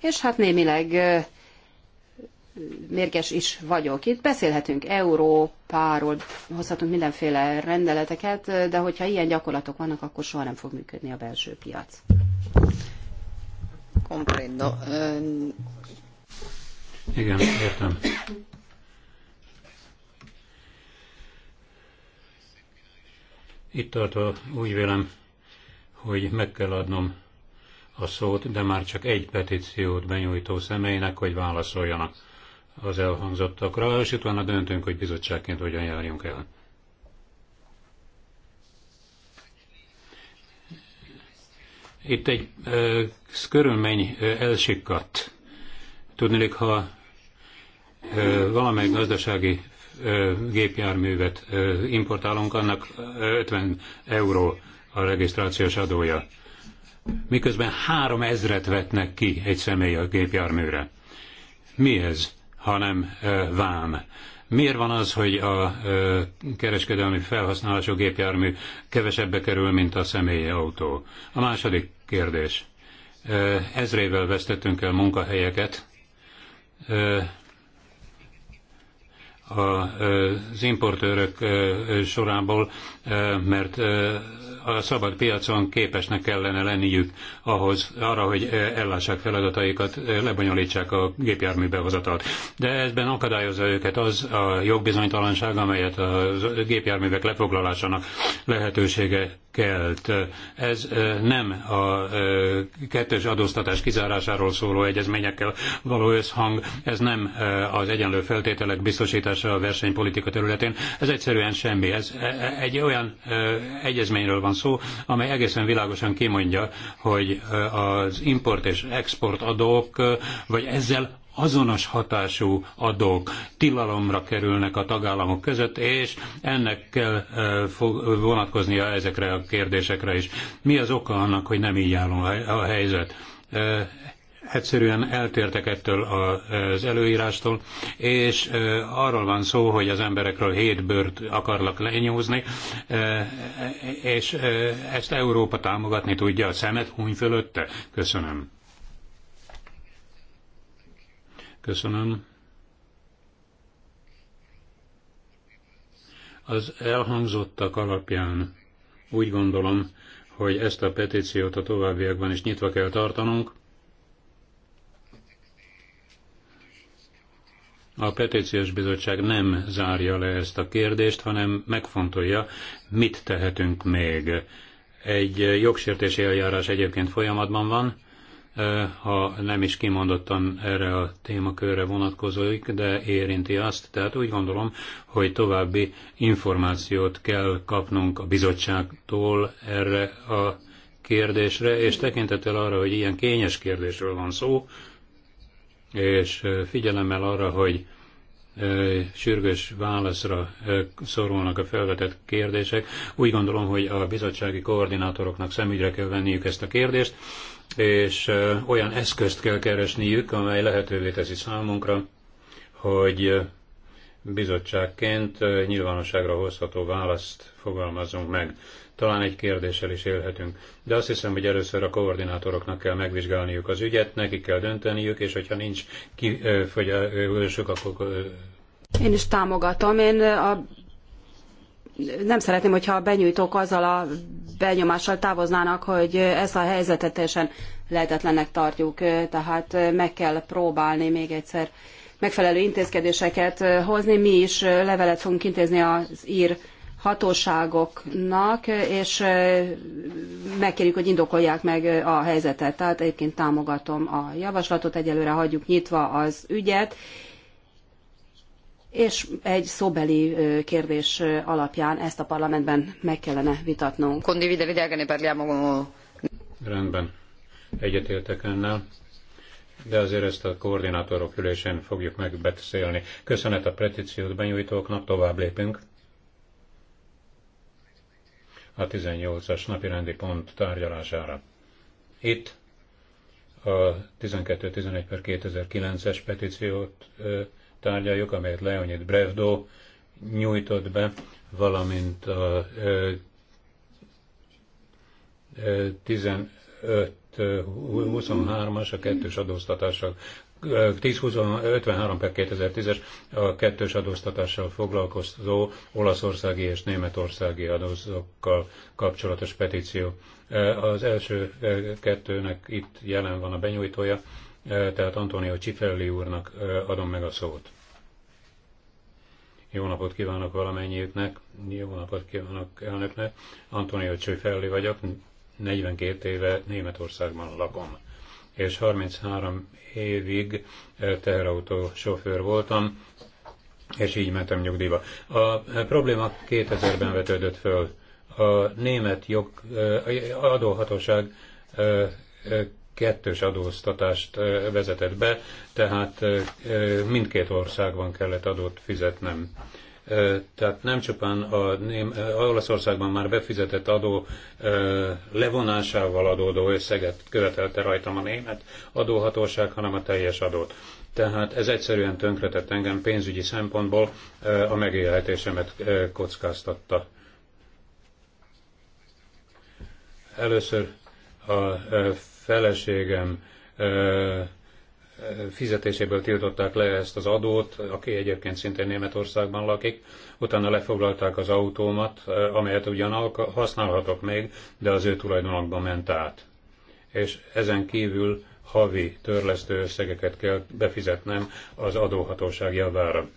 És hát némileg mérges is vagyok. Itt beszélhetünk Európáról, hozhatunk mindenféle rendeleteket, de hogyha ilyen gyakorlatok vannak, akkor soha nem fog működni a belső piac. Comprendo. Igen, értem. Itt tartva úgy vélem, hogy meg kell adnom a szót, de már csak egy petíciót benyújtó személynek, hogy válaszoljanak az elhangzottakra, és utána döntünk, hogy bizottságként hogyan járjunk el. Itt egy ö, körülmény ö, elsikkadt. Tudnélik, ha ö, valamely gazdasági gépjárművet importálunk, annak 50 euró a regisztrációs adója. Miközben három ezret vetnek ki egy személy a gépjárműre. Mi ez, hanem vám? Miért van az, hogy a kereskedelmi felhasználású gépjármű kevesebbe kerül, mint a személyi autó? A második kérdés. Ezrével vesztettünk el munkahelyeket, az importőrök sorából, mert a szabad piacon képesnek kellene lenniük ahhoz arra, hogy ellássák feladataikat, lebonyolítsák a gépjármű behozatalt. De ebben akadályozza őket az a jogbizonytalanság, amelyet a gépjárművek lefoglalásának lehetősége kelt. Ez nem a kettős adóztatás kizárásáról szóló egyezményekkel való összhang, ez nem az egyenlő feltételek biztosítása a versenypolitika területén, ez egyszerűen semmi. Ez e, e, egy olyan egyezményről van szó, amely egészen világosan kimondja, hogy az import és export adók, vagy ezzel azonos hatású adók tilalomra kerülnek a tagállamok között, és ennek kell eh, vonatkoznia ezekre a kérdésekre is. Mi az oka annak, hogy nem így áll a helyzet? Eh, egyszerűen eltértek ettől az előírástól, és eh, arról van szó, hogy az emberekről hét bőrt akarlak lenyúzni, és ezt Európa támogatni tudja a szemet huny fölötte. Köszönöm. Köszönöm. Az elhangzottak alapján úgy gondolom, hogy ezt a petíciót a továbbiakban is nyitva kell tartanunk. A petíciós bizottság nem zárja le ezt a kérdést, hanem megfontolja, mit tehetünk még. Egy jogsértési eljárás egyébként folyamatban van, ha nem is kimondottan erre a témakörre vonatkozóik, de érinti azt. Tehát úgy gondolom, hogy további információt kell kapnunk a bizottságtól erre a kérdésre, és tekintettel arra, hogy ilyen kényes kérdésről van szó, és figyelemmel arra, hogy sürgős válaszra szorulnak a felvetett kérdések. Úgy gondolom, hogy a bizottsági koordinátoroknak szemügyre kell venniük ezt a kérdést, és olyan eszközt kell keresniük, amely lehetővé teszi számunkra, hogy bizottságként nyilvánosságra hozható választ fogalmazzunk meg. Talán egy kérdéssel is élhetünk. De azt hiszem, hogy először a koordinátoroknak kell megvizsgálniuk az ügyet, nekik kell dönteniük, és hogyha nincs kifogyásuk, akkor... Én is támogatom. Én a... nem szeretném, hogyha benyújtok azzal a benyomással távoznának, hogy ezt a helyzetet teljesen lehetetlennek tartjuk, tehát meg kell próbálni még egyszer megfelelő intézkedéseket hozni. Mi is levelet fogunk intézni az ír hatóságoknak, és megkérjük, hogy indokolják meg a helyzetet. Tehát egyébként támogatom a javaslatot, egyelőre hagyjuk nyitva az ügyet, és egy szóbeli kérdés alapján ezt a parlamentben meg kellene vitatnunk. Rendben, egyetértek ennel, de azért ezt a koordinátorok ülésén fogjuk megbeszélni. Köszönet a petíciót benyújtóknak, tovább lépünk. A 18-as napirendi pont tárgyalására. Itt a 12-11 per 2009-es petíciót tárgyaljuk, amelyet Leonid Brevdo nyújtott be, valamint a 15-23-as, a kettős adóztatással 1053 per 2010-es a kettős adóztatással foglalkozó olaszországi és németországi adózókkal kapcsolatos petíció. Az első kettőnek itt jelen van a benyújtója, tehát Antonio Cifelli úrnak adom meg a szót. Jó napot kívánok valamennyiüknek, jó napot kívánok elnöknek. Antonio Csőfelli vagyok, 42 éve Németországban lakom, és 33 évig eh, teherautó sofőr voltam, és így mentem nyugdíjba. A eh, probléma 2000-ben vetődött föl. A német jog, eh, adóhatóság kettős adóztatást vezetett be, tehát mindkét országban kellett adót fizetnem. Tehát nem csupán a Ném, Olaszországban már befizetett adó levonásával adódó összeget követelte rajtam a német adóhatóság, hanem a teljes adót. Tehát ez egyszerűen tönkretett engem pénzügyi szempontból, a megélhetésemet kockáztatta. Először a feleségem fizetéséből tiltották le ezt az adót, aki egyébként szintén Németországban lakik, utána lefoglalták az autómat, amelyet ugyan használhatok még, de az ő tulajdonokban ment át. És ezen kívül havi törlesztő összegeket kell befizetnem az adóhatóság javára.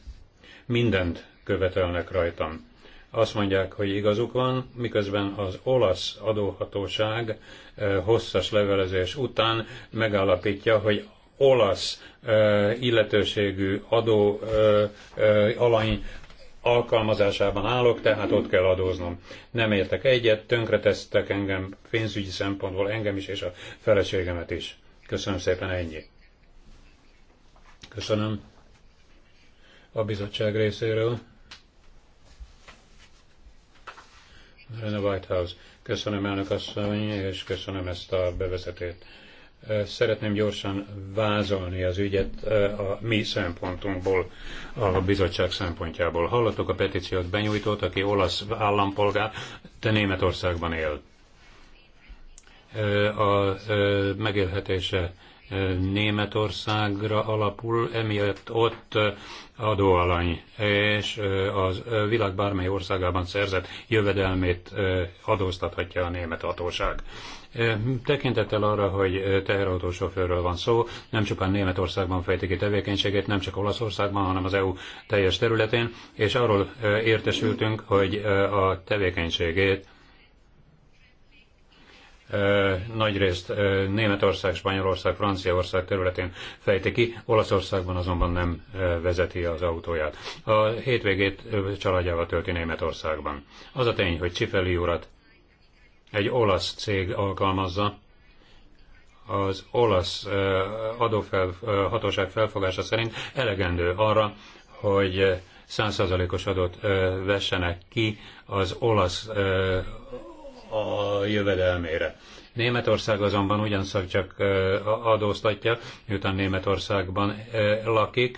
Mindent követelnek rajtam azt mondják, hogy igazuk van, miközben az olasz adóhatóság eh, hosszas levelezés után megállapítja, hogy olasz eh, illetőségű adó eh, alany alkalmazásában állok, tehát ott kell adóznom. Nem értek egyet, tönkretesztek engem pénzügyi szempontból, engem is és a feleségemet is. Köszönöm szépen, ennyi. Köszönöm a bizottság részéről. a White House. Köszönöm elnök asszony, és köszönöm ezt a bevezetést. Szeretném gyorsan vázolni az ügyet a mi szempontunkból, a bizottság szempontjából. Hallottuk a petíciót benyújtott, aki olasz állampolgár, de Németországban él. A megélhetése Németországra alapul, emiatt ott adóalany, és az világ bármely országában szerzett jövedelmét adóztathatja a német hatóság. Tekintettel arra, hogy teherautósofőrről van szó, nem csupán Németországban fejti ki tevékenységét, nem csak Olaszországban, hanem az EU teljes területén, és arról értesültünk, hogy a tevékenységét nagyrészt Németország, Spanyolország, Franciaország területén fejti ki, Olaszországban azonban nem vezeti az autóját. A hétvégét családjával tölti Németországban. Az a tény, hogy Csifeli urat egy olasz cég alkalmazza, az olasz adófel, hatóság felfogása szerint elegendő arra, hogy 100%-os adót vessenek ki az olasz a jövedelmére. Németország azonban ugyanszak csak adóztatja, miután Németországban lakik,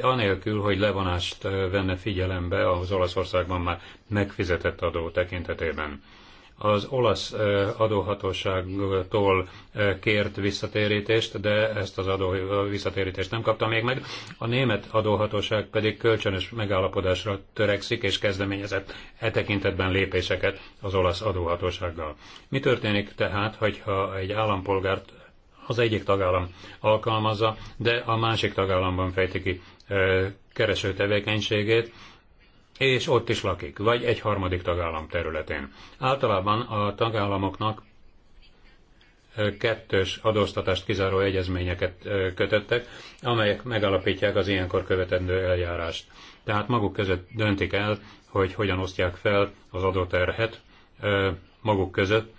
anélkül, hogy levonást venne figyelembe az Olaszországban már megfizetett adó tekintetében az olasz adóhatóságtól kért visszatérítést, de ezt az adó visszatérítést nem kapta még meg. A német adóhatóság pedig kölcsönös megállapodásra törekszik és kezdeményezett e tekintetben lépéseket az olasz adóhatósággal. Mi történik tehát, hogyha egy állampolgárt az egyik tagállam alkalmazza, de a másik tagállamban fejti ki kereső tevékenységét, és ott is lakik, vagy egy harmadik tagállam területén. Általában a tagállamoknak kettős adóztatást kizáró egyezményeket kötöttek, amelyek megalapítják az ilyenkor követendő eljárást. Tehát maguk között döntik el, hogy hogyan osztják fel az adóterhet maguk között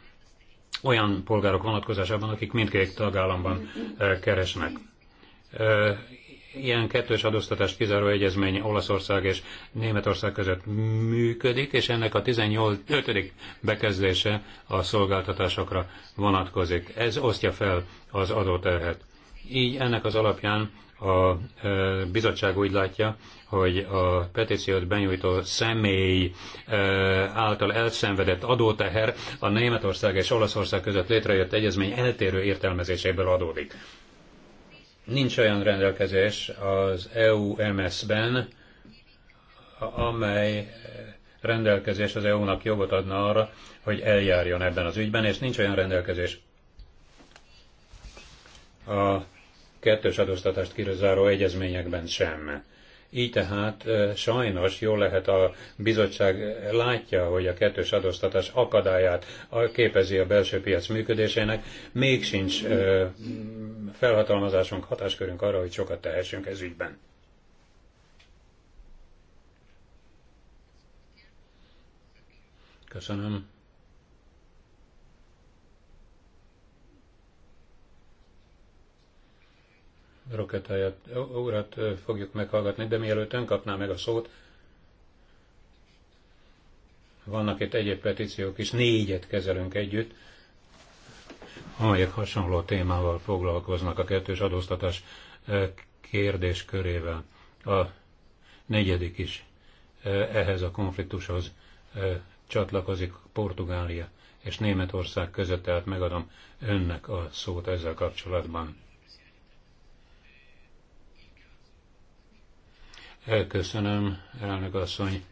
olyan polgárok vonatkozásában, akik mindkét tagállamban keresnek ilyen kettős adóztatást kizáró egyezmény Olaszország és Németország között működik, és ennek a 18. bekezdése a szolgáltatásokra vonatkozik. Ez osztja fel az adóterhet. Így ennek az alapján a e, bizottság úgy látja, hogy a petíciót benyújtó személy e, által elszenvedett adóteher a Németország és Olaszország között létrejött egyezmény eltérő értelmezéséből adódik. Nincs olyan rendelkezés az EU-MS-ben, amely rendelkezés az EU-nak jogot adna arra, hogy eljárjon ebben az ügyben, és nincs olyan rendelkezés a kettős adóztatást kirozáró egyezményekben sem. Így tehát sajnos jól lehet a bizottság látja, hogy a kettős adóztatás akadályát képezi a belső piac működésének, még sincs felhatalmazásunk, hatáskörünk arra, hogy sokat tehessünk ez ügyben. Köszönöm. Roketáját urat fogjuk meghallgatni, de mielőtt ön kapná meg a szót, vannak itt egyéb petíciók is, négyet kezelünk együtt, amelyek hasonló témával foglalkoznak a kettős adóztatás kérdés körével. A negyedik is ehhez a konfliktushoz csatlakozik Portugália és Németország között, tehát megadom önnek a szót ezzel kapcsolatban. Köszönöm, elnök asszony.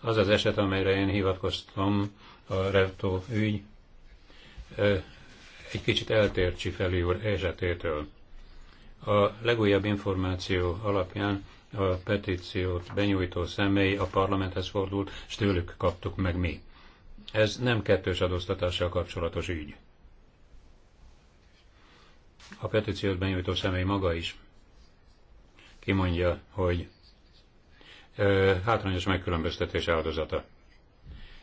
Az az eset, amelyre én hivatkoztam, a Revto ügy, egy kicsit eltér Csifeli úr esetétől. A legújabb információ alapján a petíciót benyújtó személy a parlamenthez fordult, és tőlük kaptuk meg mi. Ez nem kettős adóztatással kapcsolatos ügy. A petíciót benyújtó személy maga is kimondja, hogy ö, hátrányos megkülönböztetés áldozata.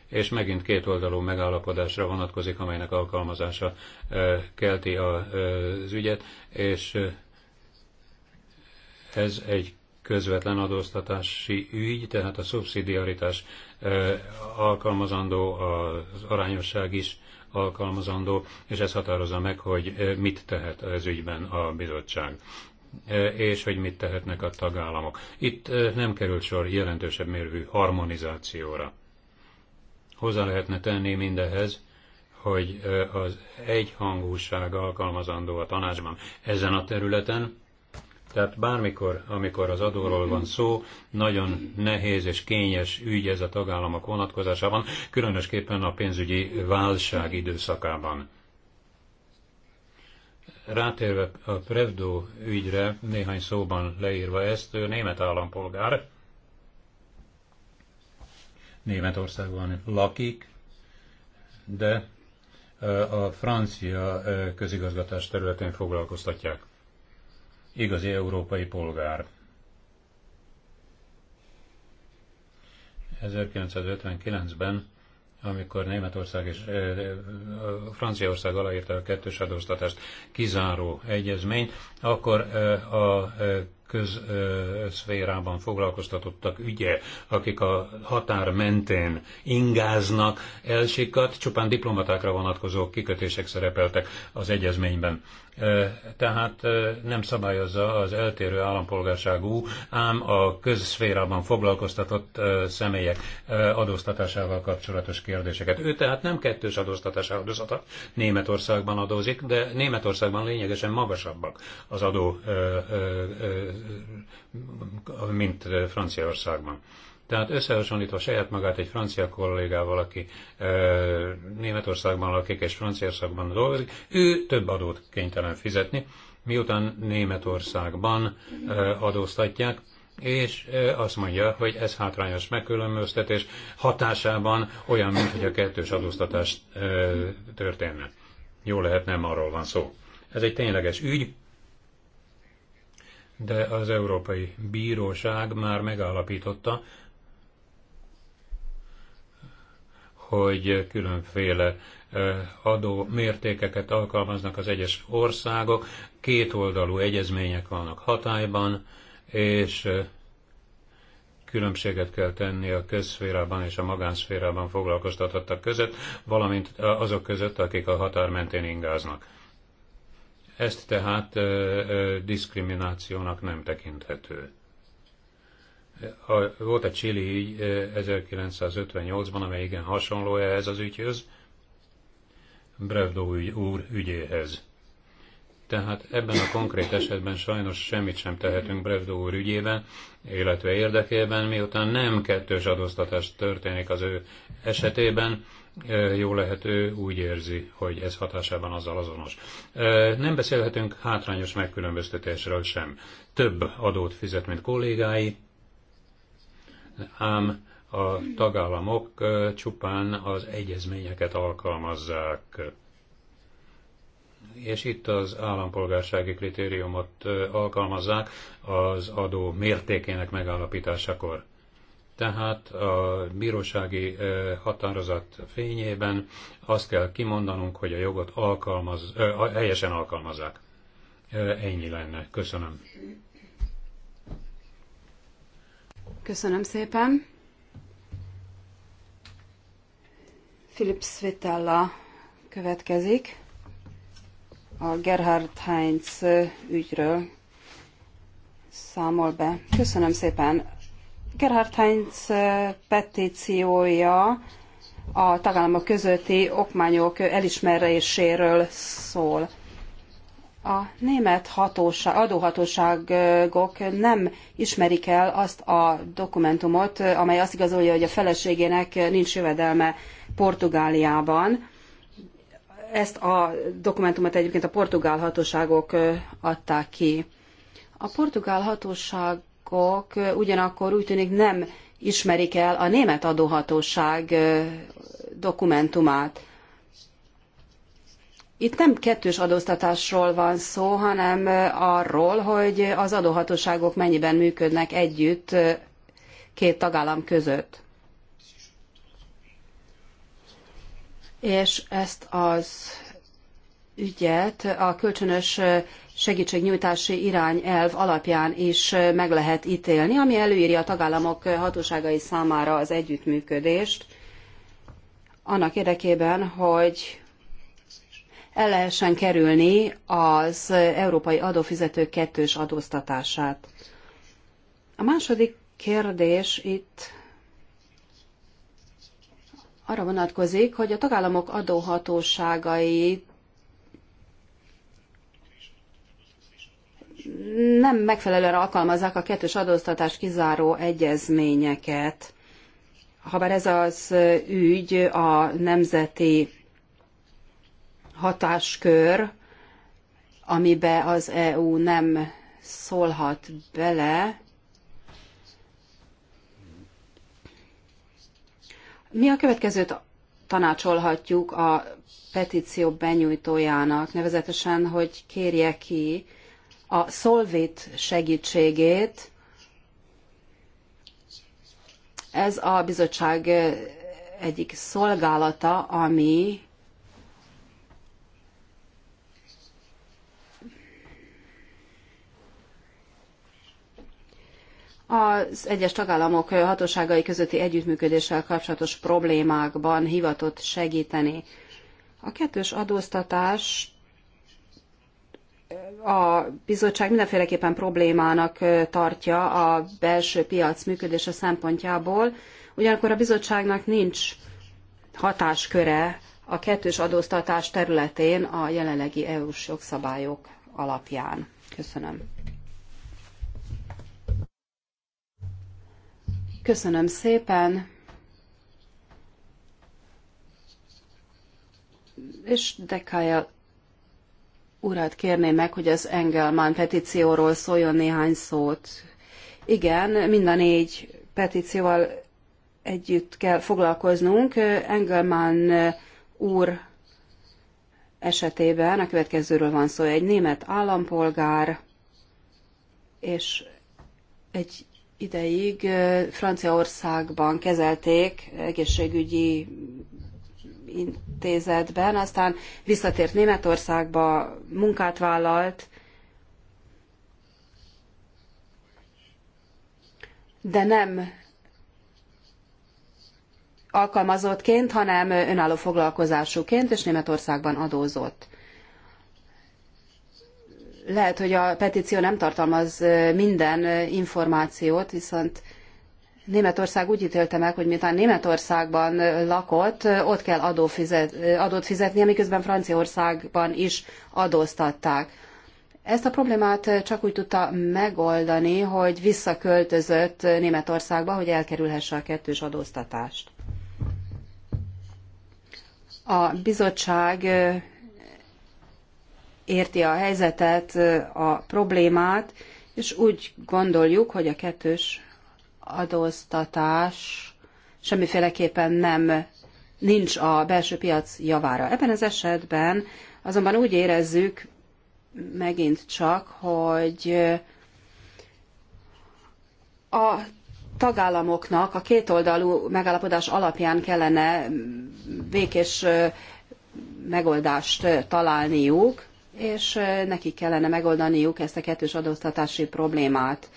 És megint két oldalú megállapodásra vonatkozik, amelynek alkalmazása ö, kelti a, ö, az ügyet, és ö, ez egy közvetlen adóztatási ügy, tehát a szubszidiaritás alkalmazandó, az arányosság is alkalmazandó, és ez határozza meg, hogy mit tehet az ügyben a bizottság és hogy mit tehetnek a tagállamok. Itt nem került sor jelentősebb mérvű harmonizációra. Hozzá lehetne tenni mindehez, hogy az egyhangúság alkalmazandó a tanácsban ezen a területen, tehát bármikor, amikor az adóról van szó, nagyon nehéz és kényes ügy ez a tagállamok vonatkozásában, különösképpen a pénzügyi válság időszakában. Rátérve a Prevdo ügyre, néhány szóban leírva ezt, ő német állampolgár, Németországban lakik, de a francia közigazgatás területén foglalkoztatják. Igazi európai polgár. 1959-ben amikor Németország és Franciaország aláírta a kettős adóztatást kizáró egyezmény, akkor a közszférában foglalkoztatottak ügye, akik a határ mentén ingáznak, elsikat, csupán diplomatákra vonatkozó kikötések szerepeltek az egyezményben tehát nem szabályozza az eltérő állampolgárságú, ám a közszférában foglalkoztatott személyek adóztatásával kapcsolatos kérdéseket. Ő tehát nem kettős adóztatás áldozata, Németországban adózik, de Németországban lényegesen magasabbak az adó, mint Franciaországban. Tehát összehasonlítva saját magát egy francia kollégával, aki e, Németországban lakik és Franciaországban dolgozik, ő több adót kénytelen fizetni, miután Németországban e, adóztatják, és azt mondja, hogy ez hátrányos megkülönböztetés hatásában olyan, mint hogy a kettős adóztatás történne. Jó lehet, nem arról van szó. Ez egy tényleges ügy, de az Európai Bíróság már megállapította, hogy különféle adó mértékeket alkalmaznak az egyes országok, kétoldalú egyezmények vannak hatályban, és különbséget kell tenni a közszférában és a magánszférában foglalkoztatottak között, valamint azok között, akik a határ mentén ingáznak. Ezt tehát diszkriminációnak nem tekinthető a, volt egy Csili ügy 1958-ban, amely igen hasonló ehhez az ügyhöz, Brevdo ügy, úr ügyéhez. Tehát ebben a konkrét esetben sajnos semmit sem tehetünk Brevdo úr ügyében, illetve érdekében, miután nem kettős adóztatás történik az ő esetében, jó lehető úgy érzi, hogy ez hatásában azzal azonos. Nem beszélhetünk hátrányos megkülönböztetésről sem. Több adót fizet, mint kollégái, ám a tagállamok csupán az egyezményeket alkalmazzák. És itt az állampolgársági kritériumot alkalmazzák az adó mértékének megállapításakor. Tehát a bírósági határozat fényében azt kell kimondanunk, hogy a jogot alkalmaz, helyesen alkalmazzák. Ennyi lenne. Köszönöm. Köszönöm szépen. Philip Svitella következik a Gerhard Heinz ügyről számol be. Köszönöm szépen. Gerhard Heinz petíciója a tagállamok közötti okmányok elismeréséről szól. A német hatóság, adóhatóságok nem ismerik el azt a dokumentumot, amely azt igazolja, hogy a feleségének nincs jövedelme Portugáliában. Ezt a dokumentumot egyébként a portugál hatóságok adták ki. A portugál hatóságok ugyanakkor úgy tűnik nem ismerik el a német adóhatóság dokumentumát. Itt nem kettős adóztatásról van szó, hanem arról, hogy az adóhatóságok mennyiben működnek együtt két tagállam között. És ezt az ügyet a kölcsönös segítségnyújtási irányelv alapján is meg lehet ítélni, ami előírja a tagállamok hatóságai számára az együttműködést, annak érdekében, hogy el lehessen kerülni az európai adófizetők kettős adóztatását. A második kérdés itt arra vonatkozik, hogy a tagállamok adóhatóságai nem megfelelően alkalmazzák a kettős adóztatás kizáró egyezményeket. Habár ez az ügy a nemzeti hatáskör, amibe az EU nem szólhat bele. Mi a következőt tanácsolhatjuk a petíció benyújtójának, nevezetesen, hogy kérje ki a Solvit segítségét. Ez a bizottság egyik szolgálata, ami az egyes tagállamok hatóságai közötti együttműködéssel kapcsolatos problémákban hivatott segíteni. A kettős adóztatás a bizottság mindenféleképpen problémának tartja a belső piac működése szempontjából, ugyanakkor a bizottságnak nincs hatásköre a kettős adóztatás területén a jelenlegi EU-s jogszabályok alapján. Köszönöm. Köszönöm szépen. És Dekája urat kérném meg, hogy az Engelmann petícióról szóljon néhány szót. Igen, mind a négy petícióval együtt kell foglalkoznunk. Engelmann úr esetében a következőről van szó. Egy német állampolgár és egy ideig Franciaországban kezelték egészségügyi intézetben, aztán visszatért Németországba, munkát vállalt, de nem alkalmazottként, hanem önálló foglalkozásúként, és Németországban adózott lehet, hogy a petíció nem tartalmaz minden információt, viszont Németország úgy ítélte meg, hogy miután Németországban lakott, ott kell adót fizetnie, miközben Franciaországban is adóztatták. Ezt a problémát csak úgy tudta megoldani, hogy visszaköltözött Németországba, hogy elkerülhesse a kettős adóztatást. A bizottság érti a helyzetet, a problémát, és úgy gondoljuk, hogy a kettős adóztatás semmiféleképpen nem nincs a belső piac javára. Ebben az esetben azonban úgy érezzük megint csak, hogy a tagállamoknak a kétoldalú megállapodás alapján kellene békés megoldást találniuk, és nekik kellene megoldaniuk ezt a kettős adóztatási problémát.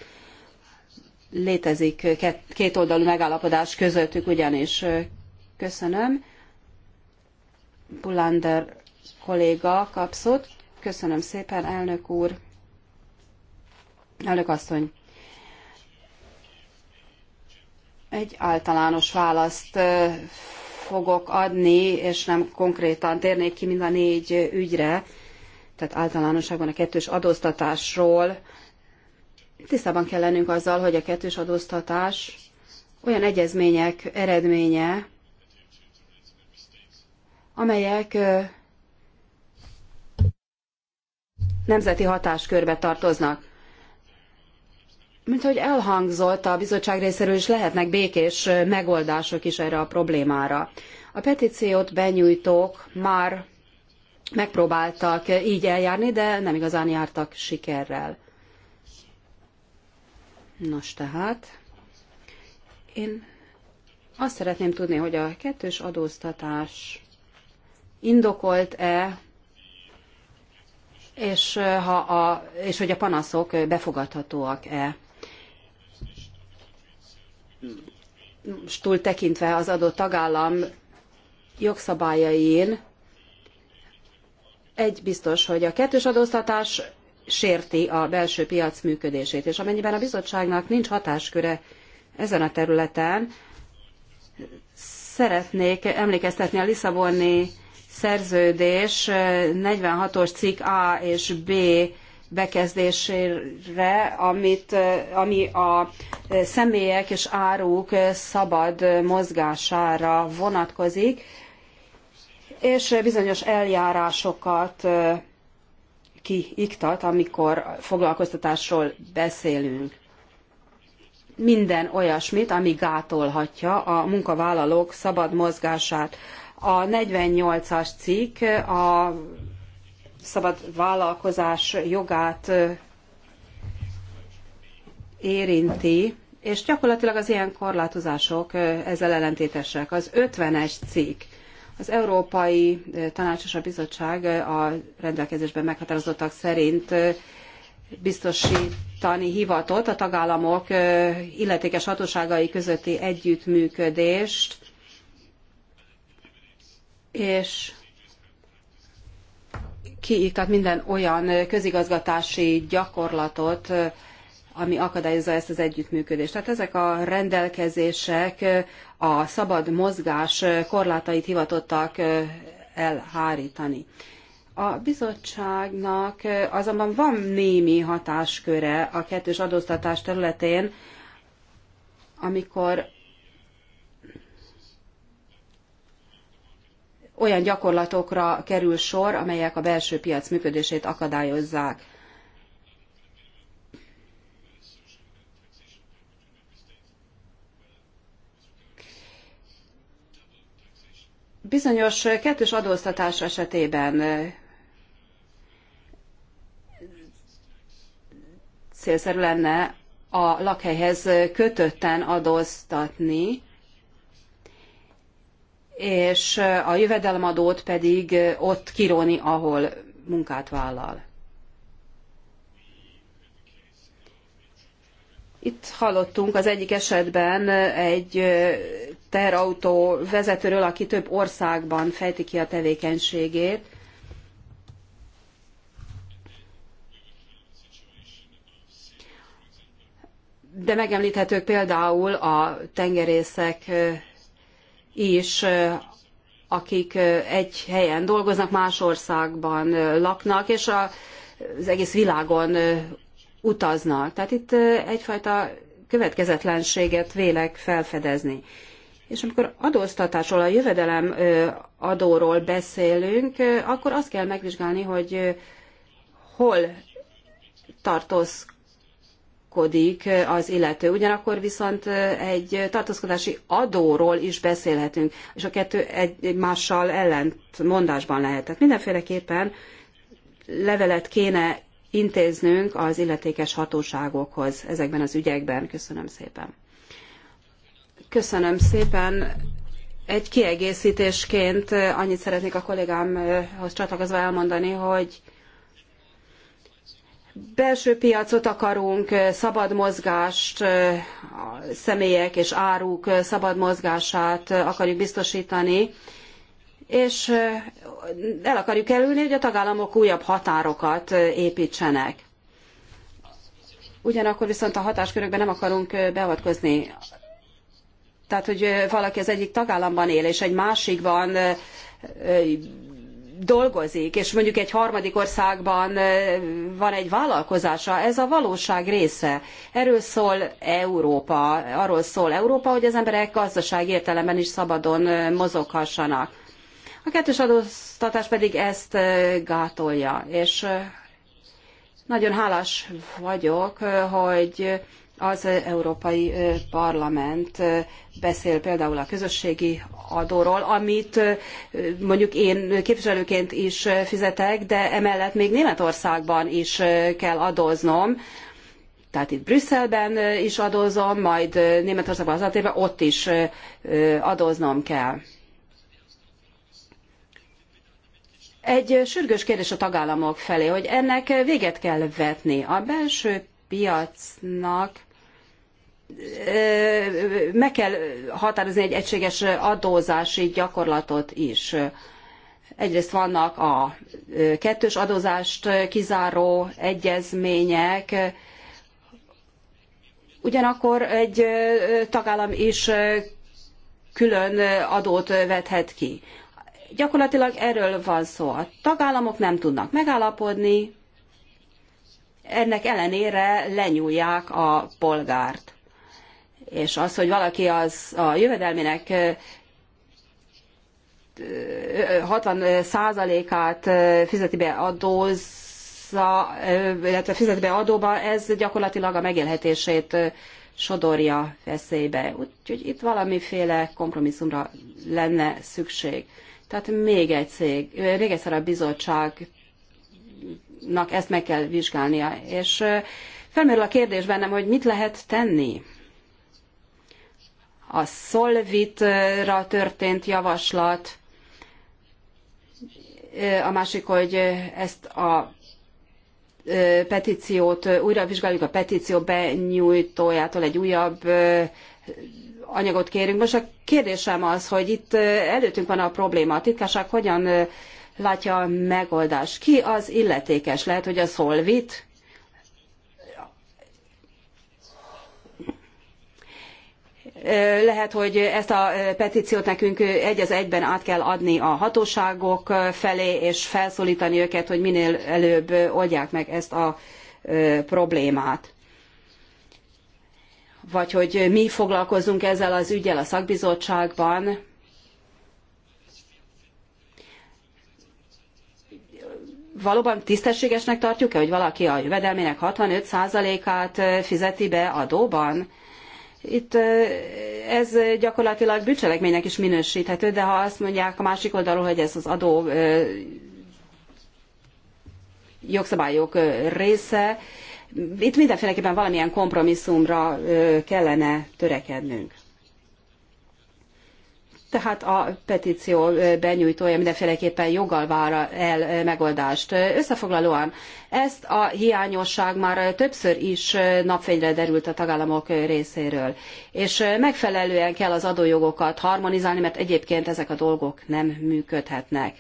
Létezik kétoldalú megállapodás közöttük ugyanis. Köszönöm. Bulander kolléga kapszott. Köszönöm szépen, elnök úr. Elnök asszony. Egy általános választ fogok adni, és nem konkrétan térnék ki mind a négy ügyre tehát általánosságban a kettős adóztatásról tisztában kell lennünk azzal, hogy a kettős adóztatás olyan egyezmények eredménye, amelyek nemzeti hatáskörbe tartoznak. Mint hogy elhangzott, a bizottság részéről is lehetnek békés megoldások is erre a problémára. A petíciót benyújtók már megpróbáltak így eljárni, de nem igazán jártak sikerrel. Nos tehát, én azt szeretném tudni, hogy a kettős adóztatás indokolt-e, és, ha a, és hogy a panaszok befogadhatóak-e. Túl tekintve az adott tagállam jogszabályain, egy biztos, hogy a kettős adóztatás sérti a belső piac működését, és amennyiben a bizottságnak nincs hatásköre ezen a területen, szeretnék emlékeztetni a Lisszaboni szerződés 46-os cikk A és B bekezdésére, amit, ami a személyek és áruk szabad mozgására vonatkozik és bizonyos eljárásokat kiiktat, amikor foglalkoztatásról beszélünk. Minden olyasmit, ami gátolhatja a munkavállalók szabad mozgását. A 48-as cikk a szabad vállalkozás jogát érinti, és gyakorlatilag az ilyen korlátozások ezzel ellentétesek. Az 50-es cikk az Európai Tanács és a Bizottság a rendelkezésben meghatározottak szerint biztosítani hivatott a tagállamok illetékes hatóságai közötti együttműködést, és kiiktat minden olyan közigazgatási gyakorlatot, ami akadályozza ezt az együttműködést. Tehát ezek a rendelkezések a szabad mozgás korlátait hivatottak elhárítani. A bizottságnak azonban van némi hatásköre a kettős adóztatás területén, amikor olyan gyakorlatokra kerül sor, amelyek a belső piac működését akadályozzák. Bizonyos kettős adóztatás esetében célszerű lenne a lakhelyhez kötötten adóztatni, és a jövedelemadót pedig ott kiróni, ahol munkát vállal. Itt hallottunk az egyik esetben egy teherautó vezetőről, aki több országban fejti ki a tevékenységét. De megemlíthetők például a tengerészek is, akik egy helyen dolgoznak, más országban laknak, és az egész világon utaznak. Tehát itt egyfajta következetlenséget vélek felfedezni. És amikor adóztatásról, a jövedelem adóról beszélünk, akkor azt kell megvizsgálni, hogy hol tartózkodik az illető. Ugyanakkor viszont egy tartózkodási adóról is beszélhetünk, és a kettő egymással ellent mondásban lehet. Tehát mindenféleképpen levelet kéne intéznünk az illetékes hatóságokhoz ezekben az ügyekben. Köszönöm szépen. Köszönöm szépen. Egy kiegészítésként annyit szeretnék a kollégámhoz csatlakozva elmondani, hogy belső piacot akarunk, szabad mozgást, személyek és áruk szabad mozgását akarjuk biztosítani, és el akarjuk kerülni, hogy a tagállamok újabb határokat építsenek. Ugyanakkor viszont a hatáskörökben nem akarunk beavatkozni. Tehát, hogy valaki az egyik tagállamban él, és egy másikban dolgozik, és mondjuk egy harmadik országban van egy vállalkozása, ez a valóság része. Erről szól Európa, arról szól Európa, hogy az emberek gazdaság értelemben is szabadon mozoghassanak. A kettős adóztatás pedig ezt gátolja, és nagyon hálás vagyok, hogy az Európai Parlament beszél például a közösségi adóról, amit mondjuk én képviselőként is fizetek, de emellett még Németországban is kell adóznom. Tehát itt Brüsszelben is adózom, majd Németországban az ott is adóznom kell. egy sürgős kérdés a tagállamok felé, hogy ennek véget kell vetni. A belső piacnak meg kell határozni egy egységes adózási gyakorlatot is. Egyrészt vannak a kettős adózást kizáró egyezmények, ugyanakkor egy tagállam is külön adót vethet ki. Gyakorlatilag erről van szó. A tagállamok nem tudnak megállapodni, ennek ellenére lenyúlják a polgárt. És az, hogy valaki az a jövedelmének 60 százalékát fizeti be adózza, illetve fizeti be adóba, ez gyakorlatilag a megélhetését sodorja veszélybe. Úgyhogy itt valamiféle kompromisszumra lenne szükség. Tehát még egy cég, még egyszer a bizottságnak ezt meg kell vizsgálnia. És felmerül a kérdés bennem, hogy mit lehet tenni. A Solvitra történt javaslat, a másik, hogy ezt a petíciót újra vizsgáljuk a petíció benyújtójától egy újabb anyagot kérünk. Most a kérdésem az, hogy itt előttünk van a probléma. A titkárság hogyan látja a megoldást? Ki az illetékes? Lehet, hogy a Solvit? Lehet, hogy ezt a petíciót nekünk egy az egyben át kell adni a hatóságok felé, és felszólítani őket, hogy minél előbb oldják meg ezt a problémát vagy hogy mi foglalkozunk ezzel az ügyel a szakbizottságban. Valóban tisztességesnek tartjuk-e, hogy valaki a jövedelmének 65%-át fizeti be adóban? Itt ez gyakorlatilag bűncselekménynek is minősíthető, de ha azt mondják a másik oldalról, hogy ez az adó jogszabályok része, itt mindenféleképpen valamilyen kompromisszumra kellene törekednünk. Tehát a petíció benyújtója mindenféleképpen joggal vár el megoldást. Összefoglalóan, ezt a hiányosság már többször is napfényre derült a tagállamok részéről, és megfelelően kell az adójogokat harmonizálni, mert egyébként ezek a dolgok nem működhetnek.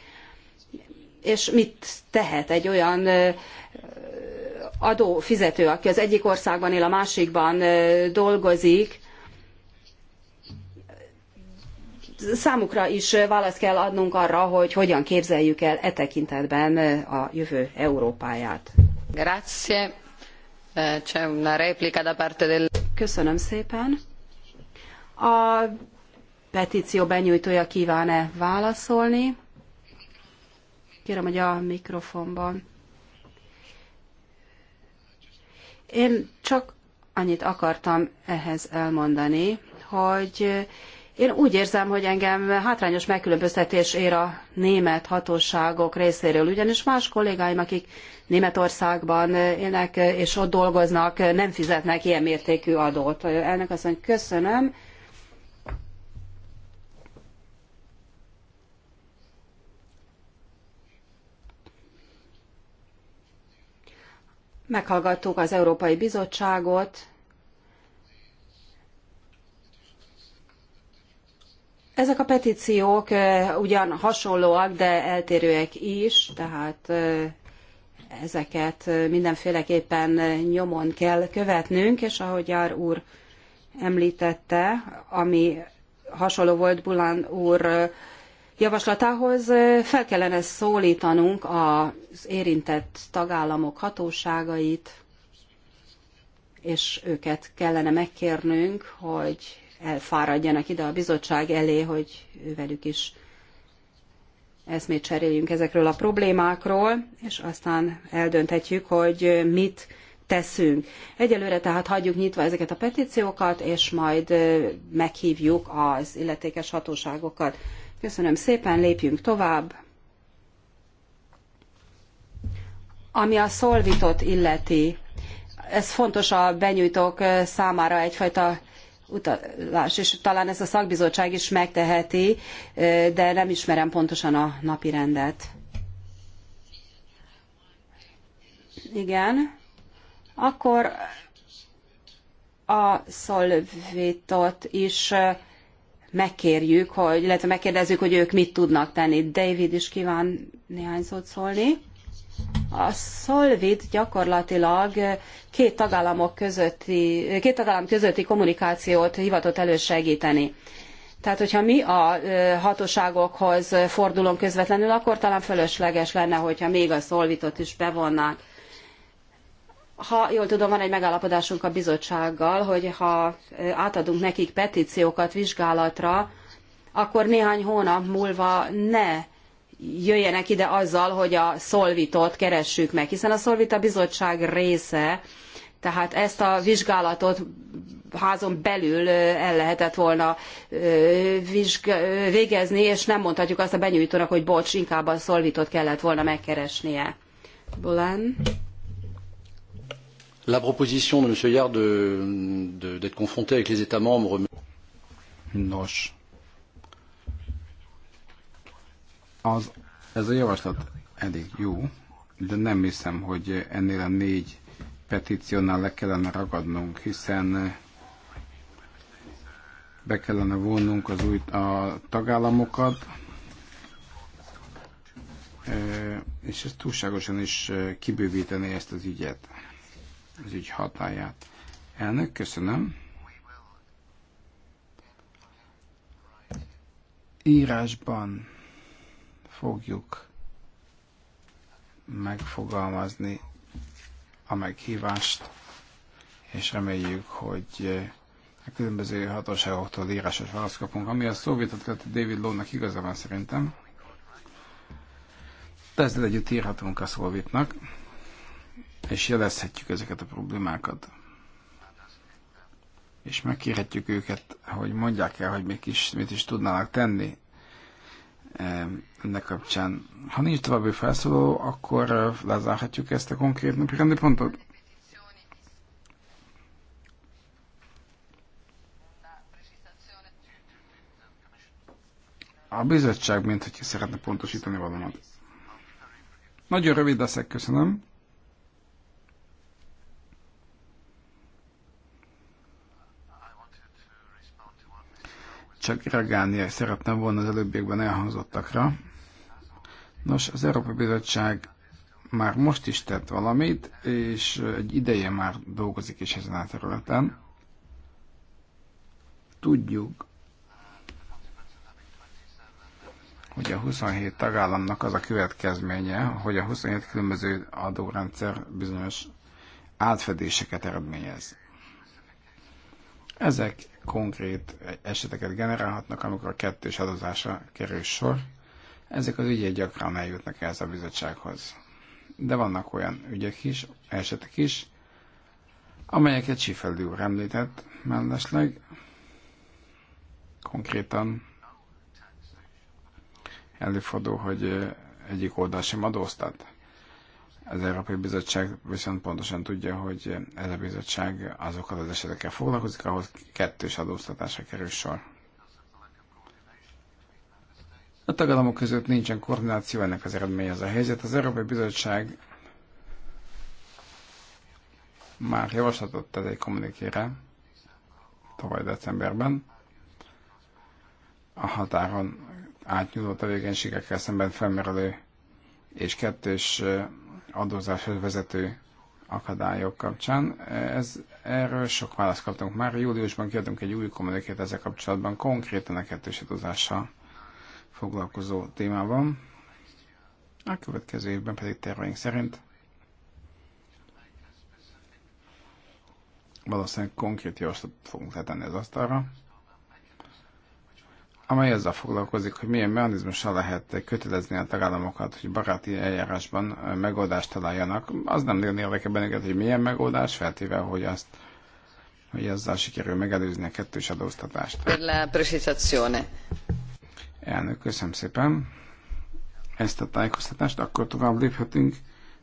És mit tehet egy olyan adófizető, aki az egyik országban él, a másikban dolgozik, számukra is választ kell adnunk arra, hogy hogyan képzeljük el e tekintetben a jövő Európáját. Grazie. Eh, c'è una replica da parte del... Köszönöm szépen. A petíció benyújtója kíván-e válaszolni? Kérem, hogy a mikrofonban Én csak annyit akartam ehhez elmondani, hogy én úgy érzem, hogy engem hátrányos megkülönböztetés ér a német hatóságok részéről, ugyanis más kollégáim, akik Németországban élnek és ott dolgoznak, nem fizetnek ilyen mértékű adót. Elnök mondja, köszönöm. Meghallgattuk az Európai Bizottságot. Ezek a petíciók ugyan hasonlóak, de eltérőek is, tehát ezeket mindenféleképpen nyomon kell követnünk, és ahogy Jár úr említette, ami hasonló volt Bulán úr javaslatához fel kellene szólítanunk az érintett tagállamok hatóságait, és őket kellene megkérnünk, hogy elfáradjanak ide a bizottság elé, hogy ővelük is eszmét cseréljünk ezekről a problémákról, és aztán eldönthetjük, hogy mit teszünk. Egyelőre tehát hagyjuk nyitva ezeket a petíciókat, és majd meghívjuk az illetékes hatóságokat. Köszönöm szépen, lépjünk tovább. Ami a szolvitot illeti, ez fontos a benyújtók számára egyfajta utalás, és talán ez a szakbizottság is megteheti, de nem ismerem pontosan a napirendet. Igen. Akkor a szolvitot is megkérjük, hogy, illetve megkérdezzük, hogy ők mit tudnak tenni. David is kíván néhány szót szólni. A Solvit gyakorlatilag két, tagállamok közötti, két tagállam közötti kommunikációt hivatott elősegíteni. Tehát, hogyha mi a hatóságokhoz fordulunk közvetlenül, akkor talán fölösleges lenne, hogyha még a szolvitot is bevonnák ha jól tudom, van egy megállapodásunk a bizottsággal, hogy ha átadunk nekik petíciókat vizsgálatra, akkor néhány hónap múlva ne jöjjenek ide azzal, hogy a szolvitot keressük meg, hiszen a szolvit a bizottság része, tehát ezt a vizsgálatot házon belül el lehetett volna végezni, és nem mondhatjuk azt a benyújtónak, hogy bocs, inkább a szolvitot kellett volna megkeresnie. Bolán La proposition de M. Yard d'être confronté avec les États membres. Nos. Az, ez a javaslat elég jó, de nem hiszem, hogy ennél a négy petíciónál le kellene ragadnunk, hiszen be kellene vonnunk az új a tagállamokat, eh, és ez túlságosan is eh, kibővíteni ezt az ügyet az ügy hatáját. Elnök, köszönöm. Írásban fogjuk megfogalmazni a meghívást, és reméljük, hogy a különböző hatóságoktól írásos választ kapunk, ami a szóvétot David Lónak igazából szerintem. De ezzel együtt írhatunk a szóvétnak és jelezhetjük ezeket a problémákat. És megkérhetjük őket, hogy mondják el, hogy még is, mit is tudnának tenni eh, ennek kapcsán. Ha nincs további felszóló, akkor eh, lezárhatjuk ezt a konkrét napi rendi pontot. A bizottság, mint hogy szeretne pontosítani valamit. Nagyon rövid leszek, köszönöm. csak reagálni szeretném volna az előbbiekben elhangzottakra. Nos, az Európai Bizottság már most is tett valamit, és egy ideje már dolgozik is ezen a területen. Tudjuk, hogy a 27 tagállamnak az a következménye, hogy a 27 különböző adórendszer bizonyos átfedéseket eredményez. Ezek konkrét eseteket generálhatnak, amikor a kettős adozásra kerül sor. Ezek az ügyek gyakran eljutnak ehhez a bizottsághoz. De vannak olyan ügyek is, esetek is, amelyeket Sifeldi úr említett mellesleg, konkrétan előfordul, hogy egyik oldal sem adóztat. Az Európai Bizottság viszont pontosan tudja, hogy ez a bizottság azokkal az esetekkel foglalkozik, ahol kettős adóztatásra kerül sor. A tagállamok között nincsen koordináció, ennek az eredménye az a helyzet. Az Európai Bizottság már javaslatot tett egy kommunikére tavaly decemberben a határon átnyúló tevékenységekkel szemben felmerülő és kettős adózáshoz vezető akadályok kapcsán. Ez, erről sok választ kaptunk már. Júliusban kiadunk egy új kommunikét ezzel kapcsolatban, konkrétan a kettős adózással foglalkozó témában. A következő évben pedig terveink szerint valószínűleg konkrét javaslatot fogunk letenni az asztalra amely azzal foglalkozik, hogy milyen mechanizmussal lehet kötelezni a tagállamokat, hogy baráti eljárásban megoldást találjanak. Az nem nagyon érdekel bennünket, hogy milyen megoldás, feltéve, hogy azt hogy azzal sikerül megelőzni a kettős adóztatást. Elnök, köszönöm szépen ezt a tájékoztatást, akkor tovább léphetünk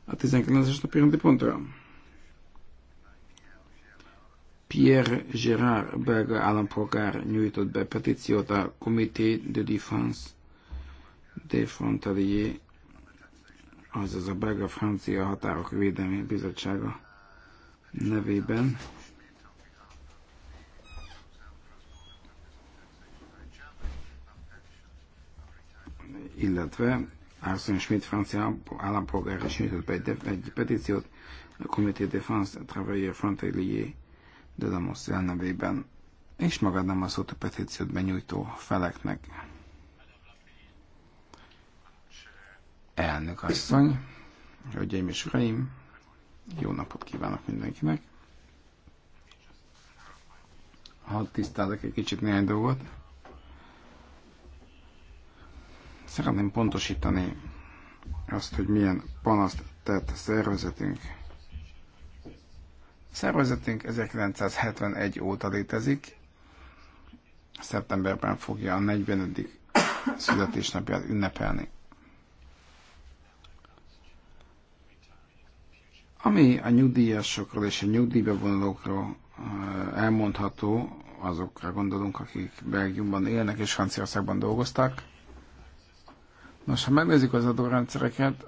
a 19-es napi rendi pontra. Pierre Gérard belga állampolgár nyújtott be petíciót a Comité de Défense des Frontaliers, azaz a belga-francia határok védelmi bizottsága nevében. illetve Arsen Schmidt francia állampolgár is nyújtott be egy, egy petíciót a Comité Défense Travailleurs Frontaliers Dödamos elnevében, és megadnám a szót a petíciót benyújtó feleknek. Elnök asszony, hölgyeim és uraim, jó napot kívánok mindenkinek. Ha tisztázok egy kicsit néhány dolgot. Szeretném pontosítani azt, hogy milyen panaszt tett szervezetünk Szervezetünk 1971 óta létezik, szeptemberben fogja a 40. születésnapját ünnepelni. Ami a nyugdíjasokról és a nyugdíjbe vonulókról eh, elmondható, azokra gondolunk, akik Belgiumban élnek és Franciaországban dolgoztak. Nos, ha megnézzük az adórendszereket,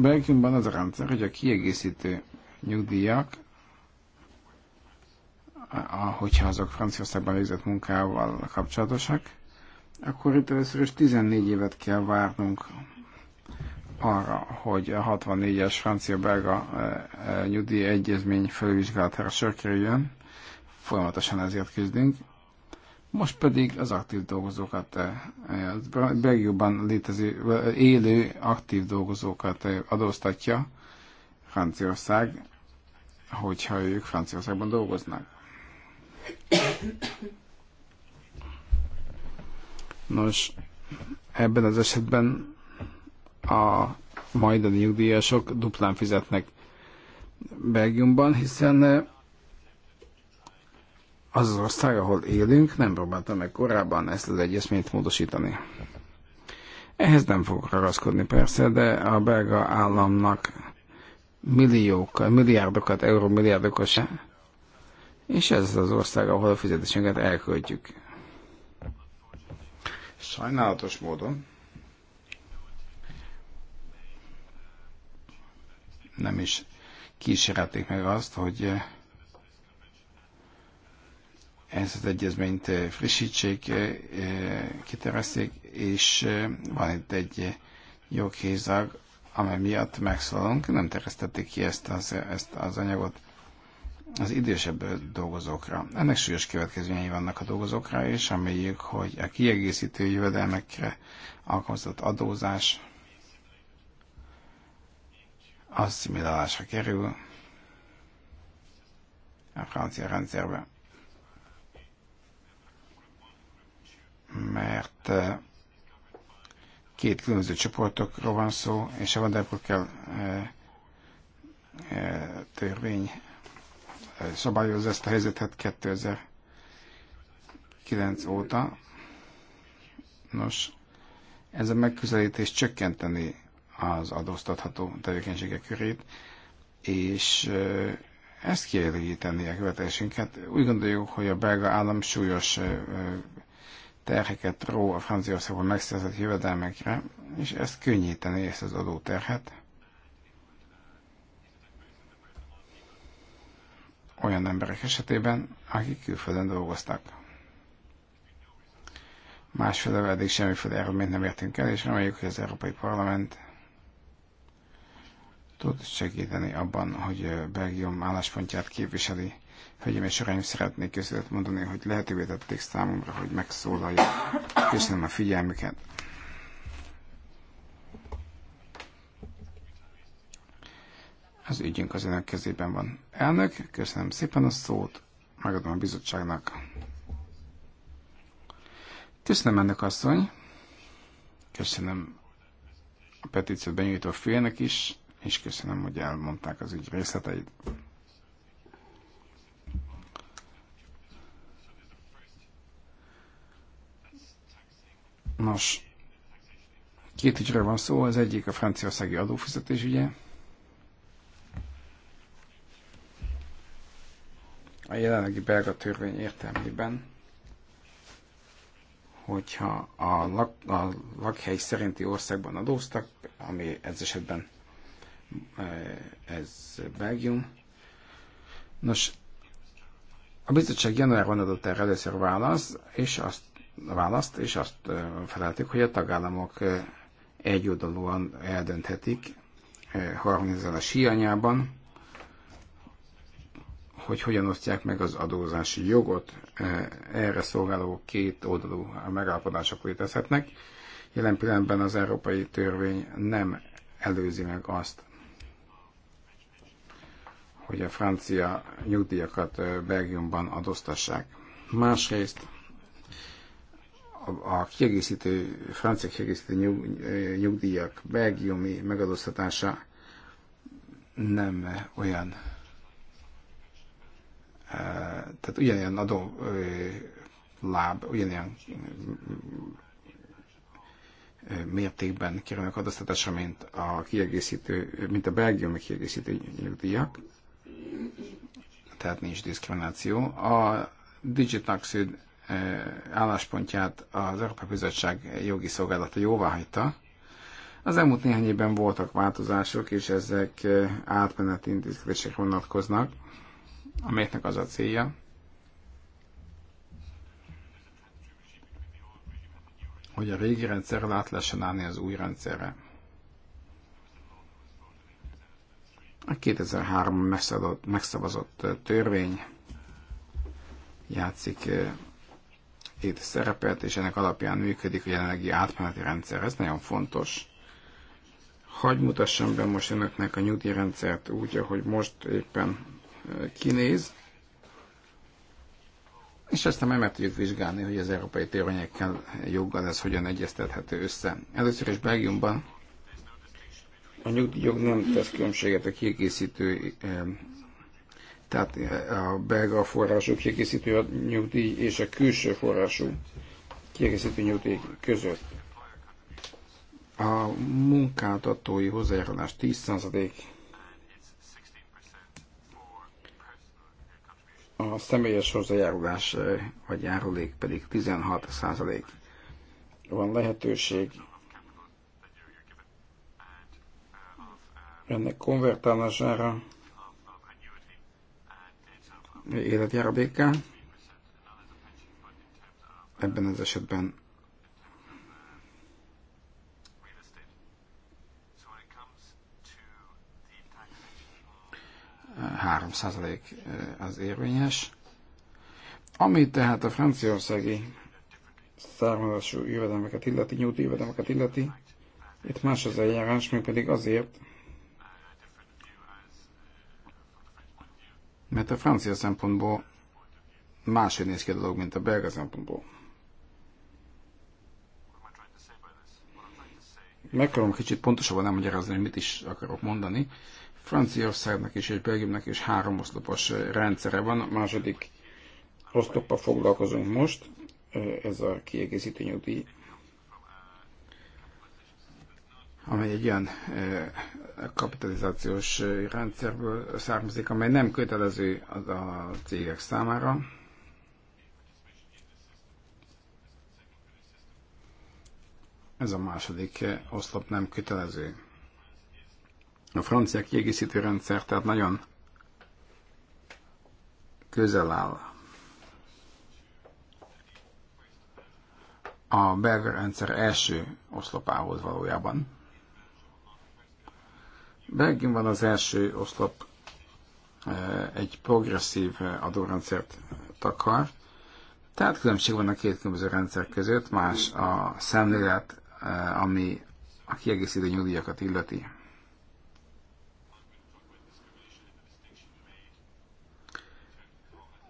Belgiumban az a rendszer, hogy a kiegészítő nyugdíjak, hogyha azok Franciaországban végzett munkával kapcsolatosak, akkor itt először is 14 évet kell várnunk arra, hogy a 64-es francia-belga e, e, nyugdíj egyezmény felvizsgálatára sor kerüljön. Folyamatosan ezért küzdünk. Most pedig az aktív dolgozókat, eh, Belgiumban létező, eh, élő aktív dolgozókat eh, adóztatja Franciaország, hogyha ők Franciaországban dolgoznak. Nos, ebben az esetben a majdani nyugdíjasok duplán fizetnek Belgiumban, hiszen az az ország, ahol élünk, nem próbálta meg korábban ezt az egyezményt módosítani. Ehhez nem fogok ragaszkodni persze, de a belga államnak milliók, milliárdokat, euró milliárdokat se, és ez az az ország, ahol a fizetésünket elköltjük. Sajnálatos módon nem is kísérelték meg azt, hogy ezt az egyezményt eh, frissítsék, eh, eh, kiterjeszték, és van itt egy joghézag, amely miatt megszólalunk, nem terjesztették ki ezt az, ezt az anyagot az idősebb dolgozókra. Ennek súlyos következményei vannak a dolgozókra, és reméljük, hogy a kiegészítő jövedelmekre alkalmazott adózás asszimilálásra kerül a francia rendszerbe. mert eh, két különböző csoportokról van szó, és a Vanderbrückel eh, eh, törvény szabályozza ezt a helyzetet 2009 óta. Nos, ez a megközelítés csökkenteni az adóztatható tevékenységek körét, és ezt kielégíteni a követésünket. Úgy gondoljuk, hogy a belga állam súlyos terheket ró a Franciaországban megszerzett jövedelmekre, és ezt könnyíteni ezt az adóterhet. olyan emberek esetében, akik külföldön dolgoztak. Másfelől eddig semmiféle eredményt nem értünk el, és reméljük, hogy az Európai Parlament tud segíteni abban, hogy Belgium álláspontját képviseli Hölgyeim és Uraim, szeretnék köszönet mondani, hogy lehetővé tették számomra, hogy megszólaljak. Köszönöm a figyelmüket. Az ügyünk az önök kezében van. Elnök, köszönöm szépen a szót, megadom a bizottságnak. Köszönöm, ennek asszony. Köszönöm a petíciót benyújtó félnek is, és köszönöm, hogy elmondták az ügy részleteit. Nos, két ügyről van szó, az egyik a franciaországi adófizetés ügye. A jelenlegi belga törvény értelmében, hogyha a, lak, a lakhely szerinti országban adóztak, ami ez esetben e, ez Belgium. Nos, a bizottság januárban adott erre először választ, és azt választ, és azt feleltük, hogy a tagállamok egyoldalúan eldönthetik harmonizál a síanyában, hogy hogyan osztják meg az adózási jogot. Erre szolgáló két oldalú megállapodások létezhetnek. Jelen pillanatban az európai törvény nem előzi meg azt, hogy a francia nyugdíjakat Belgiumban adóztassák. Másrészt a kiegészítő, francia kiegészítő nyug, nyugdíjak belgiumi megadóztatása nem olyan e, tehát ugyanilyen adó láb, ugyanilyen mértékben kerülnek adóztatásra, mint a kiegészítő, mint a belgiumi kiegészítő nyugdíjak. Tehát nincs diszkrimináció. A Digitaxid álláspontját az Európai Bizottság jogi szolgálata jóváhagyta. Az elmúlt néhány évben voltak változások, és ezek átmeneti intézkedések vonatkoznak, amelyeknek az a célja, hogy a régi rendszerrel át lehessen állni az új rendszerre. A 2003 megszavazott törvény játszik itt szerepelt, és ennek alapján működik a jelenlegi átmeneti rendszer. Ez nagyon fontos. Hagy mutassam be most önöknek a nyugdíjrendszert úgy, ahogy most éppen kinéz, és aztán meg meg tudjuk vizsgálni, hogy az európai törvényekkel joggal ez hogyan egyeztethető össze. Először is Belgiumban a nyugdíjjog nem tesz különbséget a kiegészítő tehát eh, a belga forrású kiegészítő nyugdíj és a külső forrású kiegészítő nyugdíj között. A munkáltatói hozzájárulás 10% a személyes hozzájárulás eh, vagy járulék pedig 16% van lehetőség ennek konvertálására életjáradékká. Ebben az esetben három százalék eh, az érvényes. Ami tehát a franciaországi származású jövedelmeket illeti, nyújt jövedelmeket illeti, itt más az eljárás, még pedig azért, Mert a francia szempontból máshogy néz ki a dolog, mint a belga szempontból. Megpróbálom kicsit pontosabban nem magyarázni, hogy mit is akarok mondani. Franciaországnak is és Belgiumnak is három oszlopos rendszere van. A második oszloppal foglalkozunk most, ez a kiegészítő nyugdíj amely egy ilyen kapitalizációs rendszerből származik, amely nem kötelező az a cégek számára. Ez a második oszlop nem kötelező. A francia kiegészítő rendszer tehát nagyon közel áll a belga rendszer első oszlopához valójában van az első oszlop eh, egy progresszív eh, adórendszert eh, takar, tehát különbség van a két különböző rendszer között, más a szemlélet, ami a kiegészítő nyugdíjakat illeti.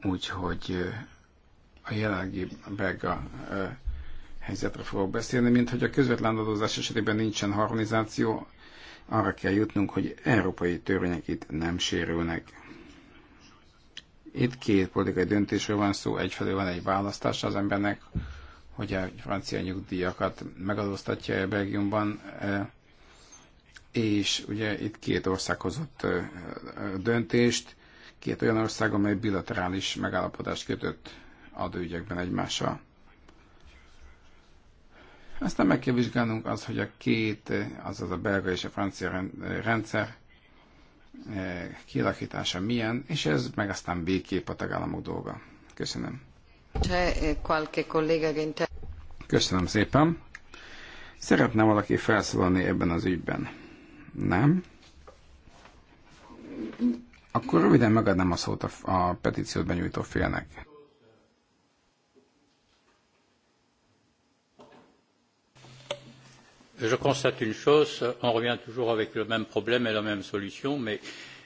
Úgyhogy a jelenlegi belga helyzetre fogok beszélni, mint hogy a közvetlen adózás esetében nincsen harmonizáció, arra kell jutnunk, hogy európai törvények itt nem sérülnek. Itt két politikai döntésről van szó, egyfelől van egy választás az embernek, hogy a francia nyugdíjakat megadóztatja a Belgiumban, e, és ugye itt két ország hozott e, döntést, két olyan ország, amely bilaterális megállapodást kötött adóügyekben egymással. Aztán meg kell vizsgálnunk az, hogy a két, azaz a belga és a francia rendszer eh, kialakítása milyen, és ez meg aztán végképp a tagállamok dolga. Köszönöm. Eh, Köszönöm szépen. Szeretne valaki felszólalni ebben az ügyben? Nem? Akkor röviden megadnám a szót a, a petíciót benyújtó félnek. je constate une chose on revient toujours avec le même problème et la même solution mais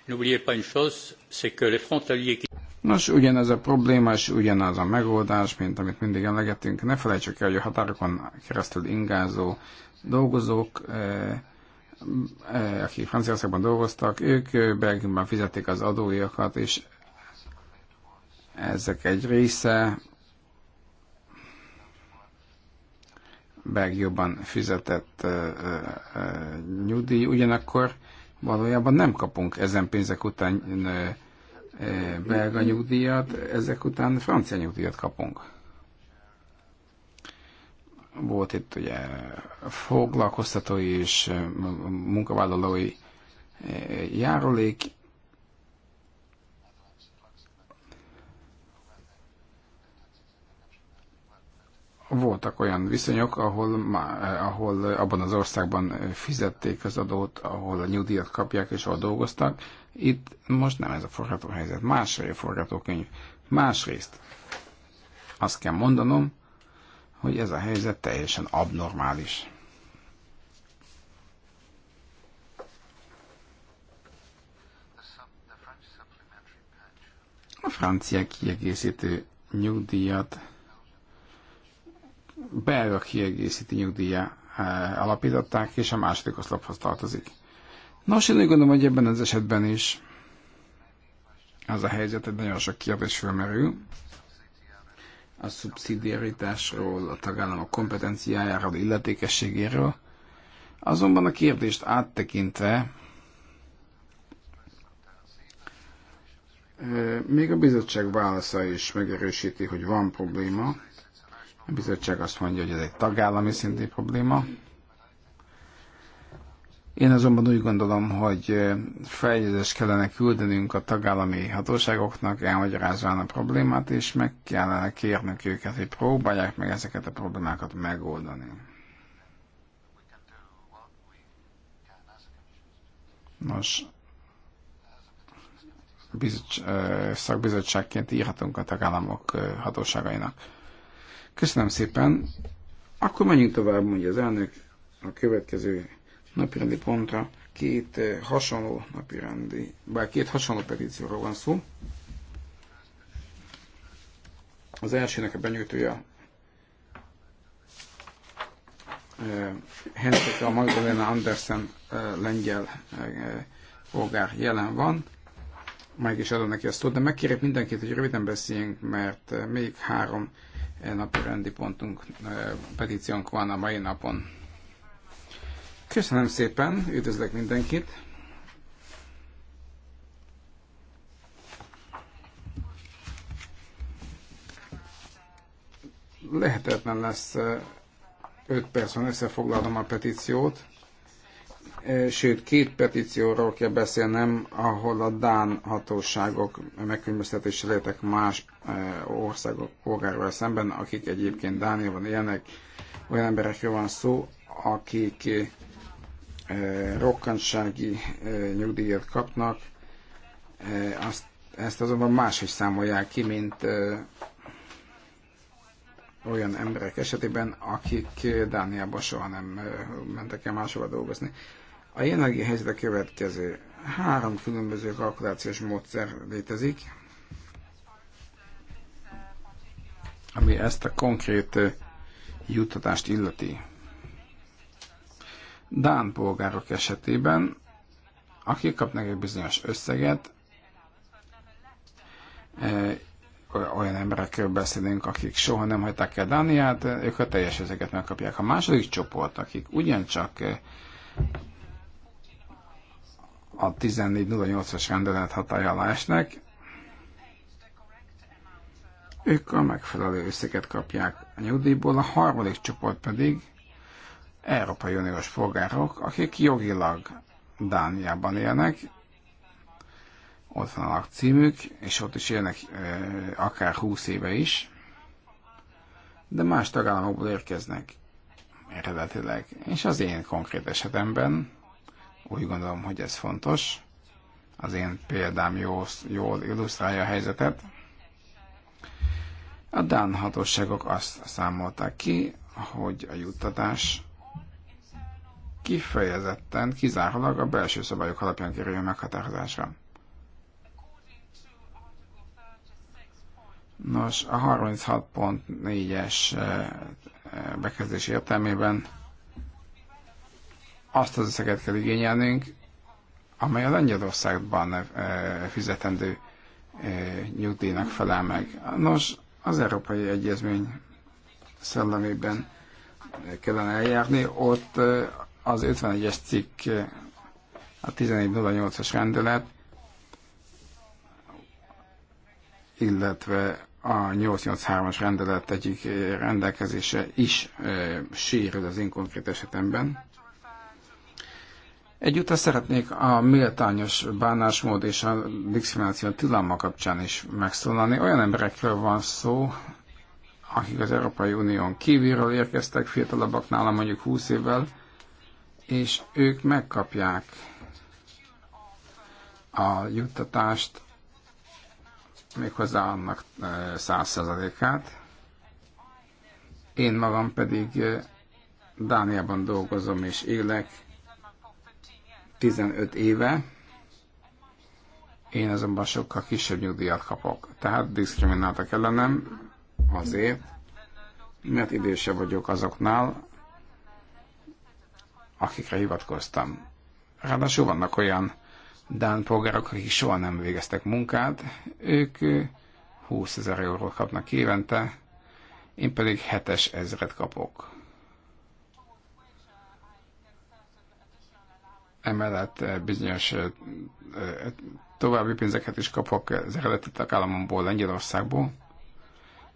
n'oubliez pas une chose c'est que les frontaliers qui Nos, ugyanez a probléma és ugyanaz a megoldás, mint amit mindig emlegettünk. Ne felejtsük el, hogy a határokon keresztül ingázó dolgozók, eh, eh, akik Franciaországban dolgoztak, ők eh, Belgiumban fizetik az adóiakat, és ezek egy része legjobban fizetett nyugdíj, ugyanakkor valójában nem kapunk ezen pénzek után belga nyugdíjat, ezek után francia nyugdíjat kapunk. Volt itt ugye foglalkoztatói és munkavállalói járulék, voltak olyan viszonyok, ahol, má, eh, ahol abban az országban fizették az adót, ahol a nyugdíjat kapják és ahol dolgoztak. Itt most nem ez a forgatóhelyzet, a forgatókönyv. Másrészt azt kell mondanom, hogy ez a helyzet teljesen abnormális. A francia kiegészítő nyugdíjat belga kiegészíti nyugdíja eh, alapították, és a második oszlophoz tartozik. Nos, én úgy gondolom, hogy ebben az esetben is az a helyzet, hogy nagyon sok kérdés fölmerül. A szubszidiaritásról, a tagállamok kompetenciájáról, illetékességéről. Azonban a kérdést áttekintve eh, még a bizottság válasza is megerősíti, hogy van probléma, a bizottság azt mondja, hogy ez egy tagállami szintű probléma. Én azonban úgy gondolom, hogy feljegyzést kellene küldenünk a tagállami hatóságoknak, elmagyarázván a problémát, és meg kellene kérnünk őket, hogy próbálják meg ezeket a problémákat megoldani. Nos, bizottság, szakbizottságként írhatunk a tagállamok hatóságainak. Köszönöm szépen. Akkor menjünk tovább, mondja az elnök a következő napirendi pontra. Két eh, hasonló napirendi, bár két hasonló petícióról van szó. Az elsőnek a benyújtója eh, Henrika Magdalena Andersen eh, lengyel polgár jelen van. Meg is adom neki a szót, de megkérek mindenkit, hogy röviden beszéljünk, mert még három E napi rendi pontunk, e, petíciónk van a mai napon. Köszönöm szépen, üdvözlök mindenkit! Lehetetlen lesz 5 e, percben összefoglalom a petíciót. Eh, sőt két petícióról kell beszélnem, ahol a Dán hatóságok megkülönböztetésre léptek más eh, országok polgárral szemben, akik egyébként Dániában élnek. Olyan emberekről van szó, akik eh, rokkantsági nyugdíjat kapnak, azt, ezt azonban máshogy számolják ki, mint olyan emberek esetében, akik Dániában soha nem mentek el máshova dolgozni. A jelenlegi helyzet a következő. Három különböző kalkulációs módszer létezik, ami ezt a konkrét juttatást illeti. Dán polgárok esetében, akik kapnak egy bizonyos összeget, olyan emberekről beszélünk, akik soha nem hagyták el Dániát, ők a teljes összeget megkapják. A második csoport, akik ugyancsak a 1408-as rendelet hatája alá esnek, ők a megfelelő összeget kapják a nyugdíjból, a harmadik csoport pedig Európai Uniós polgárok, akik jogilag Dániában élnek, ott van a lakcímük, és ott is élnek e, akár 20 éve is, de más tagállamokból érkeznek eredetileg. És az én konkrét esetemben úgy gondolom, hogy ez fontos. Az én példám jól, jól illusztrálja a helyzetet. A Dán hatóságok azt számolták ki, hogy a juttatás kifejezetten, kizárólag a belső szabályok alapján kerüljön meghatározásra. Nos, a 36.4-es eh, bekezdés értelmében azt az összeget kell igényelnünk, amely a Lengyelországban eh, fizetendő eh, nyugdíjnak felel meg. Nos, az Európai Egyezmény szellemében kellene eljárni. Ott eh, az 51-es cikk, a 1408-as rendelet, illetve a 883-as rendelet egyik rendelkezése is e, sérül az inkonkrét esetemben. Egyúttal szeretnék a méltányos bánásmód és a diszkrimináció tilalma kapcsán is megszólalni. Olyan emberekről van szó, akik az Európai Unión kívülről érkeztek, fiatalabbak nálam mondjuk 20 évvel, és ők megkapják a juttatást, méghozzá annak 100%-át. E, Én magam pedig e, Dániában dolgozom és élek, 15 éve, én azonban sokkal kisebb nyugdíjat kapok. Tehát diszkrimináltak ellenem azért, mert idősebb vagyok azoknál, akikre hivatkoztam. Ráadásul vannak olyan dán polgárok, akik soha nem végeztek munkát, ők 20 ezer eurót kapnak évente, én pedig 7 ezret kapok. emellett eh, bizonyos eh, eh, további pénzeket is kapok az eredeti tagállamomból, Lengyelországból,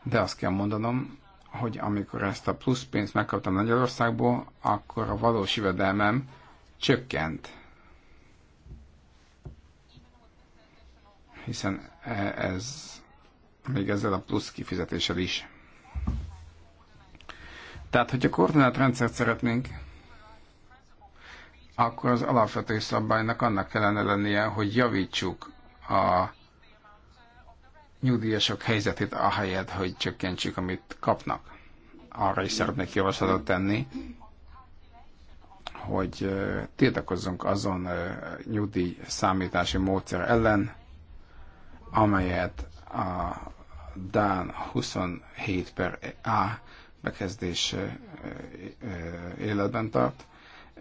de azt kell mondanom, hogy amikor ezt a plusz pénzt megkaptam Lengyelországból, akkor a valós jövedelmem csökkent. Hiszen ez még ezzel a plusz kifizetéssel is. Tehát, hogyha koordinátrendszert szeretnénk, akkor az alapvető szabálynak annak kellene lennie, hogy javítsuk a nyugdíjasok helyzetét ahelyett, hogy csökkentsük, amit kapnak. Arra is szeretnék javaslatot tenni, hogy tiltakozzunk azon nyugdíj számítási módszer ellen, amelyet a Dán 27 per A bekezdés életben tart,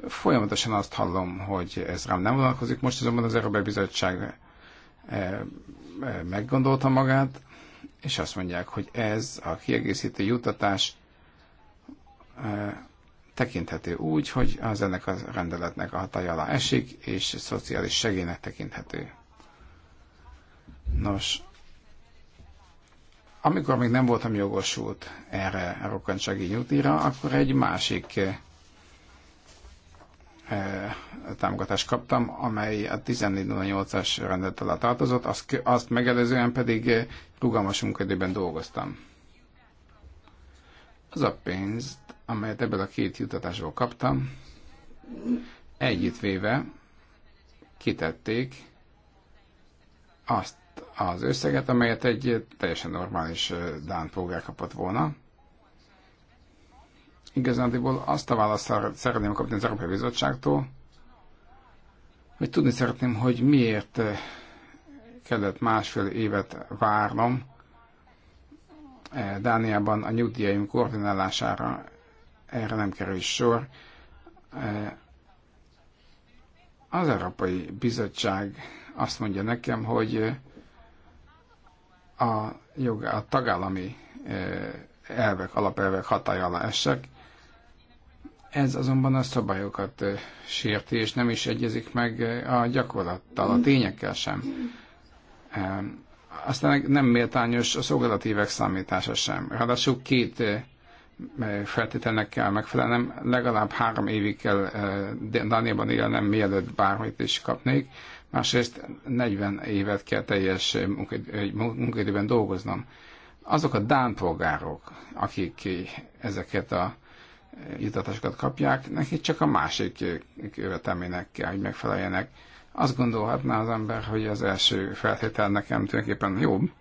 Folyamatosan azt hallom, hogy ez rám nem vonatkozik, most azonban az Európai Bizottság eh, eh, meggondolta magát, és azt mondják, hogy ez a kiegészítő juttatás eh, tekinthető úgy, hogy az ennek a rendeletnek a hatája alá esik, és szociális segélynek tekinthető. Nos, amikor még nem voltam jogosult erre a rokkantsági nyugdíjra, akkor egy másik Eh, támogatást kaptam, amely a 14.08-as rendelet alá tartozott, azt, azt megelőzően pedig eh, rugalmas munkaidőben dolgoztam. Az a pénzt, amelyet ebből a két jutatásból kaptam, együttvéve kitették azt az összeget, amelyet egy teljesen normális eh, Dán polgár kapott volna, igazándiból azt a választ szeretném kapni az Európai Bizottságtól, hogy tudni szeretném, hogy miért eh, kellett másfél évet várnom eh, Dániában a nyugdíjaim koordinálására, erre nem kerül sor. Eh, az Európai Bizottság azt mondja nekem, hogy a, jog, a tagállami elvek, alapelvek hatája alá esek, ez azonban a szabályokat sérti, és nem is egyezik meg a gyakorlattal, a tényekkel sem. Aztán nem méltányos a szolgálatívek számítása sem. Ráadásul két feltételnek kell megfelelnem, legalább három évig kell Dániában élnem, mielőtt bármit is kapnék. Másrészt 40 évet kell teljes munkaidőben dolgoznom. Azok a Dán polgárok, akik ezeket a jutatásokat kapják, nekik csak a másik követelménynek kell, hogy megfeleljenek. Azt gondolhatná az ember, hogy az első feltétel nekem tulajdonképpen jobb,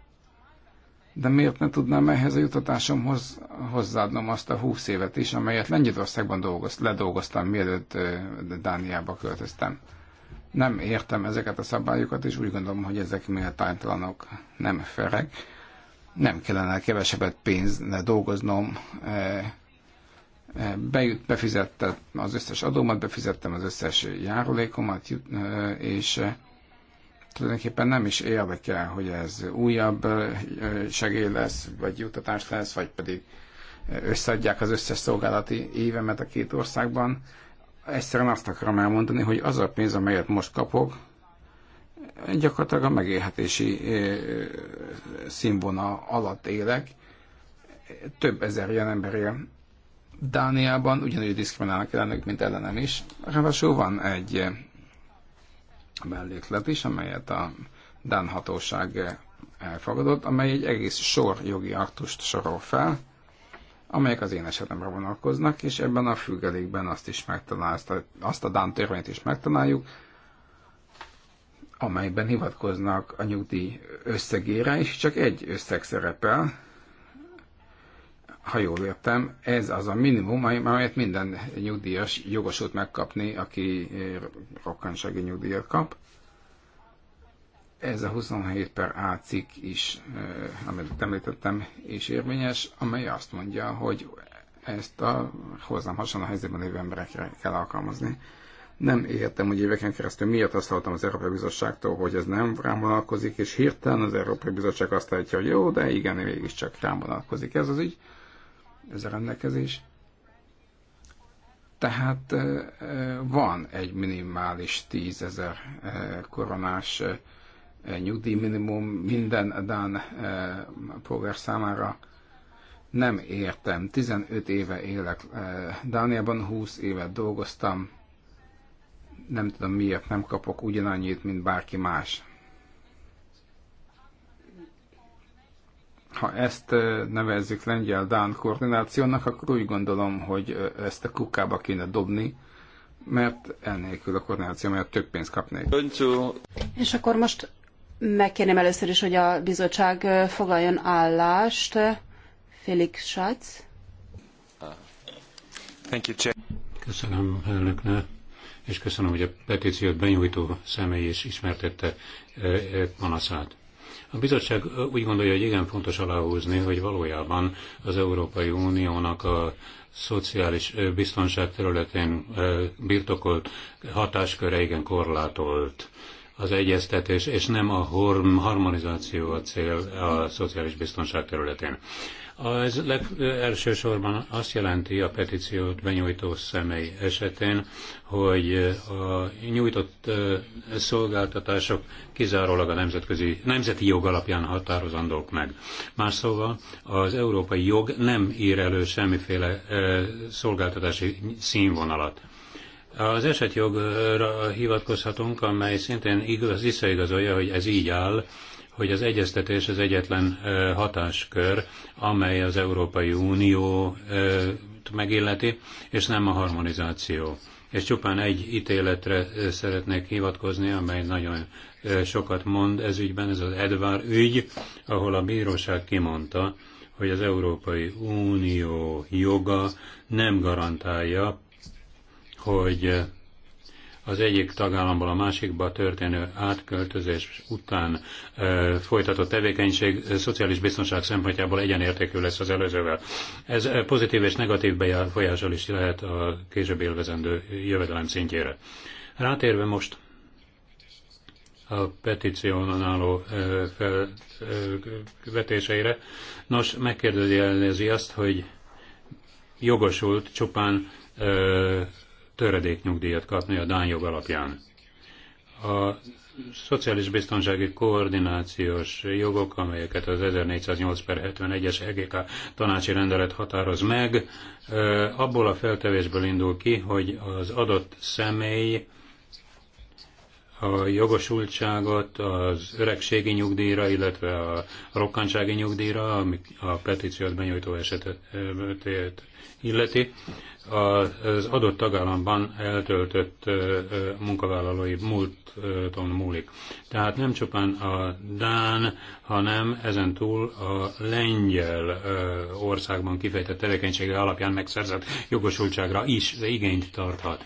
de miért ne tudnám ehhez a jutatásomhoz hozzáadnom azt a húsz évet is, amelyet Lengyelországban dolgozt, ledolgoztam, mielőtt Dániába költöztem. Nem értem ezeket a szabályokat, és úgy gondolom, hogy ezek méltánytalanok, nem ferek. Nem kellene kevesebbet pénzne dolgoznom, bejut, befizettem az összes adómat, befizettem az összes járulékomat, és tulajdonképpen nem is érdekel, hogy ez újabb segély lesz, vagy juttatás lesz, vagy pedig összeadják az összes szolgálati évemet a két országban. Egyszerűen azt akarom elmondani, hogy az a pénz, amelyet most kapok, gyakorlatilag a megélhetési színvonal alatt élek, több ezer ilyen ember él Dániában ugyanúgy diszkriminálnak ellenük, mint ellenem is. Ráadásul van egy eh, melléklet is, amelyet a Dán hatóság eh, elfogadott, amely egy egész sor jogi aktust sorol fel, amelyek az én esetemre vonalkoznak, és ebben a függelékben azt is megtalál, azt a, azt a Dán törvényt is megtaláljuk, amelyben hivatkoznak a nyugdíj összegére, és csak egy összeg szerepel, ha jól értem, ez az a minimum, amelyet minden nyugdíjas jogosult megkapni, aki eh, rokkansági nyugdíjat kap. Ez a 27 per A cikk is, eh, amit említettem, is érvényes, amely azt mondja, hogy ezt a hozzám hasonló helyzetben lévő emberekre kell alkalmazni. Nem értem, hogy éveken keresztül miért azt hallottam az Európai Bizottságtól, hogy ez nem rám vonalkozik, és hirtelen az Európai Bizottság azt állítja, hogy jó, de igen, mégiscsak rám vonalkozik ez az ügy ez a rendelkezés. Tehát van egy minimális tízezer koronás koronás nyugdíjminimum minden Dán polgár számára. Nem értem, 15 éve élek Dániában, 20 éve dolgoztam, nem tudom miért nem kapok ugyanannyit, mint bárki más. Ha ezt nevezzük lengyel-dán koordinációnak, akkor úgy gondolom, hogy ezt a kukába kéne dobni, mert ennélkül a koordináció mert több pénzt kapnék. És akkor most megkérném először is, hogy a bizottság foglaljon állást. Felix Schatz. Thank you, Köszönöm elnökne. és köszönöm, hogy a petíciót benyújtó személy is ismertette e, e, panaszát. A bizottság úgy gondolja, hogy igen fontos aláhúzni, hogy valójában az Európai Uniónak a szociális biztonság területén birtokolt hatásköre igen korlátolt az egyeztetés, és nem a harmonizáció a cél a szociális biztonság területén. Ez leg, elsősorban azt jelenti a petíciót benyújtó személy esetén, hogy a nyújtott szolgáltatások kizárólag a nemzetközi, nemzeti jog alapján határozandók meg. Más szóval az európai jog nem ír elő semmiféle szolgáltatási színvonalat. Az esetjogra hivatkozhatunk, amely szintén igaz, visszaigazolja, hogy ez így áll, hogy az egyeztetés az egyetlen hatáskör, amely az Európai Unió megilleti, és nem a harmonizáció. És csupán egy ítéletre szeretnék hivatkozni, amely nagyon sokat mond ez ügyben, ez az Edvár ügy, ahol a bíróság kimondta, hogy az Európai Unió joga nem garantálja, hogy az egyik tagállamból a másikba történő átköltözés után e, folytatott tevékenység szociális biztonság szempontjából egyenértékű lesz az előzővel. Ez pozitív és negatív befolyásol is lehet a később élvezendő jövedelem szintjére. Rátérve most a petíción álló felvetéseire. Nos, megkérdezi azt, hogy jogosult csupán nyugdíjat kapni a Dán jog alapján. A szociális biztonsági koordinációs jogok, amelyeket az 1408 per 71-es EGK tanácsi rendelet határoz meg, abból a feltevésből indul ki, hogy az adott személy a jogosultságot az öregségi nyugdíjra, illetve a rokkantsági nyugdíjra, a petíciót benyújtó esetet illeti, az adott tagállamban eltöltött munkavállalói múlton múlik. Tehát nem csupán a Dán, hanem ezen túl a lengyel országban kifejtett tevékenysége alapján megszerzett jogosultságra is igényt tarthat.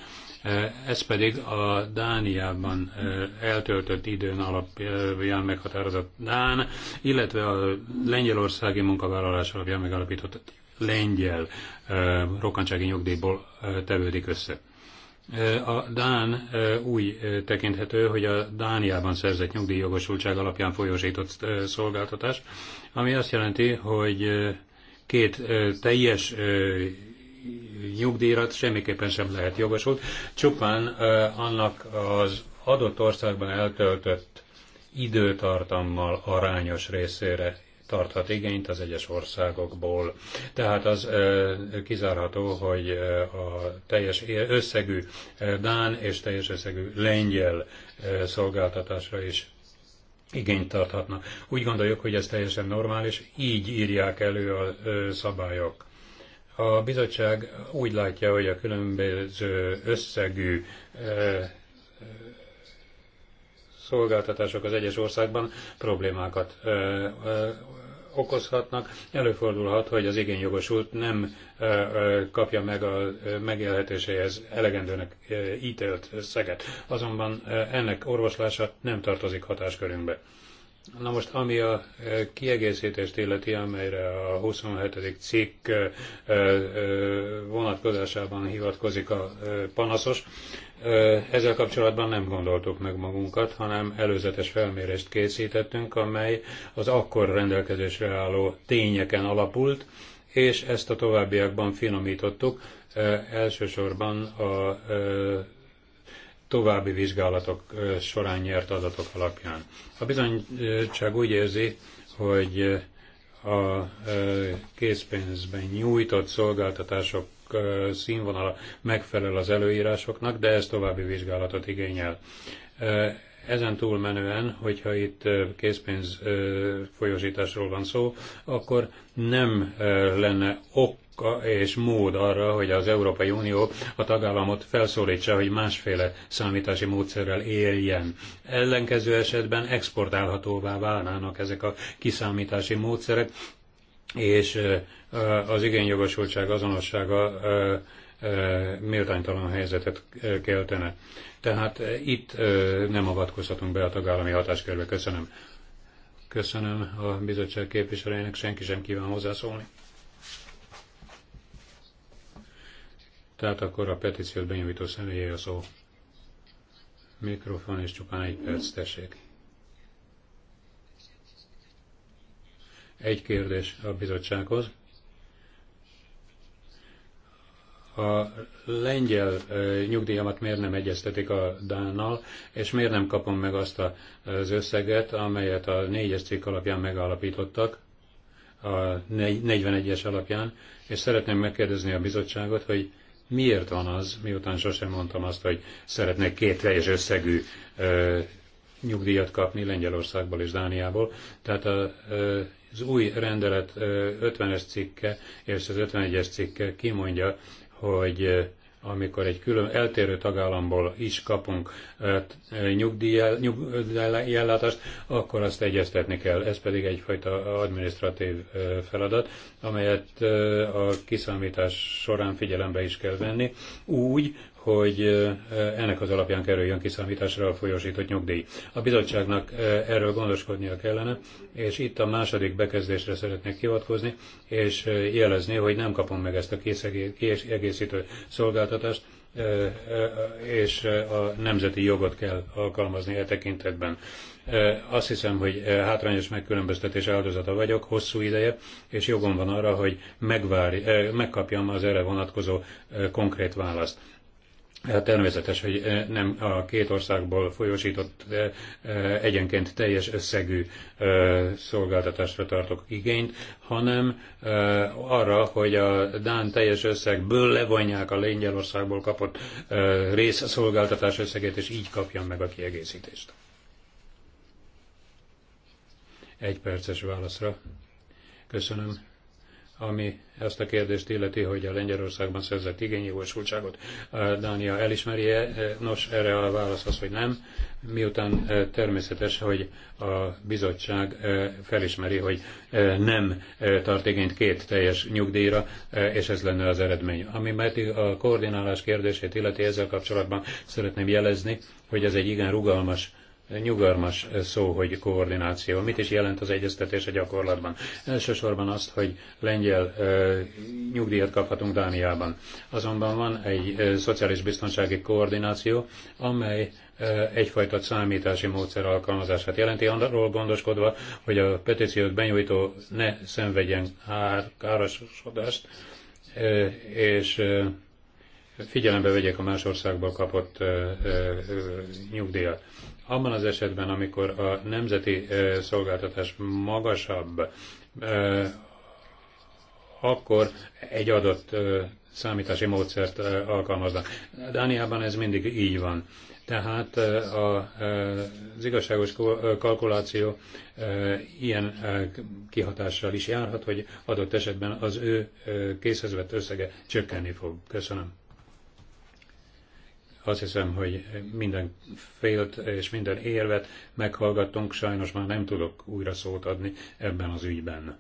Ez pedig a Dániában eltöltött időn alapján meghatározott Dán, illetve a lengyelországi munkavállalás alapján megalapított lengyel rokkantsági nyugdíjból tevődik össze. A Dán új tekinthető, hogy a Dániában szerzett nyugdíjjogosultság alapján folyósított szolgáltatás, ami azt jelenti, hogy két teljes nyugdíjra semmiképpen sem lehet jogosult, csupán annak az adott országban eltöltött időtartammal arányos részére tarthat igényt az egyes országokból. Tehát az kizárható, hogy a teljes összegű Dán és teljes összegű lengyel szolgáltatásra is igényt tarthatna. Úgy gondoljuk, hogy ez teljesen normális, így írják elő a szabályok. A bizottság úgy látja, hogy a különböző összegű szolgáltatások az egyes országban problémákat okozhatnak. Előfordulhat, hogy az igényjogosult nem kapja meg a megélhetéséhez elegendőnek ítélt szeget. Azonban ennek orvoslása nem tartozik hatáskörünkbe. Na most, ami a e, kiegészítést illeti, amelyre a 27. cikk e, e, vonatkozásában hivatkozik a panaszos, ezzel kapcsolatban nem gondoltuk meg magunkat, hanem előzetes felmérést készítettünk, amely az akkor rendelkezésre álló tényeken alapult, és ezt a továbbiakban finomítottuk, elsősorban a további vizsgálatok során nyert adatok alapján. A bizonyság úgy érzi, hogy a készpénzben nyújtott szolgáltatások színvonala megfelel az előírásoknak, de ez további vizsgálatot igényel. Ezen túlmenően, hogyha itt készpénz folyosításról van szó, akkor nem lenne ok és mód arra, hogy az Európai Unió a tagállamot felszólítsa, hogy másféle számítási módszerrel éljen. Ellenkező esetben exportálhatóvá válnának ezek a kiszámítási módszerek, és az igényjogosultság azonossága méltánytalan helyzetet keltene. Tehát itt nem avatkozhatunk be a tagállami hatáskörbe. Köszönöm. Köszönöm a bizottság képviselőjének, senki sem kíván hozzászólni. Tehát akkor a petíciót benyújtó személyé a szó. Mikrofon és csupán egy perc, tessék. Egy kérdés a bizottsághoz. A lengyel nyugdíjamat miért nem egyeztetik a Dánnal, és miért nem kapom meg azt az összeget, amelyet a négyes cikk alapján megállapítottak, a 41-es alapján, és szeretném megkérdezni a bizottságot, hogy Miért van az, miután sosem mondtam azt, hogy szeretnék két teljes összegű ö, nyugdíjat kapni Lengyelországból és Dániából. Tehát a, ö, az új rendelet 50-es cikke és az 51-es cikke kimondja, hogy amikor egy külön eltérő tagállamból is kapunk nyugdíjellátást, akkor azt egyeztetni kell. Ez pedig egyfajta administratív feladat, amelyet a kiszámítás során figyelembe is kell venni, úgy, hogy ennek az alapján kerüljön kiszámításra a folyósított nyugdíj. A bizottságnak erről gondoskodnia kellene, és itt a második bekezdésre szeretnék hivatkozni, és jelezni, hogy nem kapom meg ezt a kiegészítő szolgáltatást, és a nemzeti jogot kell alkalmazni e tekintetben. Azt hiszem, hogy hátrányos megkülönböztetés áldozata vagyok hosszú ideje, és jogom van arra, hogy megvárj, megkapjam az erre vonatkozó konkrét választ. Eh, természetes, hogy eh, nem a két országból folyósított eh, egyenként teljes összegű szolgáltatásra tartok igényt, hanem arra, hogy a Dán teljes összegből levonják a Lengyelországból kapott rész szolgáltatás összegét, és így kapjam meg a kiegészítést. Egy perces válaszra. Köszönöm ami ezt a kérdést illeti, hogy a Lengyelországban szerzett igényjogosultságot Dánia elismeri -e? Nos, erre a válasz az, hogy nem, miután e, természetes, hogy a bizottság e, felismeri, hogy e, nem tart igényt két teljes nyugdíjra, és ez lenne az eredmény. Ami pedig a koordinálás kérdését illeti ezzel kapcsolatban szeretném jelezni, hogy ez egy igen rugalmas nyugalmas szó, hogy koordináció. Mit is jelent az egyeztetés a gyakorlatban? Elsősorban azt, hogy lengyel nyugdíjat kaphatunk Dániában. Azonban van egy szociális biztonsági koordináció, amely egyfajta számítási módszer alkalmazását jelenti, arról gondoskodva, hogy a petíciót benyújtó ne szenvedjen károsodást, és figyelembe vegyék a más országból kapott nyugdíjat. Abban az esetben, amikor a nemzeti szolgáltatás magasabb, akkor egy adott számítási módszert alkalmaznak. Dániában ez mindig így van. Tehát az igazságos kalkuláció ilyen kihatással is járhat, hogy adott esetben az ő készhez vett összege csökkenni fog. Köszönöm azt hiszem, hogy minden félt és minden érvet meghallgattunk, sajnos már nem tudok újra szót adni ebben az ügyben.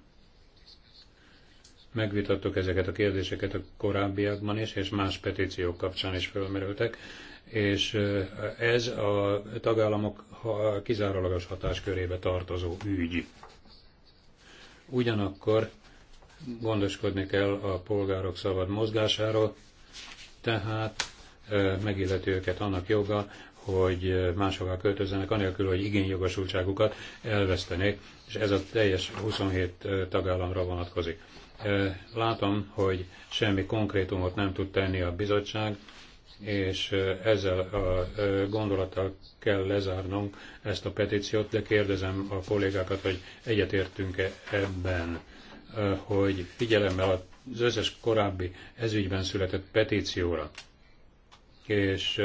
Megvitattuk ezeket a kérdéseket a korábbiakban is, és más petíciók kapcsán is felmerültek, és eh, ez a tagállamok kizárólagos hatáskörébe tartozó ügy. Ugyanakkor gondoskodni kell a polgárok szabad mozgásáról, tehát megilleti őket annak joga, hogy máshová költözzenek, anélkül, hogy igényjogosultságukat elvesztenék, és ez a teljes 27 tagállamra vonatkozik. Látom, hogy semmi konkrétumot nem tud tenni a bizottság, és ezzel a gondolattal kell lezárnunk ezt a petíciót, de kérdezem a kollégákat, hogy egyetértünk-e ebben, hogy figyelemmel az összes korábbi ezügyben született petícióra, és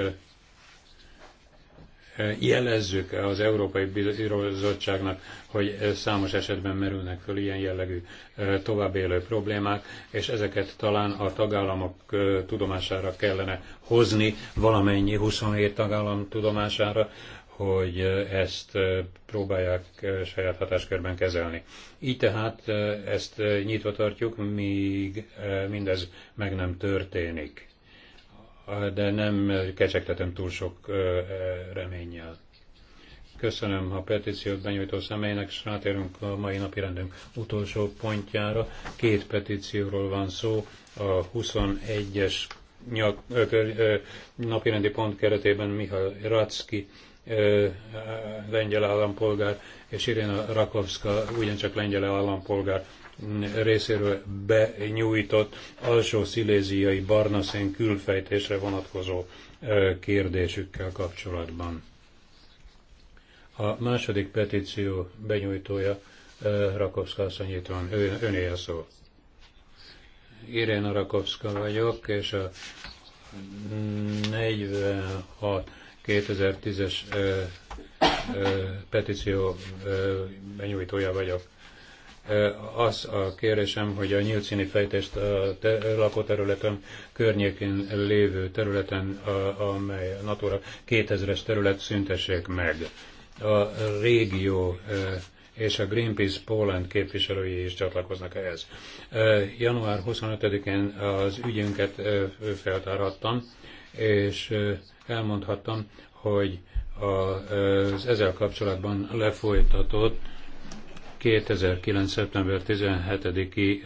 jelezzük az Európai Bizottságnak, hogy számos esetben merülnek föl ilyen jellegű továbbélő problémák, és ezeket talán a tagállamok tudomására kellene hozni, valamennyi 27 tagállam tudomására, hogy ezt próbálják saját hatáskörben kezelni. Így tehát ezt nyitva tartjuk, míg mindez meg nem történik de nem kecsegtetem túl sok reménnyel. Köszönöm a petíciót benyújtó személynek, és rátérünk a mai napi rendünk utolsó pontjára. Két petícióról van szó, a 21-es nyak, napirendi pont keretében Mihály Racki, lengyel állampolgár, és Irina Rakowska, ugyancsak lengyel állampolgár részéről benyújtott alsó sziléziai barnaszén külfejtésre vonatkozó kérdésükkel kapcsolatban. A második petíció benyújtója Rakowska asszony itt van, ő, öné a szó. Iréna Rakowska vagyok, és a 46 2010-es petíció benyújtója vagyok. Az a kérésem, hogy a nyílt színi fejtést a lakóterületen környékén lévő területen, a amely Natura 2000-es terület szüntessék meg. A régió és a Greenpeace Poland képviselői is csatlakoznak ehhez. Január 25-én az ügyünket feltárhattam, és elmondhattam, hogy az ezzel kapcsolatban lefolytatott 2009. szeptember 17-i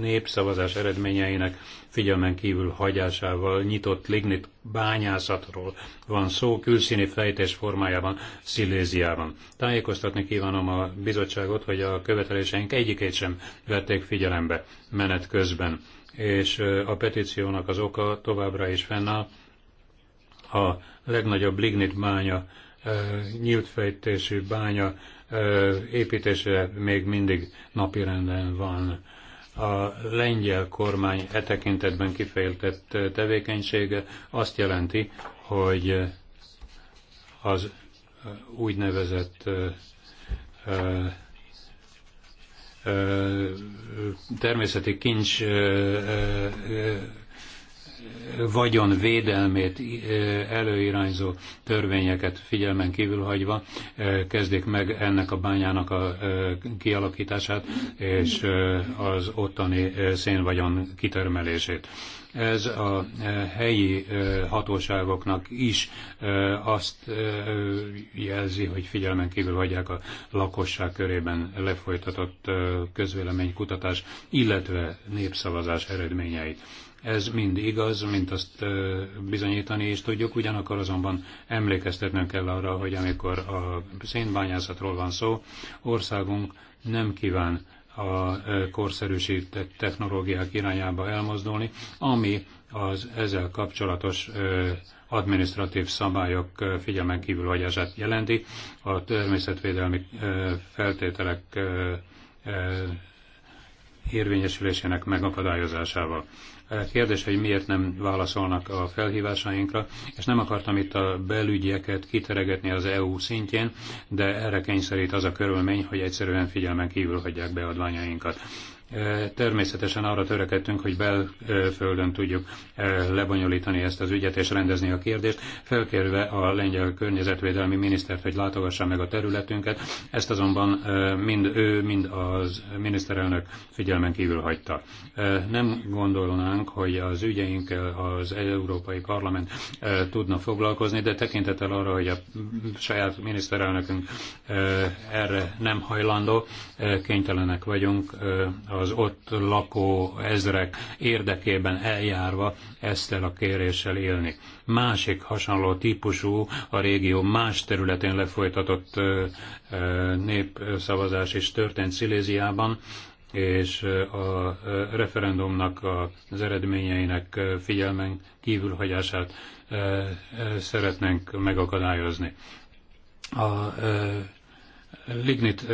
népszavazás eredményeinek figyelmen kívül hagyásával nyitott lignit bányászatról van szó külszíni fejtés formájában Sziléziában. Tájékoztatni kívánom a bizottságot, hogy a követeléseink egyikét sem vették figyelembe menet közben, és a petíciónak az oka továbbra is fennáll a legnagyobb lignit bánya nyílt fejtésű bánya építése még mindig napirenden van. A lengyel kormány e tekintetben kifejtett tevékenysége azt jelenti, hogy az úgynevezett természeti kincs vagyon védelmét előirányzó törvényeket figyelmen kívül hagyva kezdik meg ennek a bányának a kialakítását és az ottani szénvagyon kitermelését. Ez a helyi hatóságoknak is azt jelzi, hogy figyelmen kívül hagyják a lakosság körében lefolytatott közvéleménykutatás, illetve népszavazás eredményeit ez mind igaz, mint azt bizonyítani is tudjuk, ugyanakkor azonban emlékeztetnünk kell arra, hogy amikor a szénbányászatról van szó, országunk nem kíván a korszerűsített technológiák irányába elmozdulni, ami az ezzel kapcsolatos administratív szabályok figyelmen kívül hagyását jelenti, a természetvédelmi feltételek érvényesülésének megakadályozásával. Kérdés, hogy miért nem válaszolnak a felhívásainkra, és nem akartam itt a belügyeket kiteregetni az EU szintjén, de erre kényszerít az a körülmény, hogy egyszerűen figyelmen kívül hagyják beadványainkat. Természetesen arra törekedtünk, hogy belföldön tudjuk lebonyolítani ezt az ügyet és rendezni a kérdést, felkérve a lengyel környezetvédelmi minisztert, hogy látogassa meg a területünket. Ezt azonban mind ő, mind az miniszterelnök figyelmen kívül hagyta. Nem gondolnánk, hogy az ügyeinkkel az Európai Parlament tudna foglalkozni, de tekintettel arra, hogy a saját miniszterelnökünk erre nem hajlandó, kénytelenek vagyunk a az ott lakó ezrek érdekében eljárva ezzel a kéréssel élni. Másik hasonló típusú a régió más területén lefolytatott népszavazás is történt Sziléziában, és a referendumnak az eredményeinek figyelmen kívülhagyását szeretnénk megakadályozni. A lignit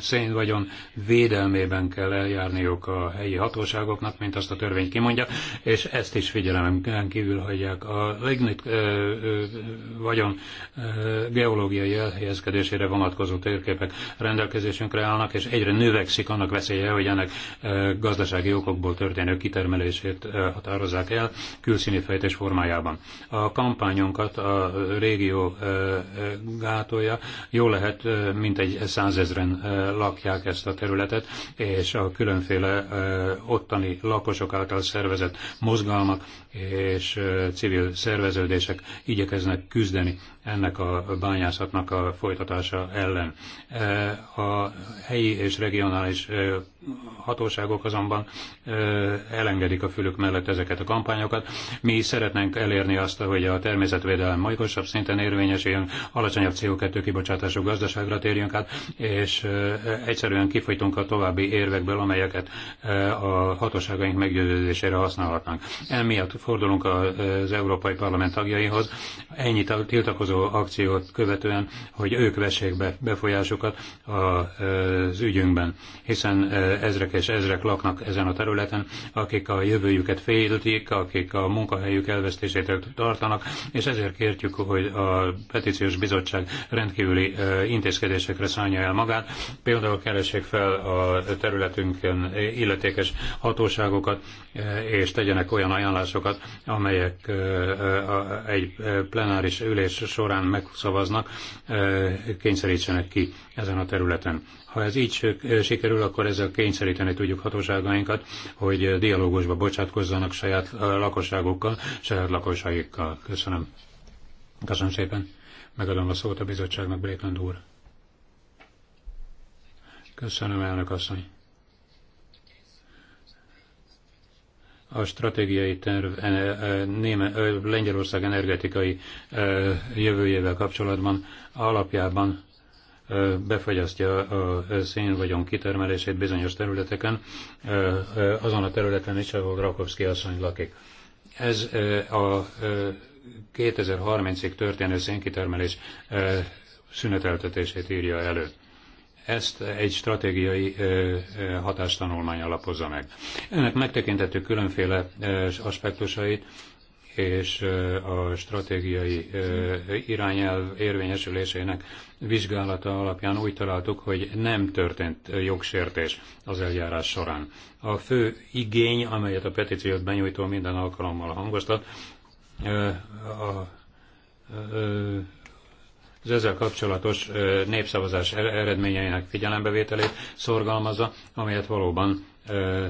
szénvagyon védelmében kell eljárniuk a helyi hatóságoknak, mint azt a törvény kimondja, és ezt is figyelemen kívül hagyják. A lignit vagyon geológiai elhelyezkedésére vonatkozó térképek rendelkezésünkre állnak, és egyre növekszik annak veszélye, hogy ennek gazdasági okokból történő kitermelését határozzák el külszíni fejtés formájában. A kampányunkat a régió gátolja, jó lehet mintegy százezren lakják ezt a területet, és a különféle ottani lakosok által szervezett mozgalmak és civil szerveződések igyekeznek küzdeni ennek a bányászatnak a folytatása ellen. E, a helyi és regionális e, hatóságok azonban e, elengedik a fülük mellett ezeket a kampányokat. Mi szeretnénk elérni azt, hogy a természetvédelem magasabb szinten érvényesüljön, alacsonyabb CO2 kibocsátású gazdaságra térjünk át, és egyszerűen kifolytunk a további érvekből, amelyeket a hatóságaink meggyőződésére használhatnak. Emiatt fordulunk az Európai Parlament tagjaihoz. Ennyit a tiltakozó vonatkozó akciót követően, hogy ők vessék be befolyásukat az ügyünkben, hiszen ezrek és ezrek laknak ezen a területen, akik a jövőjüket féltik, akik a munkahelyük elvesztését tartanak, és ezért kértjük, hogy a petíciós bizottság rendkívüli intézkedésekre szállja el magát. Például keressék fel a területünkön illetékes hatóságokat, és tegyenek olyan ajánlásokat, amelyek egy plenáris ülés során során megszavaznak, kényszerítsenek ki ezen a területen. Ha ez így sikerül, akkor ezzel kényszeríteni tudjuk hatóságainkat, hogy dialógusba bocsátkozzanak saját lakosságokkal, saját lakosaikkal. Köszönöm. Köszönöm szépen. Megadom a szót a bizottságnak, Brékland úr. Köszönöm, elnök asszony. a stratégiai terv e, Néme, Lengyelország energetikai e, jövőjével kapcsolatban alapjában e, befagyasztja a szénvagyon kitermelését bizonyos területeken, azon a területen is, ahol Rakowski asszony lakik. Ez a 2030-ig történő szénkitermelés szüneteltetését írja elő. Ezt egy stratégiai hatástanulmány alapozza meg. Ennek megtekintettük különféle aspektusait, és a stratégiai irányelv érvényesülésének vizsgálata alapján úgy találtuk, hogy nem történt jogsértés az eljárás során. A fő igény, amelyet a petíciót benyújtó minden alkalommal hangoztat, a az ezzel kapcsolatos népszavazás er-, eredményeinek figyelembevételét szorgalmazza, amelyet valóban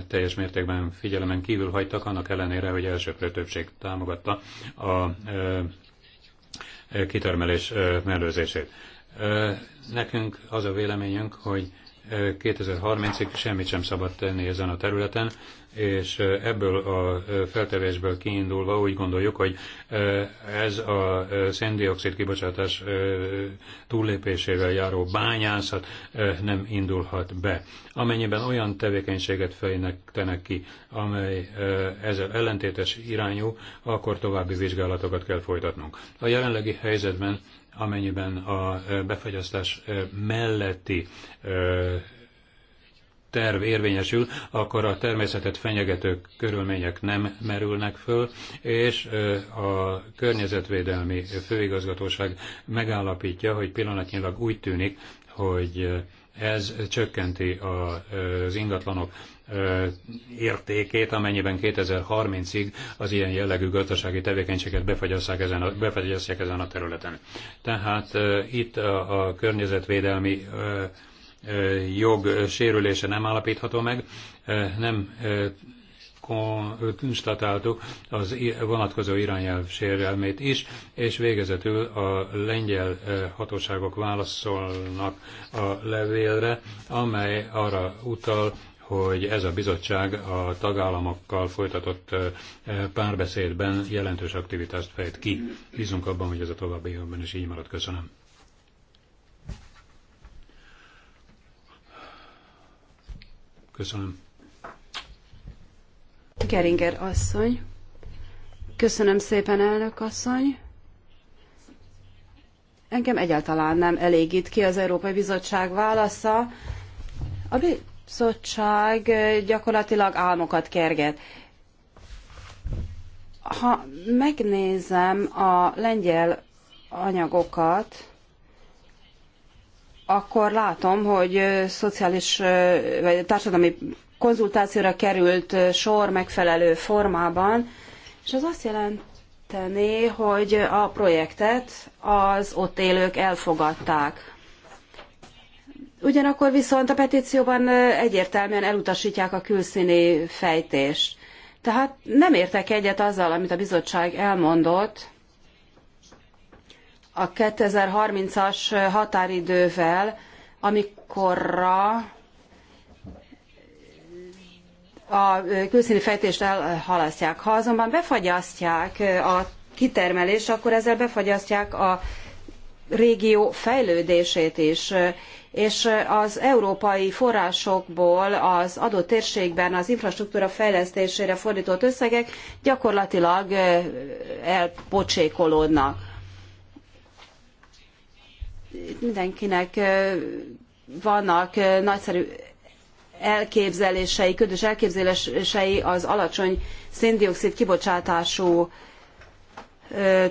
teljes mértékben figyelemen kívül hagytak, annak ellenére, hogy elsőprő többség támogatta a kitermelés mellőzését. Nekünk az a véleményünk, hogy 2030-ig semmit sem szabad tenni ezen a területen, és ebből a feltevésből kiindulva úgy gondoljuk, hogy ez a széndiokszid kibocsátás túllépésével járó bányászat nem indulhat be. Amennyiben olyan tevékenységet fejnek tenek ki, amely ezzel ellentétes irányú, akkor további vizsgálatokat kell folytatnunk. A jelenlegi helyzetben amennyiben a befagyasztás melletti terv érvényesül, akkor a természetet fenyegető körülmények nem merülnek föl, és a környezetvédelmi főigazgatóság megállapítja, hogy pillanatnyilag úgy tűnik, hogy ez csökkenti az ingatlanok értékét, amennyiben 2030-ig az ilyen jellegű gazdasági tevékenységet befagyasztják ezen a, ezen a területen. Tehát itt a, a környezetvédelmi jog sérülése nem állapítható meg, nem konstatáltuk az vonatkozó irányelv sérelmét is, és végezetül a lengyel hatóságok válaszolnak a levélre, amely arra utal, hogy ez a bizottság a tagállamokkal folytatott párbeszédben jelentős aktivitást fejt ki. Bízunk abban, hogy ez a további évben is így marad. Köszönöm. Köszönöm. Geringer asszony. Köszönöm szépen, elnök asszony. Engem egyáltalán nem elégít ki az Európai Bizottság válasza. A bizottság eh, gyakorlatilag álmokat kerget. Ha megnézem a lengyel anyagokat, akkor látom, hogy eh, szociális eh, vagy társadalmi konzultációra került sor megfelelő formában, és az azt jelenteni, hogy a projektet az ott élők elfogadták. Ugyanakkor viszont a petícióban egyértelműen elutasítják a külszíni fejtést. Tehát nem értek egyet azzal, amit a bizottság elmondott a 2030-as határidővel, amikorra a külszíni fejtést elhalasztják. Ha azonban befagyasztják a kitermelést, akkor ezzel befagyasztják a régió fejlődését is, és az európai forrásokból az adott térségben az infrastruktúra fejlesztésére fordított összegek gyakorlatilag elpocsékolódnak. Itt mindenkinek vannak nagyszerű elképzelései, ködös elképzelései az alacsony széndiokszid kibocsátású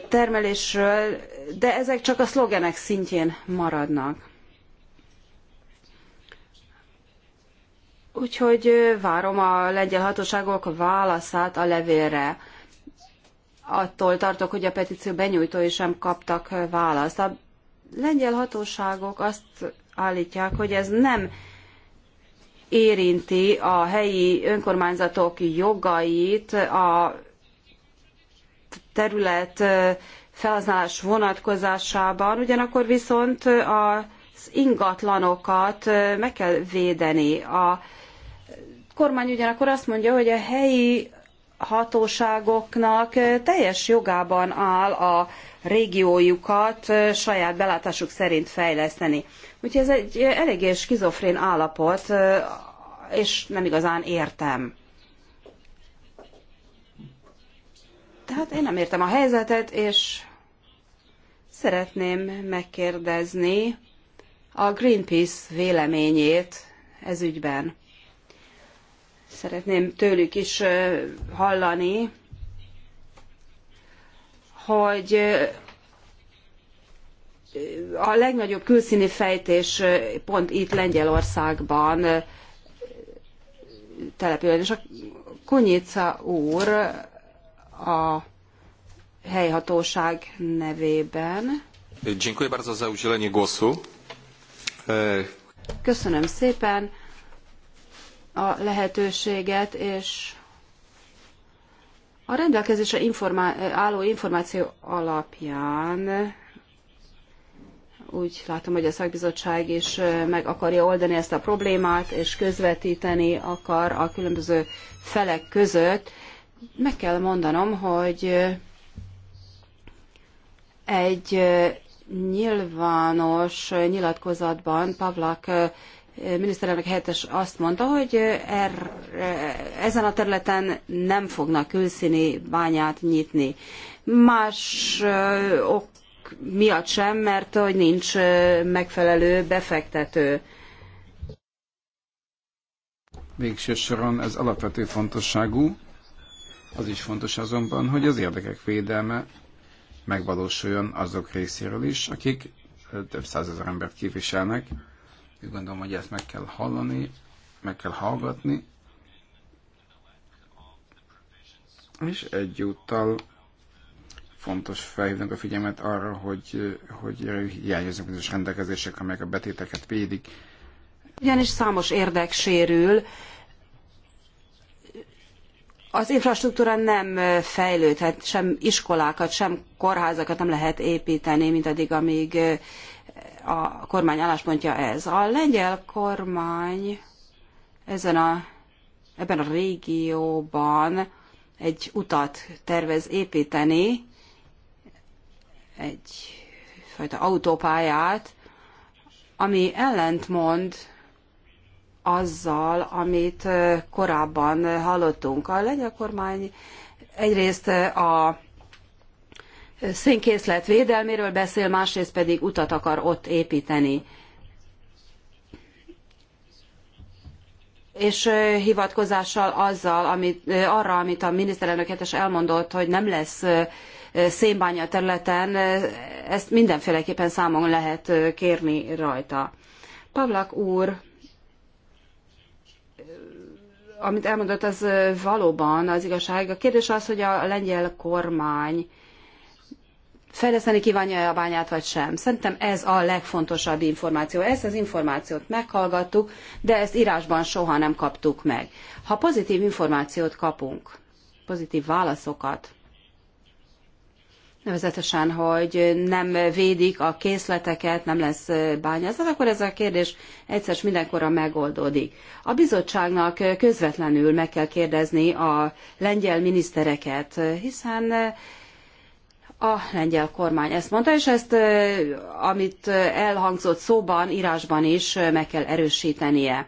termelésről, de ezek csak a szlogenek szintjén maradnak. Úgyhogy várom a lengyel hatóságok válaszát a levélre. Attól tartok, hogy a petíció benyújtói sem kaptak választ. A lengyel hatóságok azt állítják, hogy ez nem érinti a helyi önkormányzatok jogait a terület felhasználás vonatkozásában, ugyanakkor viszont az ingatlanokat meg kell védeni. A kormány ugyanakkor azt mondja, hogy a helyi hatóságoknak teljes jogában áll a régiójukat saját belátásuk szerint fejleszteni. Úgyhogy ez egy eléggé skizofrén állapot, és nem igazán értem. Tehát én nem értem a helyzetet, és szeretném megkérdezni a Greenpeace véleményét ez ügyben szeretném tőlük is hallani, hogy a legnagyobb külszíni fejtés pont itt Lengyelországban települ, és a Kunyica úr a helyhatóság nevében. Dziękuję bardzo za udzielenie głosu. E, Köszönöm szépen a lehetőséget, és a rendelkezésre informá- álló információ alapján úgy látom, hogy a szakbizottság is meg akarja oldani ezt a problémát, és közvetíteni akar a különböző felek között. Meg kell mondanom, hogy egy nyilvános nyilatkozatban Pavlak miniszterelnök helyettes azt mondta, hogy er, ezen a területen nem fognak külszíni bányát nyitni. Más ok miatt sem, mert hogy nincs megfelelő befektető. Végső soron ez alapvető fontosságú, az is fontos azonban, hogy az érdekek védelme megvalósuljon azok részéről is, akik több százezer embert képviselnek, úgy gondolom, hogy ezt meg kell hallani, meg kell hallgatni, és egyúttal fontos felhívnunk a figyelmet arra, hogy, hogy hiányoznak bizonyos rendelkezések, amelyek a betéteket védik. Ugyanis számos érdek sérül, az infrastruktúra nem fejlődhet, sem iskolákat, sem kórházakat nem lehet építeni, mint addig, amíg a kormány álláspontja ez. A lengyel kormány ezen a, ebben a régióban egy utat tervez építeni, egy fajta autópályát, ami ellentmond azzal, amit korábban hallottunk. A lengyel kormány egyrészt a szénkészlet védelméről beszél, másrészt pedig utat akar ott építeni. És hivatkozással azzal, amit, arra, amit a miniszterelnök hetes elmondott, hogy nem lesz szénbánya területen, ezt mindenféleképpen számon lehet kérni rajta. Pavlak úr, amit elmondott, az valóban az igazság. A kérdés az, hogy a lengyel kormány fejleszteni kívánja-e a bányát, vagy sem. Szerintem ez a legfontosabb információ. Ezt az információt meghallgattuk, de ezt írásban soha nem kaptuk meg. Ha pozitív információt kapunk, pozitív válaszokat, nevezetesen, hogy nem védik a készleteket, nem lesz bányászat, akkor ez a kérdés egyszer mindenkorra megoldódik. A bizottságnak közvetlenül meg kell kérdezni a lengyel minisztereket, hiszen a lengyel kormány ezt mondta, és ezt, amit elhangzott szóban, írásban is meg kell erősítenie.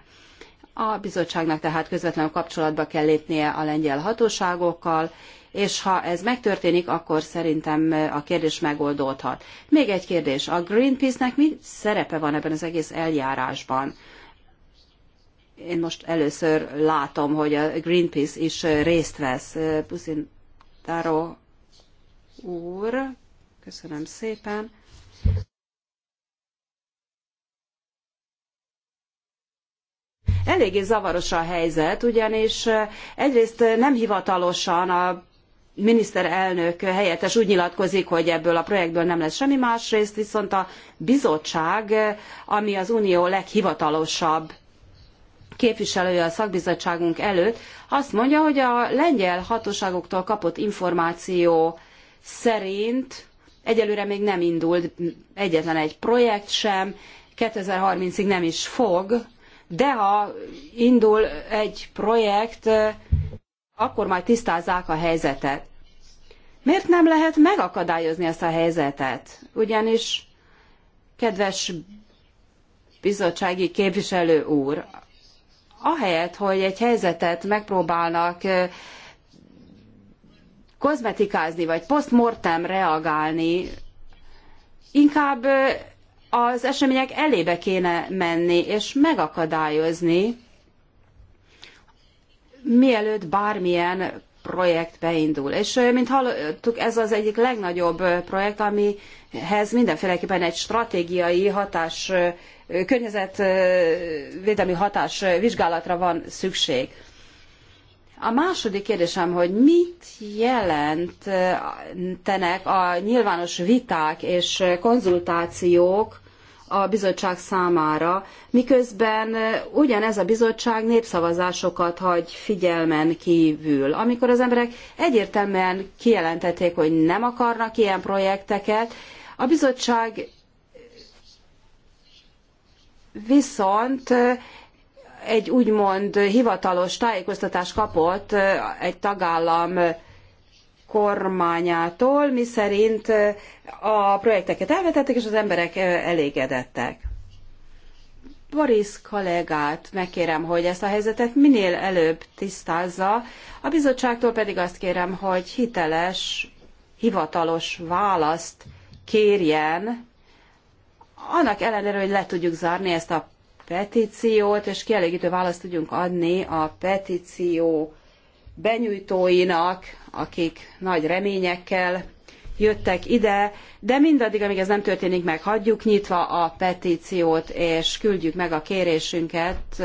A bizottságnak tehát közvetlenül kapcsolatba kell lépnie a lengyel hatóságokkal, és ha ez megtörténik, akkor szerintem a kérdés megoldódhat. Még egy kérdés, a Greenpeace-nek mi szerepe van ebben az egész eljárásban? Én most először látom, hogy a Greenpeace is részt vesz. pusin Taro úr. Köszönöm szépen. Eléggé zavaros a helyzet, ugyanis egyrészt nem hivatalosan a miniszterelnök helyettes úgy nyilatkozik, hogy ebből a projektből nem lesz semmi másrészt, viszont a bizottság, ami az unió leghivatalosabb képviselője a szakbizottságunk előtt, azt mondja, hogy a lengyel hatóságoktól kapott információ szerint egyelőre még nem indult egyetlen egy projekt sem, 2030-ig nem is fog, de ha indul egy projekt, akkor majd tisztázzák a helyzetet. Miért nem lehet megakadályozni ezt a helyzetet? Ugyanis, kedves bizottsági képviselő úr, ahelyett, hogy egy helyzetet megpróbálnak kozmetikázni, vagy postmortem reagálni, inkább az események elébe kéne menni, és megakadályozni, mielőtt bármilyen projekt beindul. És mint hallottuk, ez az egyik legnagyobb projekt, amihez mindenféleképpen egy stratégiai hatás, környezetvédelmi hatás vizsgálatra van szükség. A második kérdésem, hogy mit jelentenek a nyilvános viták és konzultációk a bizottság számára, miközben ugyanez a bizottság népszavazásokat hagy figyelmen kívül. Amikor az emberek egyértelműen kijelentették, hogy nem akarnak ilyen projekteket, a bizottság viszont egy úgymond hivatalos tájékoztatást kapott egy tagállam kormányától, miszerint a projekteket elvetették, és az emberek elégedettek. Boris kollégát megkérem, hogy ezt a helyzetet minél előbb tisztázza, a bizottságtól pedig azt kérem, hogy hiteles, hivatalos választ kérjen, annak ellenére, hogy le tudjuk zárni ezt a petíciót, és kielégítő választ tudjunk adni a petíció benyújtóinak, akik nagy reményekkel jöttek ide, de mindaddig, amíg ez nem történik meg, hagyjuk nyitva a petíciót, és küldjük meg a kérésünket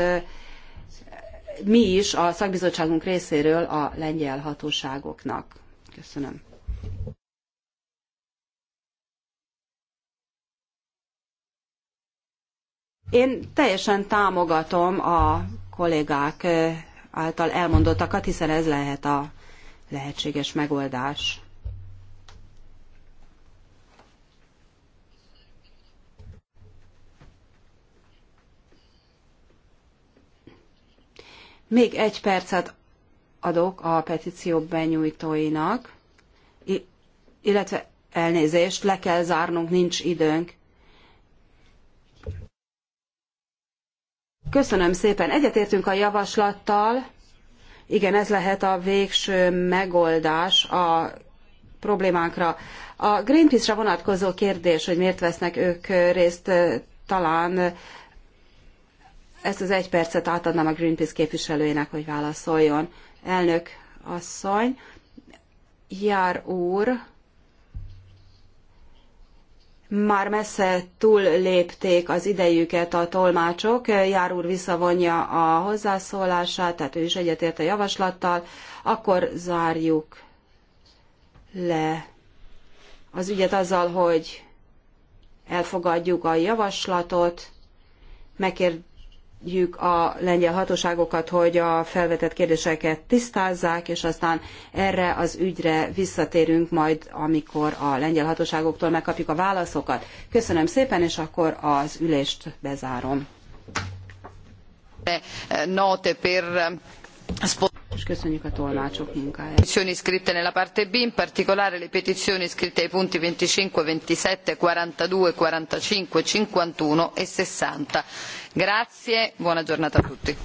mi is a szakbizottságunk részéről a lengyel hatóságoknak. Köszönöm. Én teljesen támogatom a kollégák által elmondottakat, hiszen ez lehet a lehetséges megoldás. Még egy percet adok a petíció benyújtóinak, illetve elnézést, le kell zárnunk, nincs időnk. Köszönöm szépen. Egyetértünk a javaslattal. Igen, ez lehet a végső megoldás a problémánkra. A Greenpeace-ra vonatkozó kérdés, hogy miért vesznek ők részt, talán ezt az egy percet átadnám a Greenpeace képviselőjének, hogy válaszoljon. Elnök asszony, Jár úr, már messze túllépték az idejüket a tolmácsok. Jár úr visszavonja a hozzászólását, tehát ő is egyetért a javaslattal. Akkor zárjuk le az ügyet azzal, hogy elfogadjuk a javaslatot, megkérdezünk, kérjük a lengyel hatóságokat, hogy a felvetett kérdéseket tisztázzák, és aztán erre az ügyre visszatérünk majd, amikor a lengyel hatóságoktól megkapjuk a válaszokat. Köszönöm szépen, és akkor az ülést bezárom. Note per eh, és köszönjük a tolmácsok munkáját. Petizioni scritte nella parte B, in particolare le petizioni scritte ai punti 25, 27, 42, 45, 51 e 60 Grazie, buona giornata a tutti.